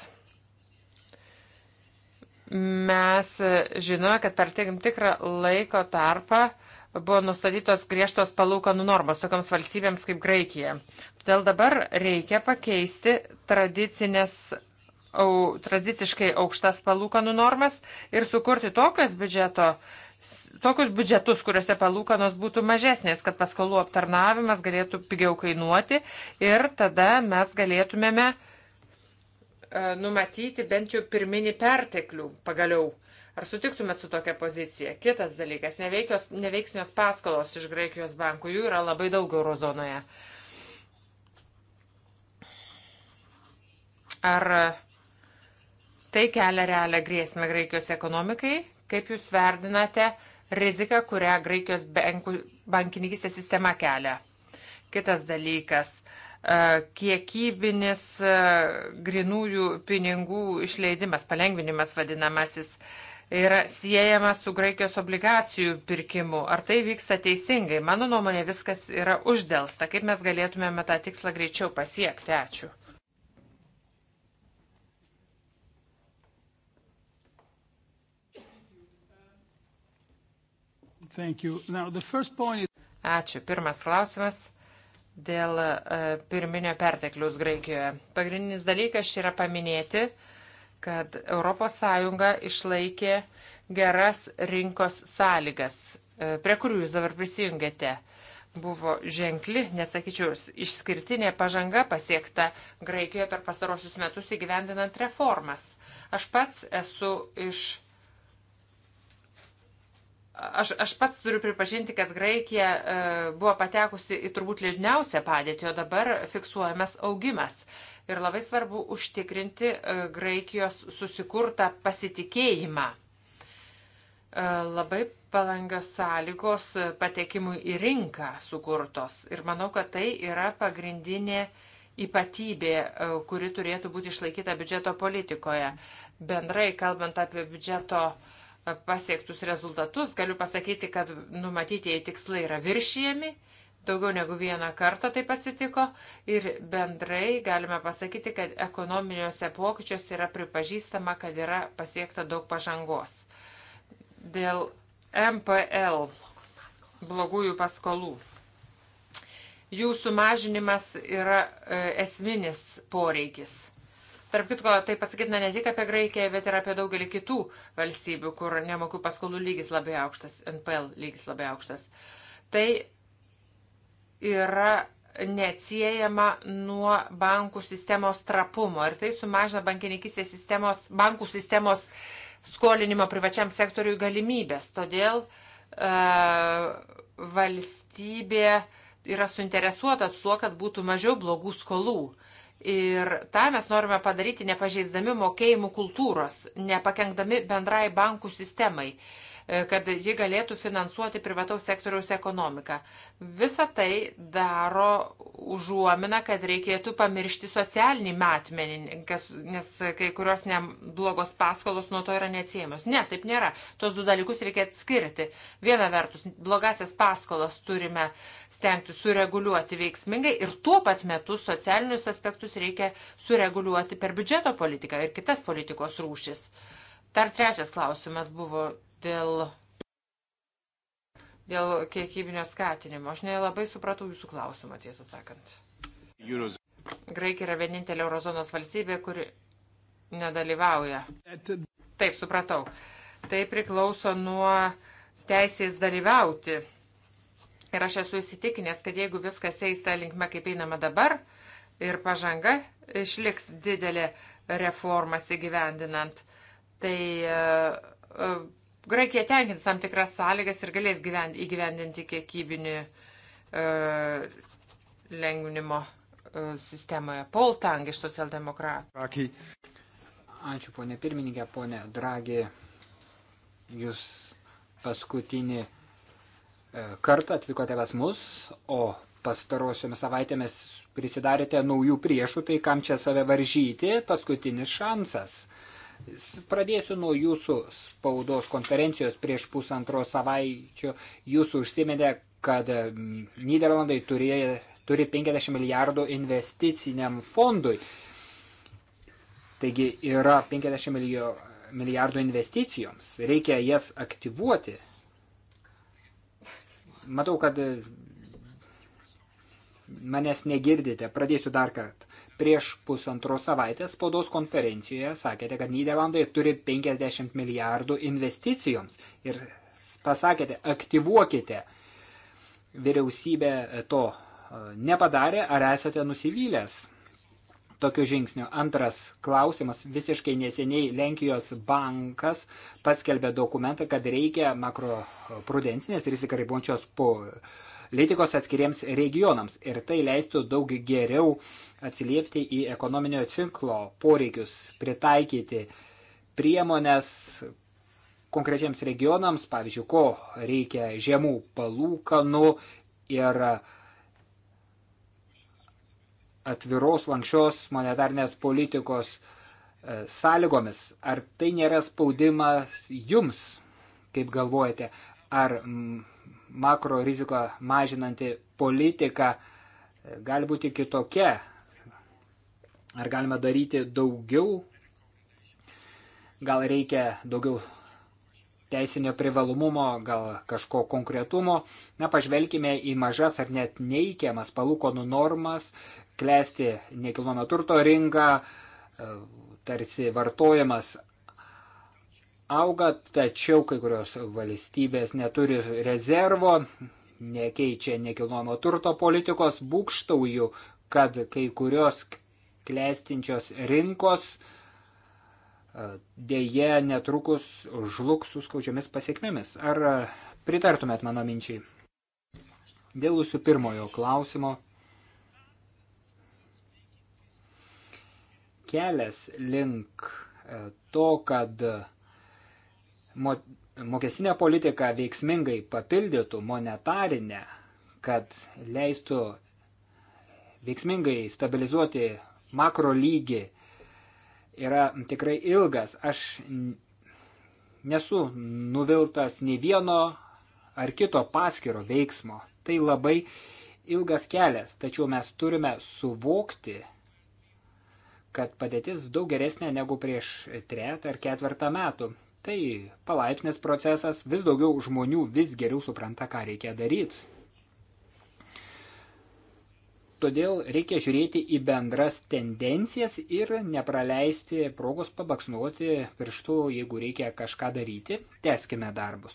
mes e, žinome, kad per tam tikrą laiko tarpą buvo nustatytos griežtos palūkanų normos tokiams valstybėms kaip Graikija. Todėl dabar reikia pakeisti tradicinės, au, tradiciškai aukštas palūkanų normas ir sukurti tokias biudžeto. Tokius biudžetus, kuriuose palūkanos būtų mažesnės, kad paskolų aptarnavimas galėtų pigiau kainuoti ir tada mes galėtumėme e, numatyti bent jau pirminį perteklių pagaliau. Uh, Ar sutiktumėt su tokia pozicija? Kitas dalykas neveikios, - neveiksnios paskolos iš Graikijos bankų. Jų yra labai daug eurozonoje. Ar tai kelia realią grėsmę Graikijos ekonomikai? Kaip Jūs verdinate riziką, kurią Graikijos bankininkistės sistema kelia? Kitas dalykas e, - kiekybinis e, grinųjų pinigų išleidimas, palengvinimas vadinamasis. Uh, yra siejama su Graikijos obligacijų pirkimu. Ar tai vyksta teisingai? Mano nuomonė, viskas yra uždėlsta. Kaip mes galėtumėme tą tikslą greičiau pasiekti? Ačiū. Now, is... Ačiū. Pirmas klausimas dėl e, pirminio perteklius Graikijoje. Pagrindinis dalykas čia yra paminėti, uh, kad ES išlaikė geras rinkos sąlygas, e, prie kurių jūs dabar prisijungiate. Buvo ženkli, nesakyčiau, išskirtinė pažanga pasiekta Graikijoje per pasarosius metus įgyvendinant reformas. Aš pats esu iš aš, aš pats turiu pripažinti, kad Graikija e, buvo patekusi į turbūt liūdniausią padėtį, o dabar fiksuojamas augimas ir labai svarbu užtikrinti e, Graikijos susikurtą pasitikėjimą. E, labai palangios sąlygos patekimui į rinką sukurtos ir manau, kad tai yra pagrindinė ypatybė, e, kuri turėtų būti išlaikyta biudžeto politikoje. Bendrai kalbant apie biudžeto pasiektus rezultatus, galiu pasakyti, kad numatytieji tikslai yra viršijami Daugiau negu vieną kartą taip atsitiko ir bendrai galime pasakyti, kad ekonominiuose pokyčiuose yra pripažįstama, kad yra pasiekta daug pažangos. Dėl MPL blogųjų paskolų. Jų sumažinimas yra e, esminis poreikis. Tarp kitko, tai pasakytina ne tik apie Graikiją, bet ir apie daugelį kitų valstybių, kur nemokių paskolų lygis labai aukštas, NPL lygis labai aukštas. Tai yra neatsiejama nuo bankų sistemos trapumo ir tai sumažina bankininkistės sistemos, bankų sistemos skolinimo privačiam sektoriui galimybės. Todėl uh, valstybė yra suinteresuota tuo, kad būtų mažiau blogų skolų. Ir tą mes norime padaryti nepažeisdami mokėjimų kultūros, nepakengdami bendrai bankų sistemai. Uh, E, kad ji galėtų finansuoti privataus sektoriaus ekonomiką. Visa tai daro užuomina, kad reikėtų pamiršti socialinį matmenį, nes kai kurios ne blogos paskolos nuo to yra neatsiejamos. Ne, taip nėra. Tos du dalykus reikia atskirti. Viena vertus, blogasias paskolas turime stengti sureguliuoti veiksmingai ir tuo pat metu socialinius aspektus reikia sureguliuoti per biudžeto politiką ir kitas politikos rūšis. Dar trečias klausimas buvo dėl, dėl kiekybinio skatinimo. Aš nelabai supratau jūsų klausimą, tiesą sakant. Euros. Graikija yra vienintelė eurozonos valstybė, kuri nedalyvauja. Taip, supratau. Tai priklauso nuo teisės dalyvauti. Ir aš esu įsitikinęs, kad jeigu viskas eis tą linkme, kaip einama dabar, ir pažanga išliks didelė reformas įgyvendinant, tai e, e, Graikija tenkins tam tikras sąlygas ir galės gyvend, įgyvendinti kiekybinį uh, lengvinimo uh, sistemoje. Paul Tang iš socialdemokratų. Ačiū, ponė pirmininkė, ponė Dragi. Jūs paskutinį e, kartą atvykote pas mus, o pastarosiomis savaitėmis prisidarėte naujų priešų, tai kam čia save varžyti, paskutinis šansas. Pradėsiu nuo jūsų spaudos konferencijos prieš pusantros savaičių. Jūs užsiminė, kad mm, Niderlandai turė, turi 50 milijardų investiciniam fondui. Taigi yra 50 milijo, milijardų investicijoms. Reikia jas aktyvuoti. Matau, kad manęs negirdite. Pradėsiu dar kartą. Prieš pusantros savaitės spaudos konferencijoje sakėte, kad Niderlandai turi 50 milijardų investicijoms ir pasakėte, aktyvuokite. Vyriausybė to e, nepadarė, ar esate nusivylęs tokiu žingsniu? Antras klausimas, visiškai neseniai Lenkijos bankas paskelbė dokumentą, kad reikia makroprudencinės ir įsikaribončios politikos atskiriems regionams ir tai leistų daug geriau uh, atsiliepti į ekonominio ciklo poreikius, pritaikyti priemonės konkrečiams regionams, pavyzdžiui, ko reikia žemų palūkanų ir atviros lankščios monetarnės politikos e, sąlygomis. Ar tai nėra spaudimas jums, kaip galvojate, ar makro riziką mažinanti politika e, gali būti kitokia Ar galime daryti daugiau? Gal reikia daugiau teisinio privalomumo, gal kažko konkretumo. Na, pažvelkime į mažas ar net neįkiamas palūkonų normas, klesti nekilnojamo turto rinka, e, tarsi vartojimas auga, tačiau kai kurios valstybės neturi rezervo, nekeičia nekilnojamo turto politikos būkštauju, kad kai kurios klestinčios rinkos e, dėje netrukus žlugs su skaudžiomis pasiekmėmis. Ar pritartumėt mano minčiai? Dėl jūsų pirmojo klausimo. Kelias link e, to, kad mo mokestinė politika veiksmingai papildytų monetarinę, kad leistų veiksmingai stabilizuoti makro lygį yra tikrai ilgas. Aš nesu nuviltas nei vieno ar kito paskiro veiksmo. Tai labai ilgas kelias, tačiau mes turime suvokti, kad padėtis daug geresnė negu prieš tretą ar ketvirtą metų. Tai palaipsnis procesas, vis daugiau žmonių vis geriau supranta, ką reikia daryti. Todėl reikia žiūrėti į bendras tendencijas ir nepraleisti progos pabaksnuoti pirštų, jeigu reikia kažką daryti. Teskime darbus.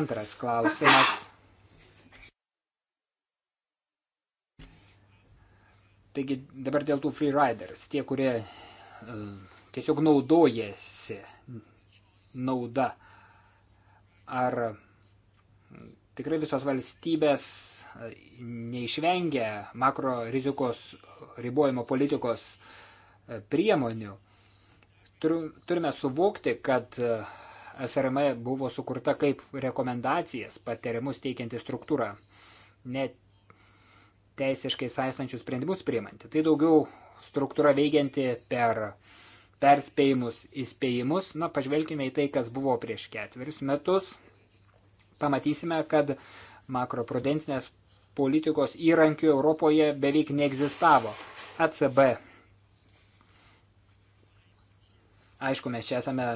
Antras klausimas. Taigi dabar dėl tų freeriders, tie, kurie uh, tiesiog naudojasi nauda. Ar tikrai visos valstybės neišvengia makro rizikos ribojimo politikos e, priemonių. Turime suvokti, kad e, SRM buvo sukurta kaip rekomendacijas patarimus teikianti struktūra, ne teisiškai saistančius sprendimus priimanti. Tai daugiau struktūra veikianti per perspėjimus, įspėjimus. Na, pažvelkime į tai, kas buvo prieš ketverius metus. Pamatysime, kad makroprudencinės politikos įrankių Europoje beveik neegzistavo. ECB. Aišku, mes čia esame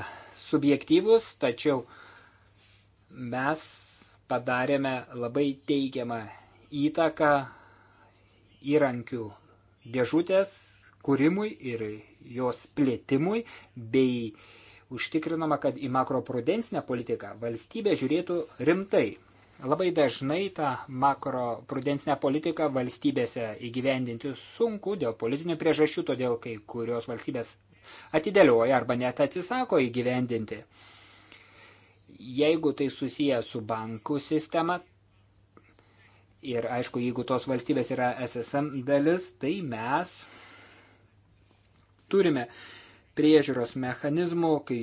subjektyvus, tačiau mes padarėme labai teigiamą įtaką įrankių dėžutės kūrimui ir jos plėtimui, bei užtikrinama, kad į makroprudensinę politiką valstybė žiūrėtų rimtai. Labai dažnai tą makroprudencinę politiką valstybėse įgyvendinti sunku dėl politinių priežasčių, todėl kai kurios valstybės atidėlioja arba net atsisako įgyvendinti. Jeigu tai susiję su bankų sistema, ir aišku, jeigu tos valstybės yra SSM dalis, tai mes turime uh, priežiūros mechanizmų, kai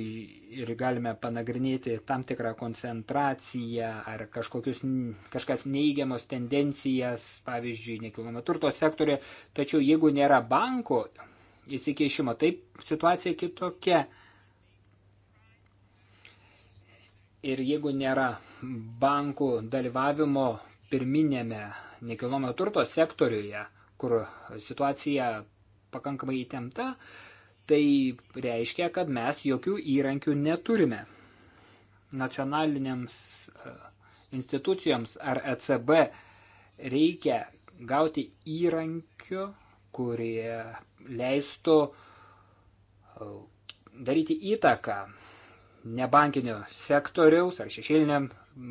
ir galime panagrinėti tam tikrą koncentraciją ar kažkokius, kažkas neįgiamos tendencijas, pavyzdžiui, nekilnojamo turto sektorė, tačiau jeigu nėra banko įsikeišimo, taip situacija kitokia. Ir jeigu nėra bankų dalyvavimo pirminėme nekilnojamo turto sektoriuje, kur situacija pakankamai įtempta, Tai reiškia, kad mes jokių įrankių neturime. Nacionaliniams e, institucijoms ar ECB reikia gauti įrankių, kurie leistų e, daryti įtaką nebankinio sektoriaus ar šešėliniam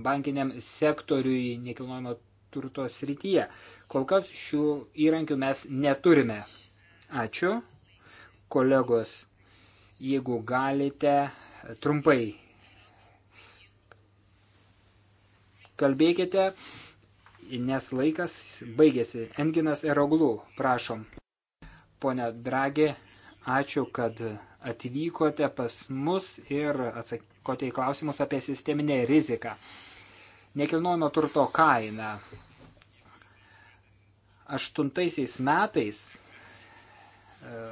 bankiniam sektoriui nekilnojamo turto srityje. Kol kas šių įrankių mes neturime. Ačiū kolegos, jeigu galite, trumpai kalbėkite, nes laikas baigėsi. Enginas Eroglu, prašom. Pone Dragi, ačiū, kad atvykote pas mus ir atsakote į klausimus apie sisteminę riziką. Nekilnojamo turto kaina. Aštuntaisiais metais e,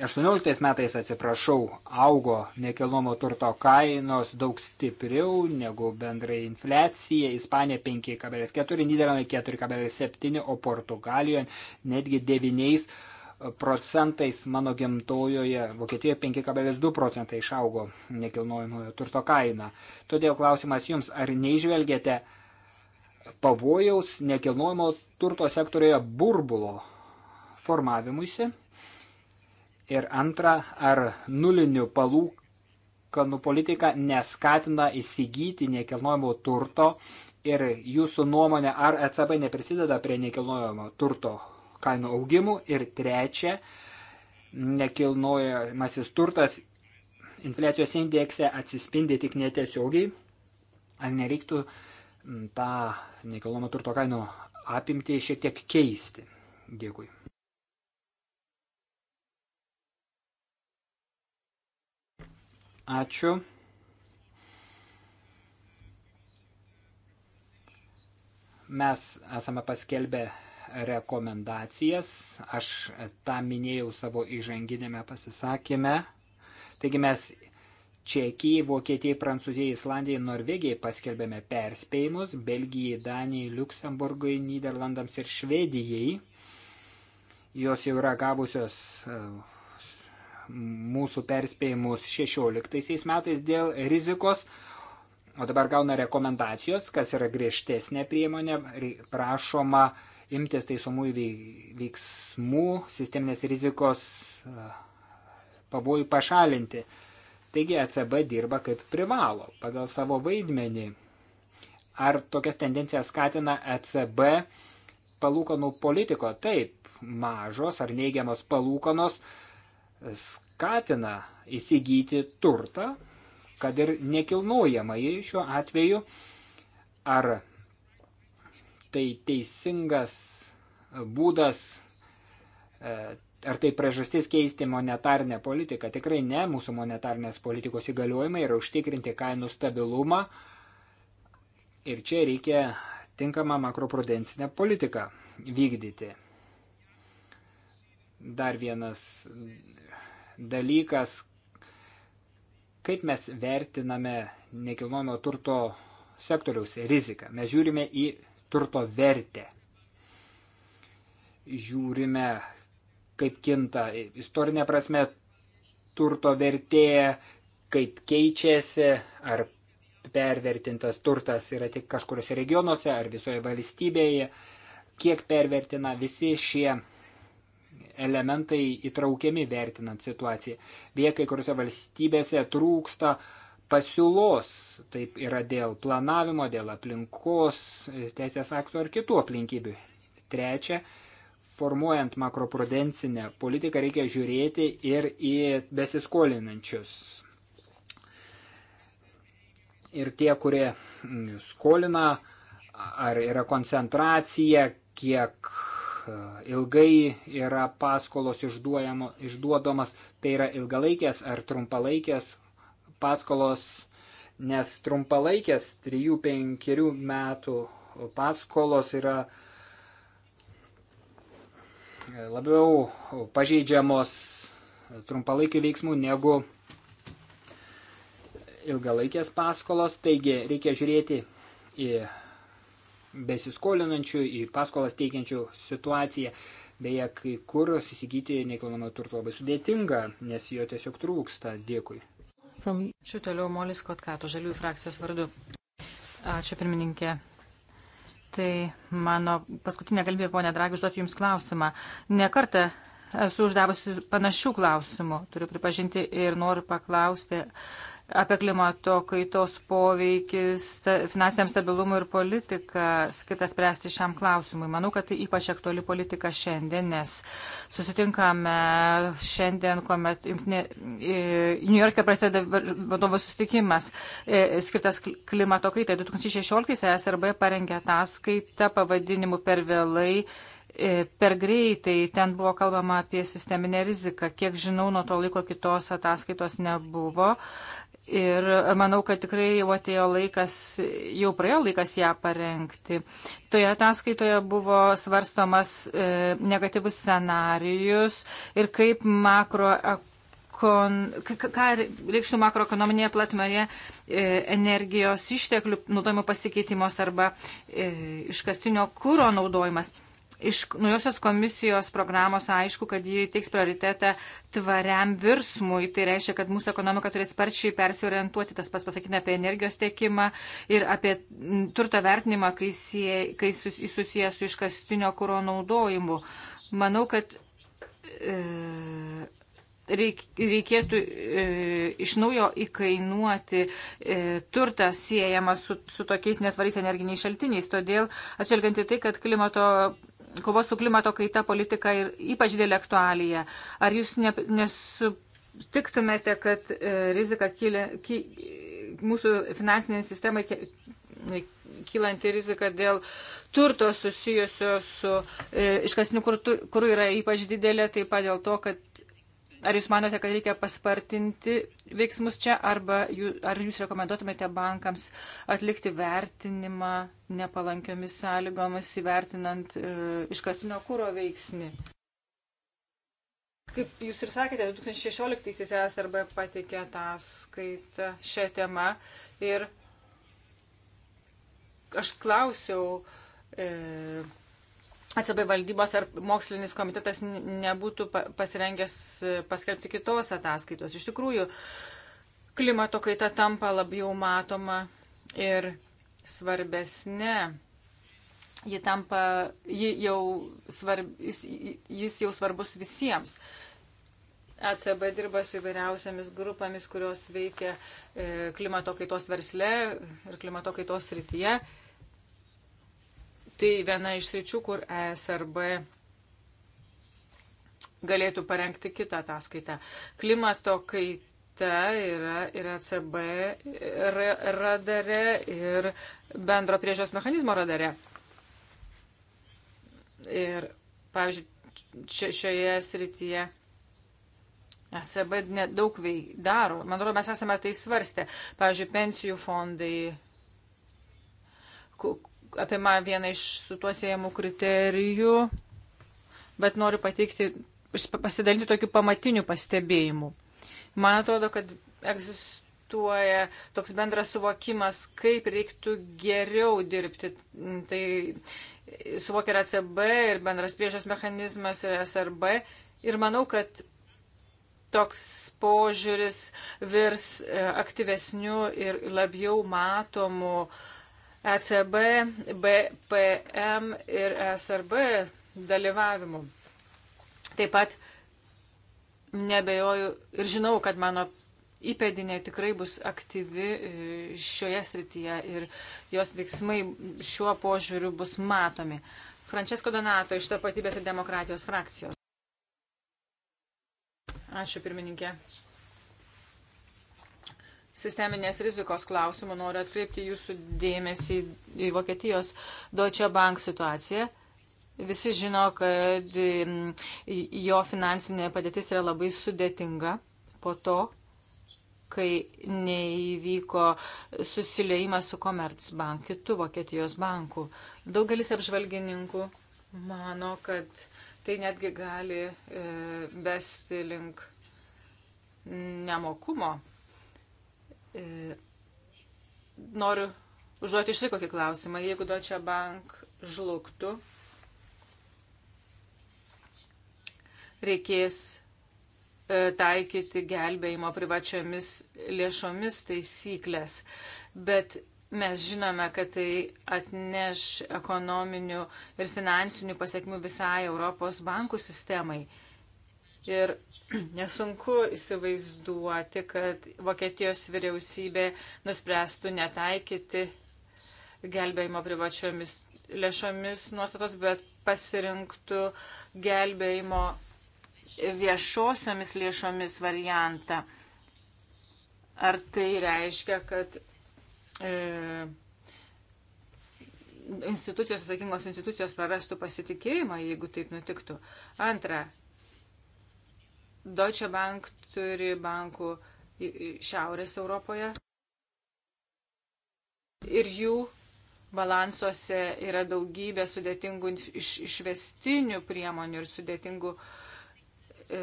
18 metais, atsiprašau, augo nekilnojamo turto kainos daug stipriau negu bendrai infliacija. Ispanija 5,4, Niderlandai 4,7, o Portugalijoje netgi 9 procentais mano gimtojoje Vokietijoje 5,2 procentai išaugo nekilnojamojo turto kaina. Todėl klausimas jums, ar neižvelgiate pavojaus nekilnojamo turto sektorioje burbulo formavimuisi? Ir antra, ar nulinių palūkanų politika neskatina įsigyti nekilnojamo turto ir jūsų nuomonė, ar ECB neprisideda prie nekilnojamo turto kainų augimų. Ir trečia, nekilnojamasis turtas infliacijos indekse atsispindi tik netiesiogiai. Ar nereiktų tą nekilnojamo turto kainų apimti šiek tiek keisti? Dėkui. Ačiū. Mes esame paskelbę rekomendacijas, aš tą minėjau savo įžanginėme pasisakyme. Taigi mes Čekijai, Vokietijai, Prancūzijai, Islandijai, Norvegijai paskelbėme perspėjimus, Belgijai, Danijai, Luksemburgui, Niderlandams ir Švedijai. Jos jau yra gavusios uh, mūsų perspėjimus 16 metais dėl rizikos, o dabar gauna rekomendacijos, kas yra griežtesnė priemonė, prašoma imtis taisomųjų veiksmų, sisteminės rizikos e, pavojų pašalinti. Taigi ECB dirba kaip privalo pagal savo vaidmenį. Ar tokias tendencijas skatina ECB palūkanų politiko? Taip, mažos ar neigiamos palūkanos skatina įsigyti turtą, kad ir nekilnojamąjį šiuo atveju, ar tai teisingas būdas, e, ar tai priežastis keisti monetarnę politiką. Tikrai ne, mūsų monetarnės politikos įgaliojimai yra užtikrinti kainų stabilumą ir čia reikia tinkamą makroprudencinę politiką vykdyti. Dar vienas dalykas, kaip mes vertiname nekilnojamo turto sektoriaus riziką. Mes žiūrime į turto vertę. Žiūrime, kaip kinta istorinė prasme turto vertė, kaip keičiasi, ar pervertintas turtas yra tik kažkuriuose regionuose ar visoje valstybėje, kiek pervertina visi šie elementai įtraukiami vertinant situaciją. Beje, kai kuriuose valstybėse trūksta pasiūlos, taip yra dėl planavimo, dėl aplinkos, teisės aktų ar kitų aplinkybių. Trečia, formuojant makroprudencinę politiką reikia žiūrėti ir į besiskolinančius. Ir tie, kurie skolina, ar yra koncentracija, kiek E, ilgai yra paskolos išduodamos, tai yra ilgalaikės ar trumpalaikės paskolos, nes trumpalaikės 3-5 metų paskolos yra e, labiau pažeidžiamos trumpalaikių veiksmų negu ilgalaikės paskolos, taigi reikia žiūrėti į besiskolinančių, į paskolas teikiančių situaciją. Beje, kai kur įsigyti nekilnojamo turto labai sudėtinga, nes jo tiesiog trūksta. Dėkui. Ačiū toliau, Molis Kotkato, Žaliųjų frakcijos vardu. Ačiū pirmininkė. Tai mano paskutinė kalbė, ponė Dragi, užduoti Jums klausimą. Nekartą esu uždavusi panašių klausimų, turiu pripažinti, ir noriu paklausti, apie klimato kaitos poveikis finansiniam stabilumui ir politiką skirtas spręsti šiam klausimui. Manau, kad tai ypač aktuali politika šiandien, nes susitinkame šiandien, kuomet e, New York'e prasideda vadovų susitikimas e, skirtas klimato kaitai. 2016 e SRB parengė ataskaitą pavadinimu per vėlai per greitai, ten buvo kalbama apie sisteminę riziką. Kiek žinau, nuo to laiko kitos ataskaitos nebuvo. Ir manau, kad tikrai jau atėjo laikas, jau praėjo laikas ją parengti. Toje ataskaitoje buvo svarstomas e, negatyvus scenarijus ir kaip makro, kon, ką reikštų makroekonominėje platmėje e, energijos išteklių naudojimo pasikeitimas arba e, iškastinio kūro naudojimas. E, iš naujosios komisijos programos aišku, kad jie teiks prioritetą tvariam virsmui. Tai reiškia, kad mūsų ekonomika turės sparčiai persiorientuoti, tas pas pasakytina apie energijos tiekimą ir apie turto vertinimą, kai, sie, kai sus, susijęs su iškastinio kūro naudojimu. Manau, kad e, reik, reikėtų e, iš naujo įkainuoti e, turtą siejamą su, su tokiais netvariais energiniais šaltiniais. Todėl, atšelgiant į tai, kad klimato kovos su klimato kaita politika ir ypač dėl aktualija. Ar jūs ne, nesutiktumėte, kad e, rizika kyla, ky, mūsų finansiniai sistemai kylanti rizika dėl turto susijusio su e, iškasniu kuru yra ypač didelė, taip pat dėl to, kad Ar jūs manote, kad reikia paspartinti veiksmus čia, arba jų, ar jūs rekomenduotumėte bankams atlikti vertinimą nepalankiomis sąlygomis, įvertinant e, iškastinio kūro veiksnį? Kaip jūs ir sakėte, 2016-aisiais e SRB patikė ataskaitą šią temą ir aš klausiau e, ECB valdybos ar mokslinis komitetas nebūtų pasirengęs e, paskelbti kitos ataskaitos. Iš tikrųjų, klimato kaita tampa labiau matoma ir svarbesnė. Ji tampa, ji jau svarb, jis, jis jau svarbus visiems. ECB dirba su įvairiausiamis grupėmis, kurios veikia e, klimato kaitos versle ir klimato kaitos srityje. Tai viena iš sričių, kur ESRB galėtų parengti kitą ataskaitą. Klimato kaita yra ir ECB radare ir bendro priežios mechanizmo radare. Ir, pavyzdžiui, šioje srityje ECB daug veik daro. Man atrodo, mes esame tai svarstę. Pavyzdžiui, pensijų fondai, apima vieną iš su tuo siejamų kriterijų, bet noriu pateikti, pasidalinti tokių pamatinių pastebėjimų. Man atrodo, kad egzistuoja toks bendras suvokimas, kaip reiktų geriau dirbti. Tai suvokia ir ACB, ir bendras priežos mechanizmas, ir SRB. Ir manau, kad toks požiūris virs e, aktyvesniu ir labiau matomu uh, ECB, BPM ir e SRB dalyvavimu. Taip pat nebejoju ir žinau, kad mano įpėdinė tikrai bus aktyvi e, šioje srityje ir jos veiksmai šiuo požiūriu bus matomi. Francesco Donato iš tapatybės ir demokratijos frakcijos. Ačiū pirmininkė sisteminės rizikos klausimų noriu atkreipti jūsų dėmesį į Vokietijos Deutsche Bank situaciją. Visi žino, kad mm, jo finansinė padėtis yra labai sudėtinga po to, kai neįvyko susiliejimas su Commerzbank, kitų Vokietijos bankų. Daugelis apžvalgininkų mano, kad tai netgi gali e, vesti link nemokumo E, noriu užduoti iš kokį klausimą. Jeigu Deutsche Bank žlugtų, reikės e, taikyti gelbėjimo privačiomis lėšomis taisyklės. Bet mes žinome, kad tai atneš ekonominių ir finansinių pasiekmių visai Europos bankų sistemai. Uh, Ir [clears throat] nesunku įsivaizduoti, kad Vokietijos vyriausybė nuspręstų netaikyti gelbėjimo privačiomis lėšomis nuostatos, bet pasirinktų gelbėjimo viešosiomis lėšomis variantą. Ar tai reiškia, kad e, institucijos, atsakingos institucijos prarastų pasitikėjimą, jeigu taip nutiktų? Antra, Deutsche Bank turi bankų Šiaurės Europoje. Ir jų balansuose yra daugybė sudėtingų iš, išvestinių priemonių ir sudėtingų e,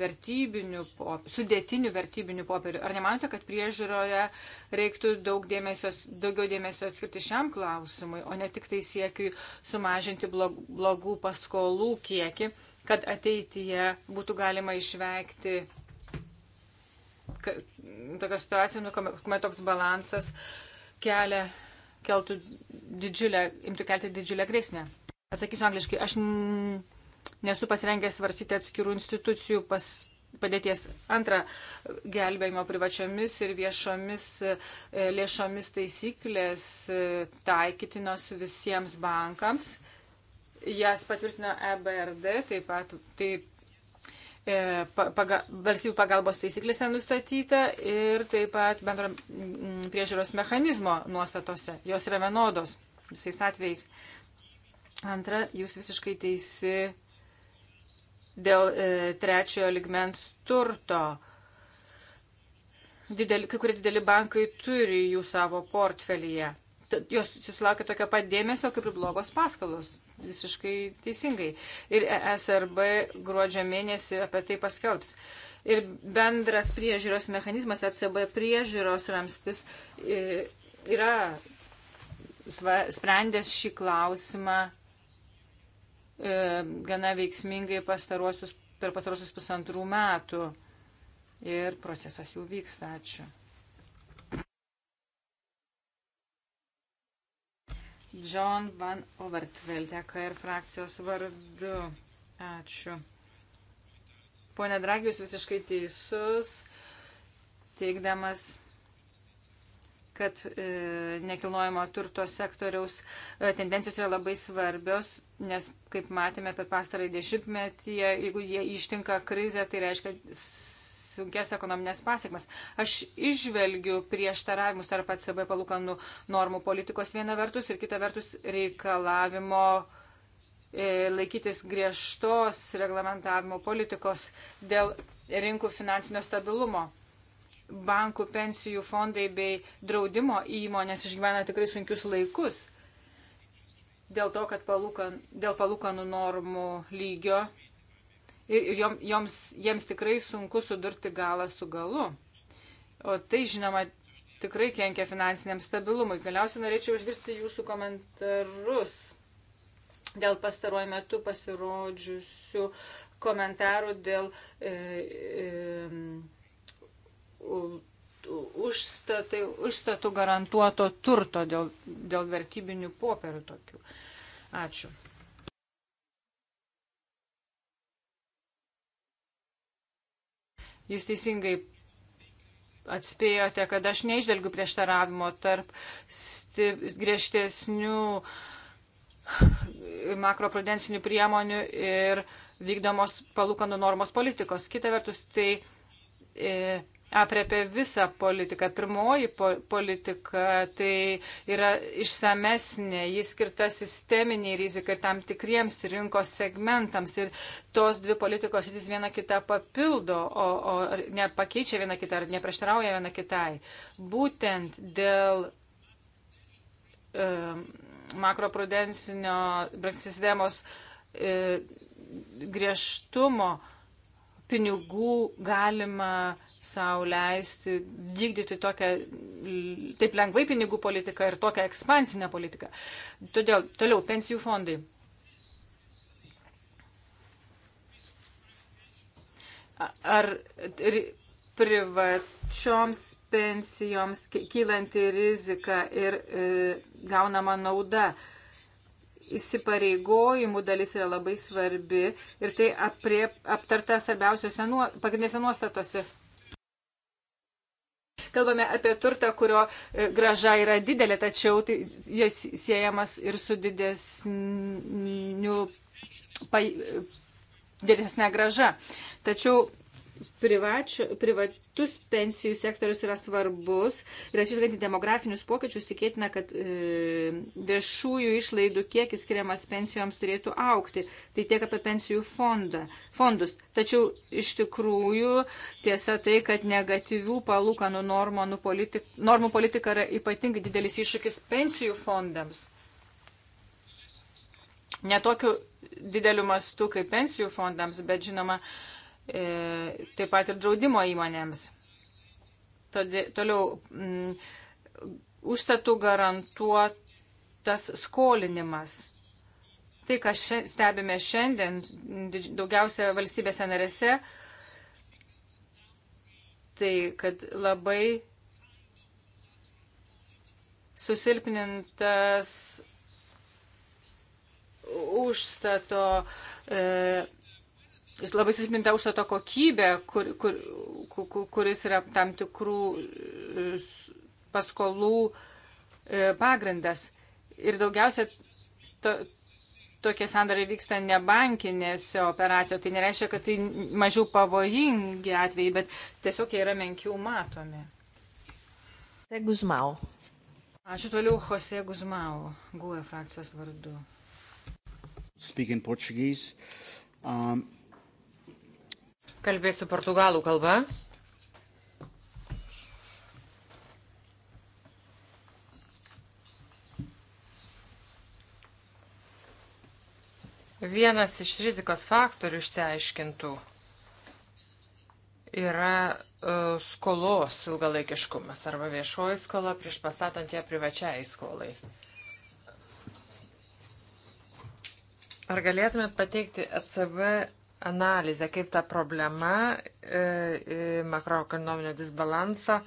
vertybinių, pop, sudėtinių vertybinių popierių. Ar nemanote, kad priežiūroje reiktų daug dėmesio, daugiau dėmesio atskirti šiam klausimui, o ne tik tai siekiui sumažinti blog, blogų paskolų kiekį? kad ateityje būtų galima išvengti tokią situaciją, nu, kuomet toks balansas kelia, keltų didžiulę, imtų kelti didžiulę grėsmę. Atsakysiu angliškai, aš nesu pasirengęs svarstyti atskirų institucijų pas, padėties. Antra, gelbėjimo privačiomis ir viešomis e, lėšomis taisyklės e, taikytinos visiems bankams Jas patvirtino EBRD, taip pat taip, e, paga, valstybių pagalbos taisyklėse nustatyta ir taip pat bendro mm, priežiūros mechanizmo nuostatose. Jos yra vienodos visais atvejais. Antra, jūs visiškai teisi dėl e, trečiojo ligmens turto. Dideli, kai kurie dideli bankai turi jų savo portfelyje jos susilaukia tokio pat dėmesio kaip ir blogos paskalos. Visiškai teisingai. Ir ESRB gruodžio mėnesį apie tai paskelbs. Ir bendras priežiūros mechanizmas, ECB priežiūros ramstis yra sprendęs šį klausimą gana veiksmingai pastaruosius, per pastaruosius pusantrų metų. Ir procesas jau vyksta. Ačiū. John Van Overtveld, EKR frakcijos vardu. Ačiū. Pone Dragius visiškai teisus, teikdamas kad e, nekilnojamo turto sektoriaus e, tendencijos yra labai svarbios, nes, kaip matėme per pastarąjį dešimtmetį, jeigu jie ištinka krizę, tai reiškia sunkes ekonominės pasiekmes. Aš išvelgiu prieštaravimus tarp ECB palūkanų normų politikos viena vertus ir kita vertus reikalavimo e, laikytis griežtos reglamentavimo politikos dėl rinkų finansinio stabilumo. Bankų, pensijų fondai bei draudimo įmonės išgyvena tikrai sunkius laikus dėl to, kad palūkan, dėl palūkanų normų lygio ir joms, jiems tikrai sunku sudurti galą su galu. O tai, žinoma, tikrai kenkia finansiniam stabilumui. Galiausiai norėčiau išgirsti jūsų komentarus dėl pastaruoju metu pasirodžiusių komentarų dėl e, e, užstatai, užstatų garantuoto turto, dėl, dėl vertybinių popierų tokių. Ačiū. Jūs teisingai atspėjote, kad aš neižvelgiu prieštaravimo tarp griežtesnių makroprudencinių priemonių ir vykdomos palūkanų normos politikos. Kita vertus, tai e, apriepia visą politiką. Pirmoji po politika tai yra išsamesnė, jis skirta sisteminiai rizikai ir tam tikriems rinkos segmentams. Ir tos dvi politikos jis viena kitą papildo, o, o nepakeičia viena kitą ar neprieštarauja viena kitai. Būtent dėl e, makroprudensinio breksistemos e, griežtumo e, pinigų galima sauliaisti, vykdyti tokią, taip lengvai pinigų politiką ir tokią ekspansinę politiką. Todėl, toliau, pensijų fondai. Ar privačioms pensijoms kylanti rizika ir e, gaunama nauda? E, įsipareigojimų dalis yra labai svarbi ir tai aprie, aptarta svarbiausiose nuo, pagrindinėse nuostatose. Kalbame apie turtą, kurio e, graža yra didelė, tačiau tai jis siejamas ir su didesniu, pa, didesnė graža. Tačiau privačio, privatus pensijų sektorius yra svarbus ir atsižvelgiant į demografinius pokyčius tikėtina, kad e, viešųjų išlaidų kiekis skiriamas pensijoms turėtų aukti. Tai tiek apie pensijų fondą, fondus. Tačiau iš tikrųjų tiesa tai, kad negatyvių palūkanų normų, nu, politik, normų politika yra ypatingai didelis iššūkis pensijų fondams. Netokiu dideliu mastu kaip pensijų fondams, bet žinoma, uh, E, taip pat ir draudimo įmonėms. Toliau, m, užstatų garantuotas skolinimas. Tai, ką še, stebime šiandien, daugiausia valstybėse narėse, tai, kad labai susilpnintas užstato e, jis labai susiminta užstato kokybė, kur, kur, kur, kuris yra tam tikrų e, paskolų e, pagrindas. Ir daugiausia to, tokie sandoriai vyksta ne bankinėse operacijose. Tai nereiškia, kad tai mažiau pavojingi atvejai, bet tiesiog jie yra menkiau matomi. Guzmau. Ačiū toliau, Jose Guzmau, GUE frakcijos vardu. Speaking Portuguese. Um, Kalbėsiu portugalų kalba. Vienas iš rizikos faktorių išsiaiškintų yra uh, skolos ilgalaikiškumas arba viešoji skola prieš pastatant ją privačiai skolai. Ar galėtumėt pateikti ECB analizę, kaip ta problema, e, e, makroekonominio disbalanso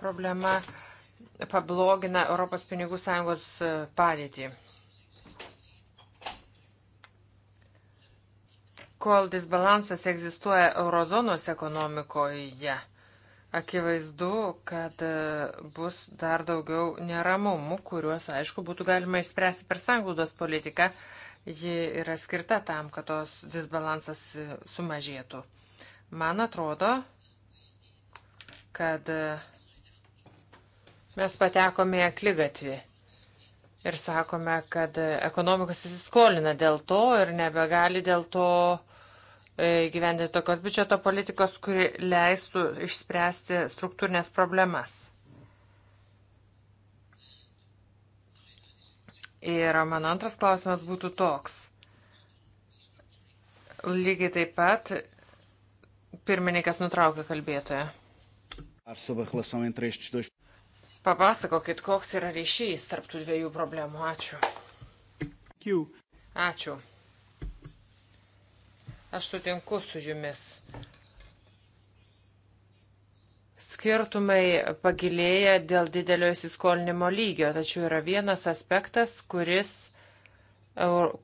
problema pablogina Europos pinigų sąjungos e, padėtį. Kol disbalansas egzistuoja eurozonos ekonomikoje, akivaizdu, kad bus dar daugiau neramumų, kuriuos, aišku, būtų galima išspręsti per sanglaudos politiką Ji yra skirta tam, kad tos disbalansas sumažėtų. Man atrodo, kad mes patekome į akligatvį ir sakome, kad ekonomika susiskolina dėl to ir nebegali dėl to e, gyventi tokios biudžeto politikos, kuri leistų išspręsti struktūrinės problemas. Ir mano antras klausimas būtų toks. Lygiai taip pat pirmininkas nutraukė kalbėtoją. Ar subaklasam antrai iš šitų? Papasakokit, koks yra ryšys tarptų dviejų problemų. Ačiū. Q. Ačiū. Aš sutinku su jumis skirtumai pagilėja dėl didelio įsiskolinimo lygio, tačiau yra vienas aspektas, kuris,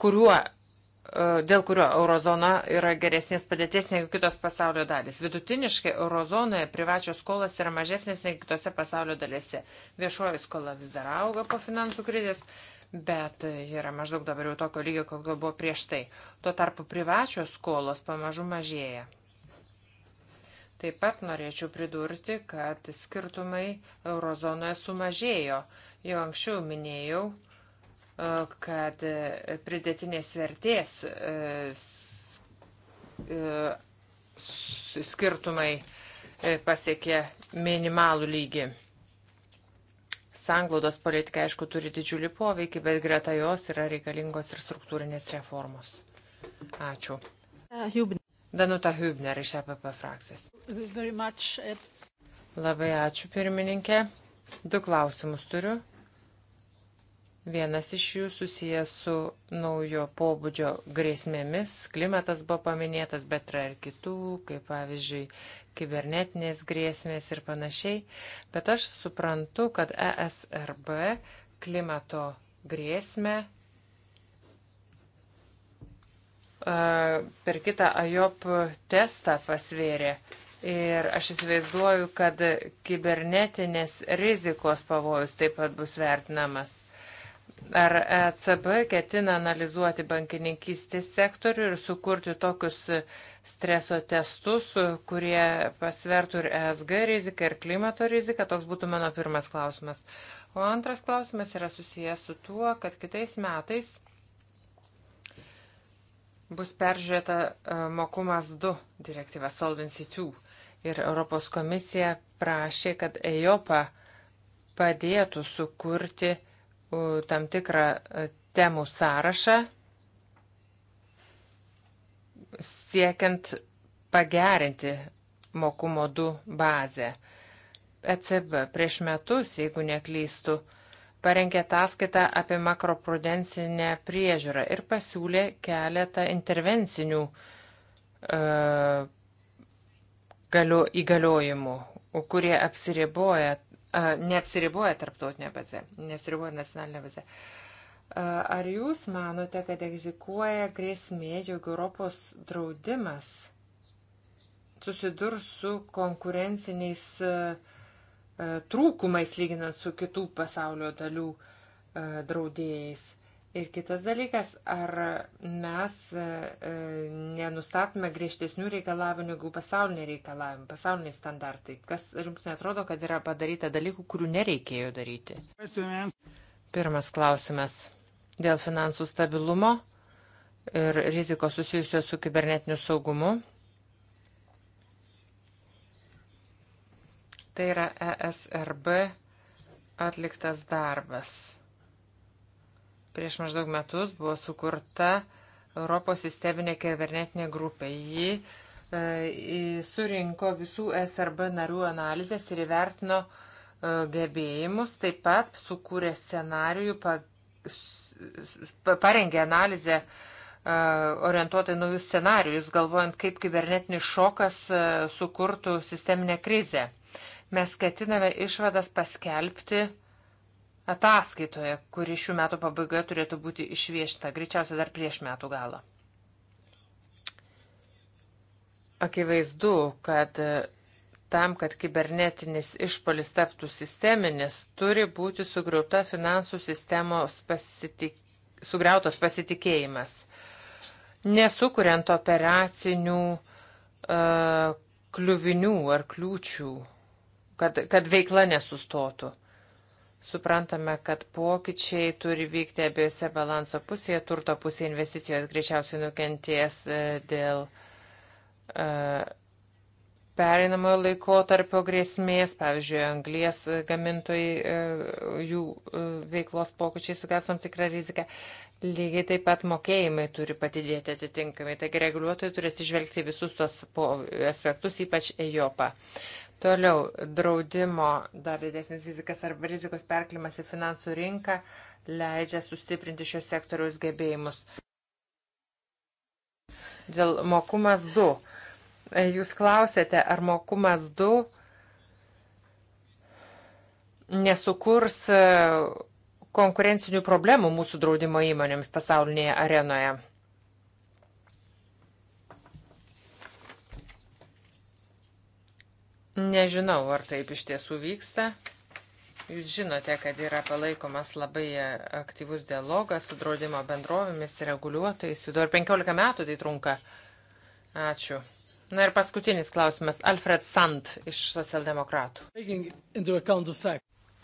kuriuo, e, dėl kurio eurozona yra geresnės padėties negu kitos pasaulio dalis. Vidutiniškai eurozonoje privačios skolas yra mažesnės negu kitose pasaulio dalėse. Viešoji skola vis dar auga po finansų krizės. Bet yra maždaug dabar jau tokio lygio, kokio buvo prieš tai. Tuo tarpu privačios skolos pamažu mažėja. Taip pat norėčiau pridurti, kad skirtumai eurozonoje sumažėjo. Jau anksčiau minėjau, e, kad pridėtinės vertės e, e, skirtumai pasiekė minimalų lygį. Sanglaudos politika, aišku, turi didžiulį poveikį, bet greta jos yra reikalingos ir struktūrinės reformos. Ačiū. Uh, Hubner. Danuta Hübner iš EPP frakcijas. Labai ačiū, pirmininkė. Du klausimus turiu. Vienas iš jų susijęs su naujo pobūdžio grėsmėmis. Klimatas buvo paminėtas, bet yra ir kitų, kaip pavyzdžiui, kibernetinės grėsmės ir panašiai. Bet aš suprantu, kad ESRB klimato grėsmę per kitą AJOP testą pasvėrė. Ir aš įsivaizduoju, kad kibernetinės rizikos pavojus taip pat bus vertinamas. Ar ECB ketina analizuoti bankininkystės sektorių ir sukurti tokius streso testus, kurie pasvertų ir ESG riziką, ir klimato riziką? Toks būtų mano pirmas klausimas. O antras klausimas yra susijęs su tuo, kad kitais metais bus peržiūrėta e, mokumas 2 direktyva Solvency 2 ir Europos komisija prašė, kad EIOPA padėtų sukurti tam tikrą e, temų sąrašą siekiant pagerinti mokumo 2 bazę. ECB prieš metus, jeigu neklystų, parengė ataskaitą apie makroprudencinę priežiūrą ir pasiūlė keletą intervencinių e, galio, įgaliojimų, kurie apsiriboja, e, neapsiriboja tarptautinė bazė, neapsiriboja nacionalinė bazė. E, ar jūs manote, kad egzikuoja grėsmė, jog Europos draudimas susidurs su konkurenciniais uh, E, trūkumais lyginant su kitų pasaulio dalių e, draudėjais. Ir kitas dalykas, ar mes e, nenustatome griežtesnių reikalavimų negu pasauliniai reikalavimai, pasauliniai standartai. Kas jums netrodo, kad yra padaryta dalykų, kurių nereikėjo daryti? Pirmas klausimas. Dėl finansų stabilumo ir rizikos susijusios su kibernetiniu saugumu Tai yra ESRB atliktas darbas. Prieš maždaug metus buvo sukurta Europos sisteminė kibernetinė grupė. Ji e, surinko visų e SRB narių analizės ir įvertino e, gebėjimus, taip pat sukūrė scenarijų, parengė analizę orientuotai naujus scenarijus, galvojant, kaip kibernetinis šokas sukurtų sisteminę krizę. Mes ketiname išvadas paskelbti ataskaitoje, kuri šių metų pabaigoje turėtų būti išviešta, greičiausiai dar prieš metų galą. Akivaizdu, kad e, tam, kad kibernetinis išpolis taptų sisteminis, turi būti sugriauta finansų sistemos pasitik... sugriautos pasitikėjimas, nesukuriant operacinių uh, kliuvinių ar kliūčių kad, kad veikla nesustotų. Suprantame, kad pokyčiai turi vykti abiejose balanso pusėje, turto pusėje investicijos greičiausiai nukenties e, dėl uh, pereinamojo laiko tarpio grėsmės, pavyzdžiui, anglies e, gamintojai, jų veiklos pokyčiai sukels tam tikrą riziką. Lygiai taip pat mokėjimai turi patidėti atitinkamai. Taigi reguliuotojai turi atsižvelgti visus tos aspektus, ypač EJOPA. Toliau, draudimo dar didesnis rizikas arba rizikos perklimas į finansų rinką leidžia sustiprinti šios sektoriaus gebėjimus. Dėl mokumas 2. Jūs klausėte, ar mokumas 2 nesukurs e, konkurencinių problemų mūsų draudimo įmonėms pasaulinėje arenoje. Nežinau, ar taip iš tiesų vyksta. Jūs žinote, kad yra palaikomas labai e, aktyvus dialogas su draudimo bendrovėmis ir reguliuotojais. Jau dar 15 metų tai trunka. Ačiū. Na ir paskutinis klausimas. Alfred Sand iš socialdemokratų.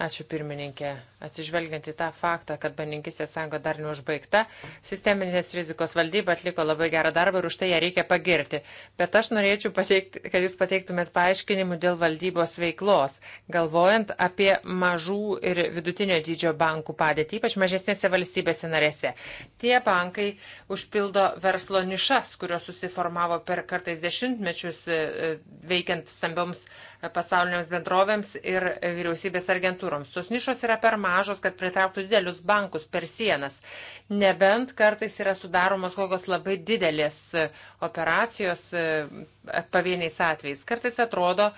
Ačiū pirmininkė atsižvelgiant į tą faktą, kad bankininkistės sąjunga dar neužbaigta, sisteminės rizikos valdyba atliko labai gerą darbą ir už tai ją reikia pagirti. Bet aš norėčiau, pateikti, kad jūs pateiktumėt paaiškinimų dėl valdybos veiklos, galvojant apie mažų ir vidutinio dydžio bankų padėtį, ypač mažesnėse valstybėse narėse. Tie bankai užpildo verslo nišas, kurios susiformavo per kartais dešimtmečius e, veikiant stambioms e, pasauliniams bendrovėms ir e, vyriausybės agentūroms. Tos nišos yra per mažos mažos, kad pritrauktų didelius bankus per sienas. Nebent kartais yra sudaromos kokios labai didelės e, operacijos e, pavieniais atvejais. Kartais atrodo,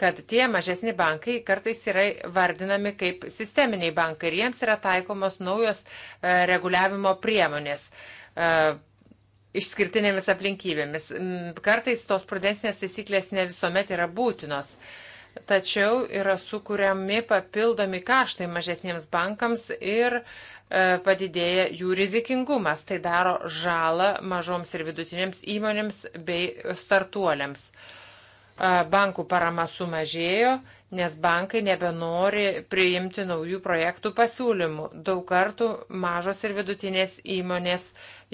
kad tie mažesni bankai kartais yra vardinami kaip sisteminiai bankai ir jiems yra taikomos naujos e, reguliavimo priemonės išskirtinėmis aplinkybėmis. Kartais tos prudensinės taisyklės ne visuomet yra būtinos. Uh, tačiau yra sukūriami papildomi kaštai mažesniems bankams ir e, padidėja jų rizikingumas. Tai daro žalą mažoms ir vidutinėms įmonėms bei startuoliams. E, bankų parama sumažėjo nes bankai nebenori priimti naujų projektų pasiūlymų. Daug kartų mažos ir vidutinės įmonės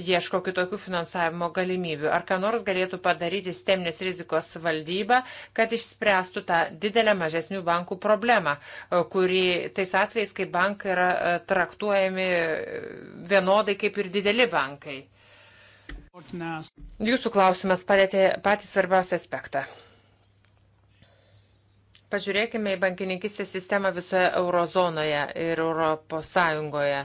ieško kitokių finansavimo galimybių. Ar ką nors galėtų padaryti sisteminės rizikos valdyba, kad išspręstų tą didelę mažesnių bankų problemą, kuri tais atvejais, kai bankai yra e, traktuojami e, vienodai kaip ir dideli bankai. Jūsų klausimas palėtė patį svarbiausią aspektą. Pažiūrėkime į bankininkistės sistemą visoje eurozonoje ir Europos Sąjungoje.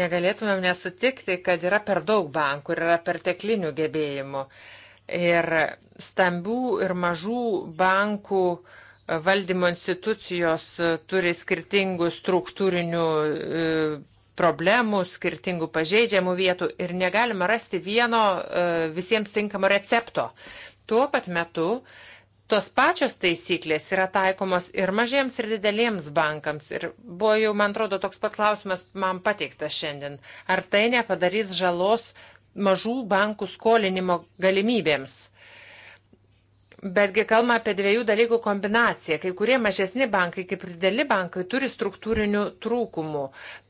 Negalėtumėm nesutikti, kad yra per daug bankų ir yra perteklinių gebėjimų. Ir stambių ir mažų bankų valdymo institucijos turi skirtingų struktūrinių e, problemų, skirtingų pažeidžiamų vietų ir negalima rasti vieno e, visiems tinkamo recepto. Tuo pat metu tos pačios taisyklės yra taikomos ir mažiems, ir dideliems bankams. Ir buvo jau, man atrodo, toks pat klausimas man pateiktas šiandien. Ar tai nepadarys žalos mažų bankų skolinimo galimybėms? Betgi kalbame apie dviejų dalykų kombinaciją. Kai kurie mažesni bankai, kaip ir dideli bankai, turi struktūrinių trūkumų,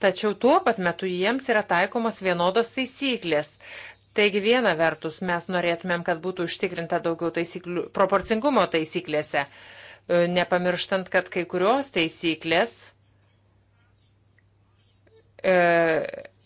tačiau tuo pat metu jiems yra taikomos vienodos taisyklės. Taigi viena vertus mes norėtumėm, kad būtų užtikrinta daugiau taisyklių, proporcingumo taisyklėse, e, nepamirštant, kad kai kurios taisyklės e,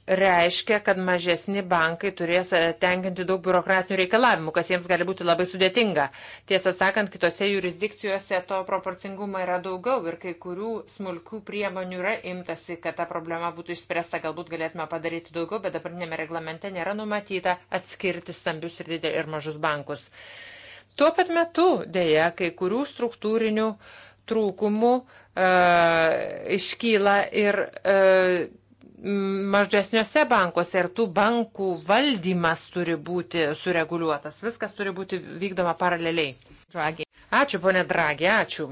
reiškia, kad mažesni bankai turės e, tenkinti daug biurokratinių reikalavimų, kas jiems gali būti labai sudėtinga. Tiesą sakant, kitose jurisdikcijose to proporcingumo yra daugiau ir kai kurių smulkių priemonių yra imtasi, kad ta problema būtų išspręsta, galbūt galėtume padaryti daugiau, bet dabartinėme reglamente nėra numatyta atskirti stambius ir, didel, ir mažus bankus. Tuo pat metu, dėja, kai kurių struktūrinių trūkumų e, iškyla ir e, mažesniuose bankuose ir tų bankų valdymas turi būti sureguliuotas. Viskas turi būti vykdoma paraleliai. Dragi. Ačiū, ponė Dragi, ačiū.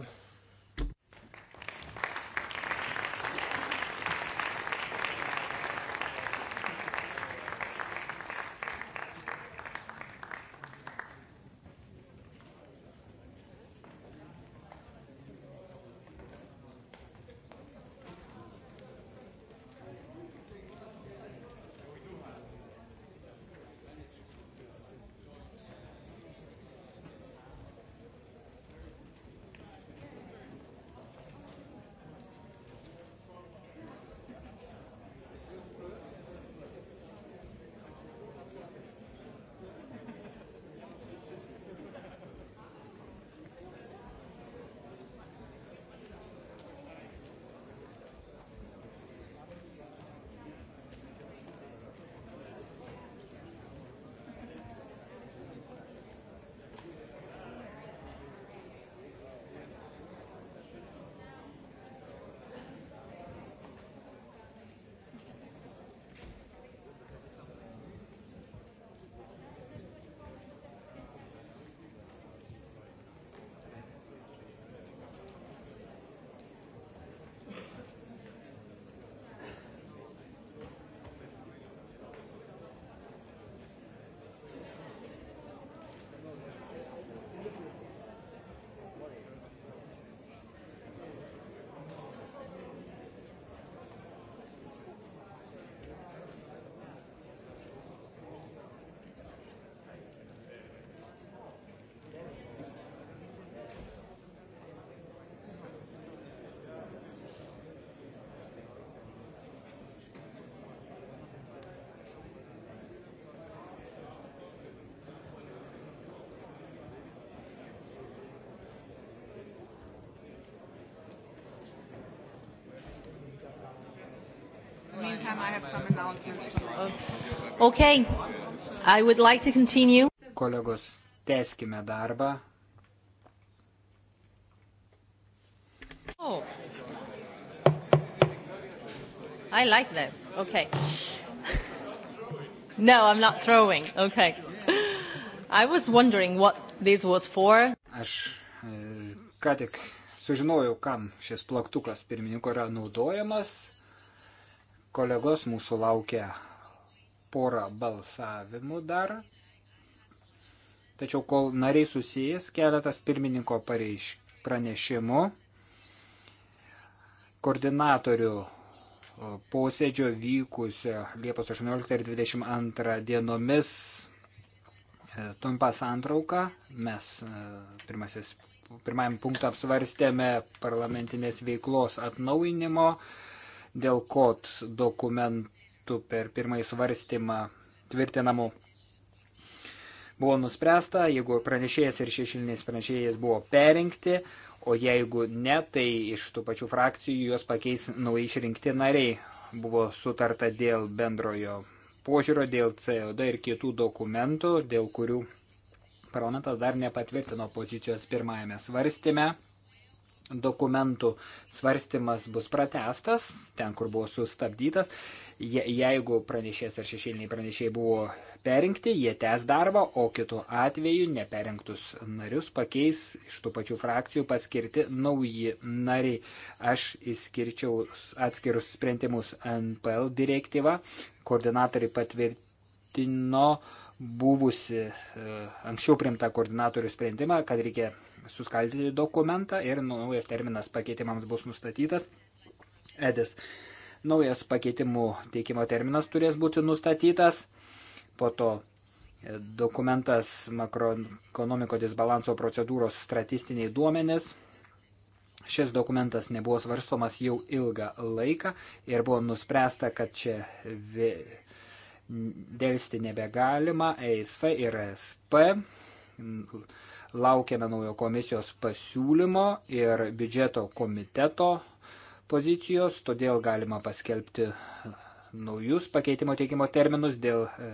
Okay. I would like to continue. Kolegos, teskime darbą. Oh. I like this. Okay. [laughs] No, I'm not throwing. Okay. I was wondering what this was for. Aš e, ką tik sužinojau, kam šis plaktukas pirmininko yra naudojamas. Kolegos mūsų laukia porą balsavimų dar. Tačiau kol nariai susijęs, keletas pirmininko pareiš, pranešimu. Koordinatorių posėdžio vykusio Liepos 18 ir 22 dienomis e, trumpa santrauka. Mes e, pirmasis, pirmajam punktą apsvarstėme parlamentinės veiklos atnauinimo dėl kod dokumentų aktų per pirmąjį svarstymą tvirtinamų buvo nuspręsta, jeigu pranešėjas ir šešiliniais pranešėjas buvo perinkti, o jeigu ne, tai iš tų pačių frakcijų juos pakeis naujai išrinkti nariai. Buvo sutarta dėl bendrojo požiūrio, dėl COD ir kitų dokumentų, dėl kurių parlamentas dar nepatvirtino pozicijos pirmajame svarstyme dokumentų svarstymas bus pratestas, ten, kur buvo sustabdytas. Je, jeigu pranešės ar šešėliniai pranešėjai buvo perinkti, jie tęs darbą, o kitu atveju neperinktus narius pakeis iš tų pačių frakcijų paskirti nauji nariai. Aš įskirčiau atskirus sprendimus NPL direktyvą, koordinatoriai patvirtino buvusi e, anksčiau primta koordinatorių sprendimą, kad reikia suskaldyti dokumentą ir naujas terminas pakeitimams bus nustatytas. Edis. Naujas pakeitimų teikimo terminas turės būti nustatytas. Po to e, dokumentas makroekonomiko disbalanso procedūros statistiniai duomenės. Šis dokumentas nebuvo svarstomas jau ilgą laiką ir buvo nuspręsta, kad čia dėlsti nebegalima, ESF ir ESP Laukiame naujo komisijos pasiūlymo ir biudžeto komiteto pozicijos, todėl galima paskelbti naujus pakeitimo teikimo terminus dėl e,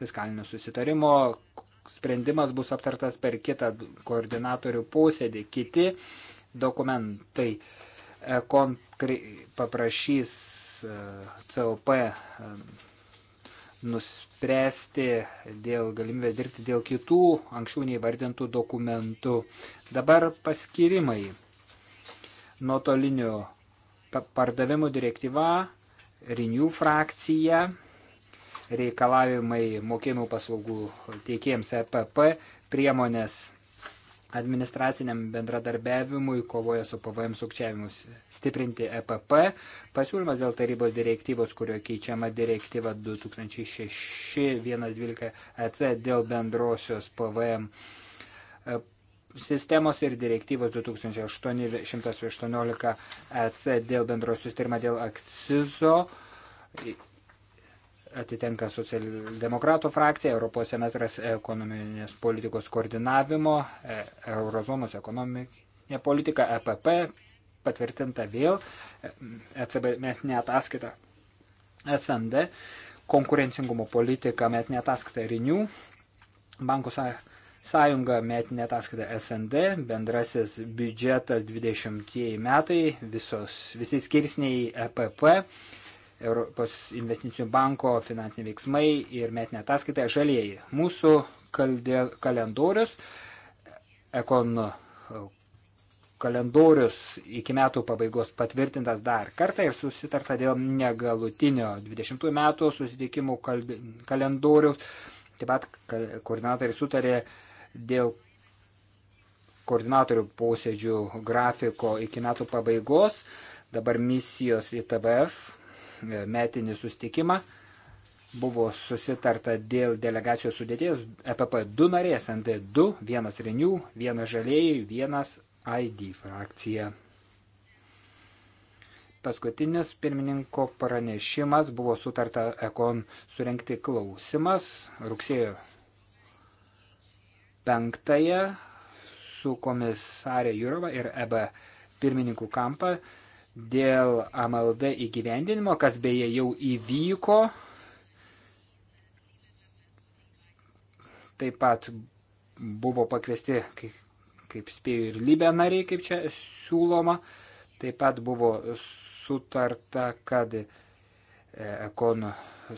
fiskalinio susitarimo. Sprendimas bus aptartas per kitą koordinatorių posėdį. Kiti dokumentai kon paprašys e, COP e, nus spręsti dėl galimybės dirbti dėl kitų anksčiau neįvardintų dokumentų. Dabar paskirimai. Nuotolinių pardavimų direktyva, Renew frakcija, reikalavimai mokėjimų paslaugų teikėjams EPP, priemonės administraciniam bendradarbiavimui kovoja su PVM sukčiavimus stiprinti EPP. Pasiūlymas dėl tarybos direktyvos, kurio keičiama direktyva 2006-112 EC dėl bendrosios PVM e, sistemos ir direktyvos 2818 EC dėl bendrosios tyrimą dėl akcizo atitenka socialdemokratų frakcija, Europos semestras ekonominės politikos koordinavimo, e, eurozonos ekonominė politika, EPP, patvirtinta vėl, ECB e metinė ataskaita, SND, konkurencingumo politika metinė ataskaita Rinių, bankų sąjunga metinė ataskaita SND, bendrasis biudžetas 20 metai, visos, visi skirsniai EPP Europos investicinių banko finansiniai veiksmai ir metinė ataskaita žalieji. Mūsų kaldė, kalendorius, ekon kalendorius iki metų pabaigos patvirtintas dar kartą ir susitarta dėl negalutinio 20 metų susitikimų kal, kalendorius. Taip pat koordinatoriai sutarė dėl koordinatorių posėdžių grafiko iki metų pabaigos. Dabar misijos į TVF metinį sustikimą. Buvo susitarta dėl delegacijos sudėties EPP 2 narės, ND 2, vienas Renių, vienas Žalėjai, vienas ID frakcija. Paskutinis pirmininko pranešimas buvo sutarta Ekon surenkti klausimas rugsėjo 5 su komisarė Jurova ir EB pirmininkų kampą dėl AMLD įgyvendinimo, kas beje jau įvyko. Taip pat buvo pakviesti, kaip, kaip spėjau, ir Libė nariai, kaip čia siūloma. Taip pat buvo sutarta, kad e, ekon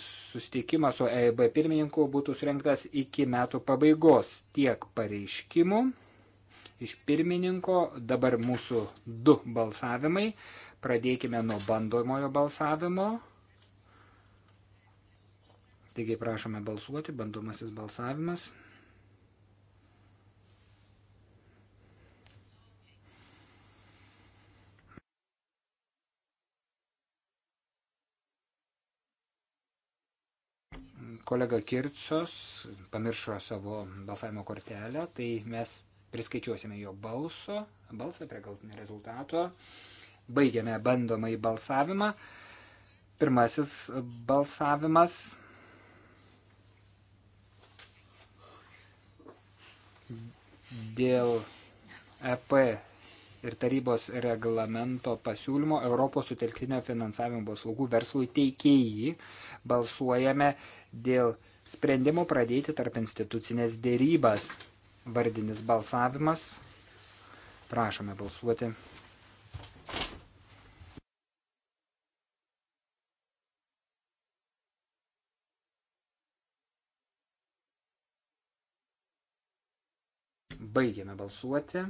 susitikimas su EIB pirmininku būtų surinktas iki metų pabaigos tiek pareiškimų iš pirmininko, dabar mūsų du balsavimai, Pradėkime nuo bandomojo balsavimo. Taigi prašome balsuoti, bandomasis balsavimas. kolega Kirčios pamiršo savo balsavimo kortelę, tai mes priskaičiuosime jo balso, balsą prie galtinio rezultato. Baigiame bandomąjį balsavimą. Pirmasis balsavimas. Dėl EP ir tarybos reglamento pasiūlymo Europos sutelktinio finansavimo paslaugų verslui teikėjai balsuojame dėl sprendimo pradėti tarp institucinės dėrybas. Vardinis balsavimas. Prašome balsuoti. Baigėme balsuoti.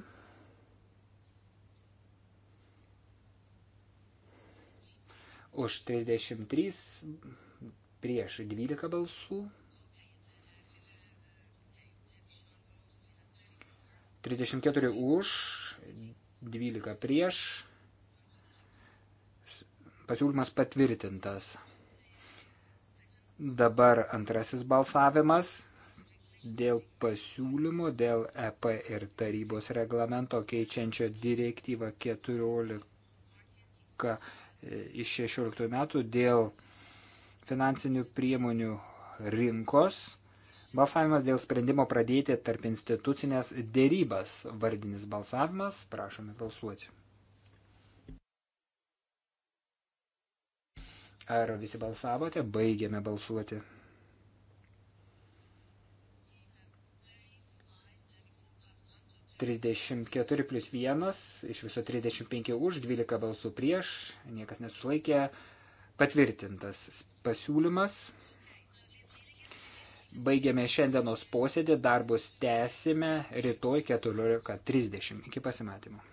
Už 33 prieš 12 balsų. 34 už, 12 prieš. Pasiūlymas patvirtintas. Dabar antrasis balsavimas dėl pasiūlymo dėl EP ir tarybos reglamento keičiančio direktyvą 14 e, iš 16 metų dėl finansinių priemonių rinkos. Balsavimas dėl sprendimo pradėti tarp institucinės dėrybas. Vardinis balsavimas. Prašome balsuoti. Ar visi balsavote? Baigėme balsuoti. 34 plus 1, iš viso 35 už, 12 balsų prieš, niekas nesuslaikė, patvirtintas pasiūlymas. Baigiame šiandienos posėdį, darbus tęsime rytoj 14.30. Iki pasimatymo.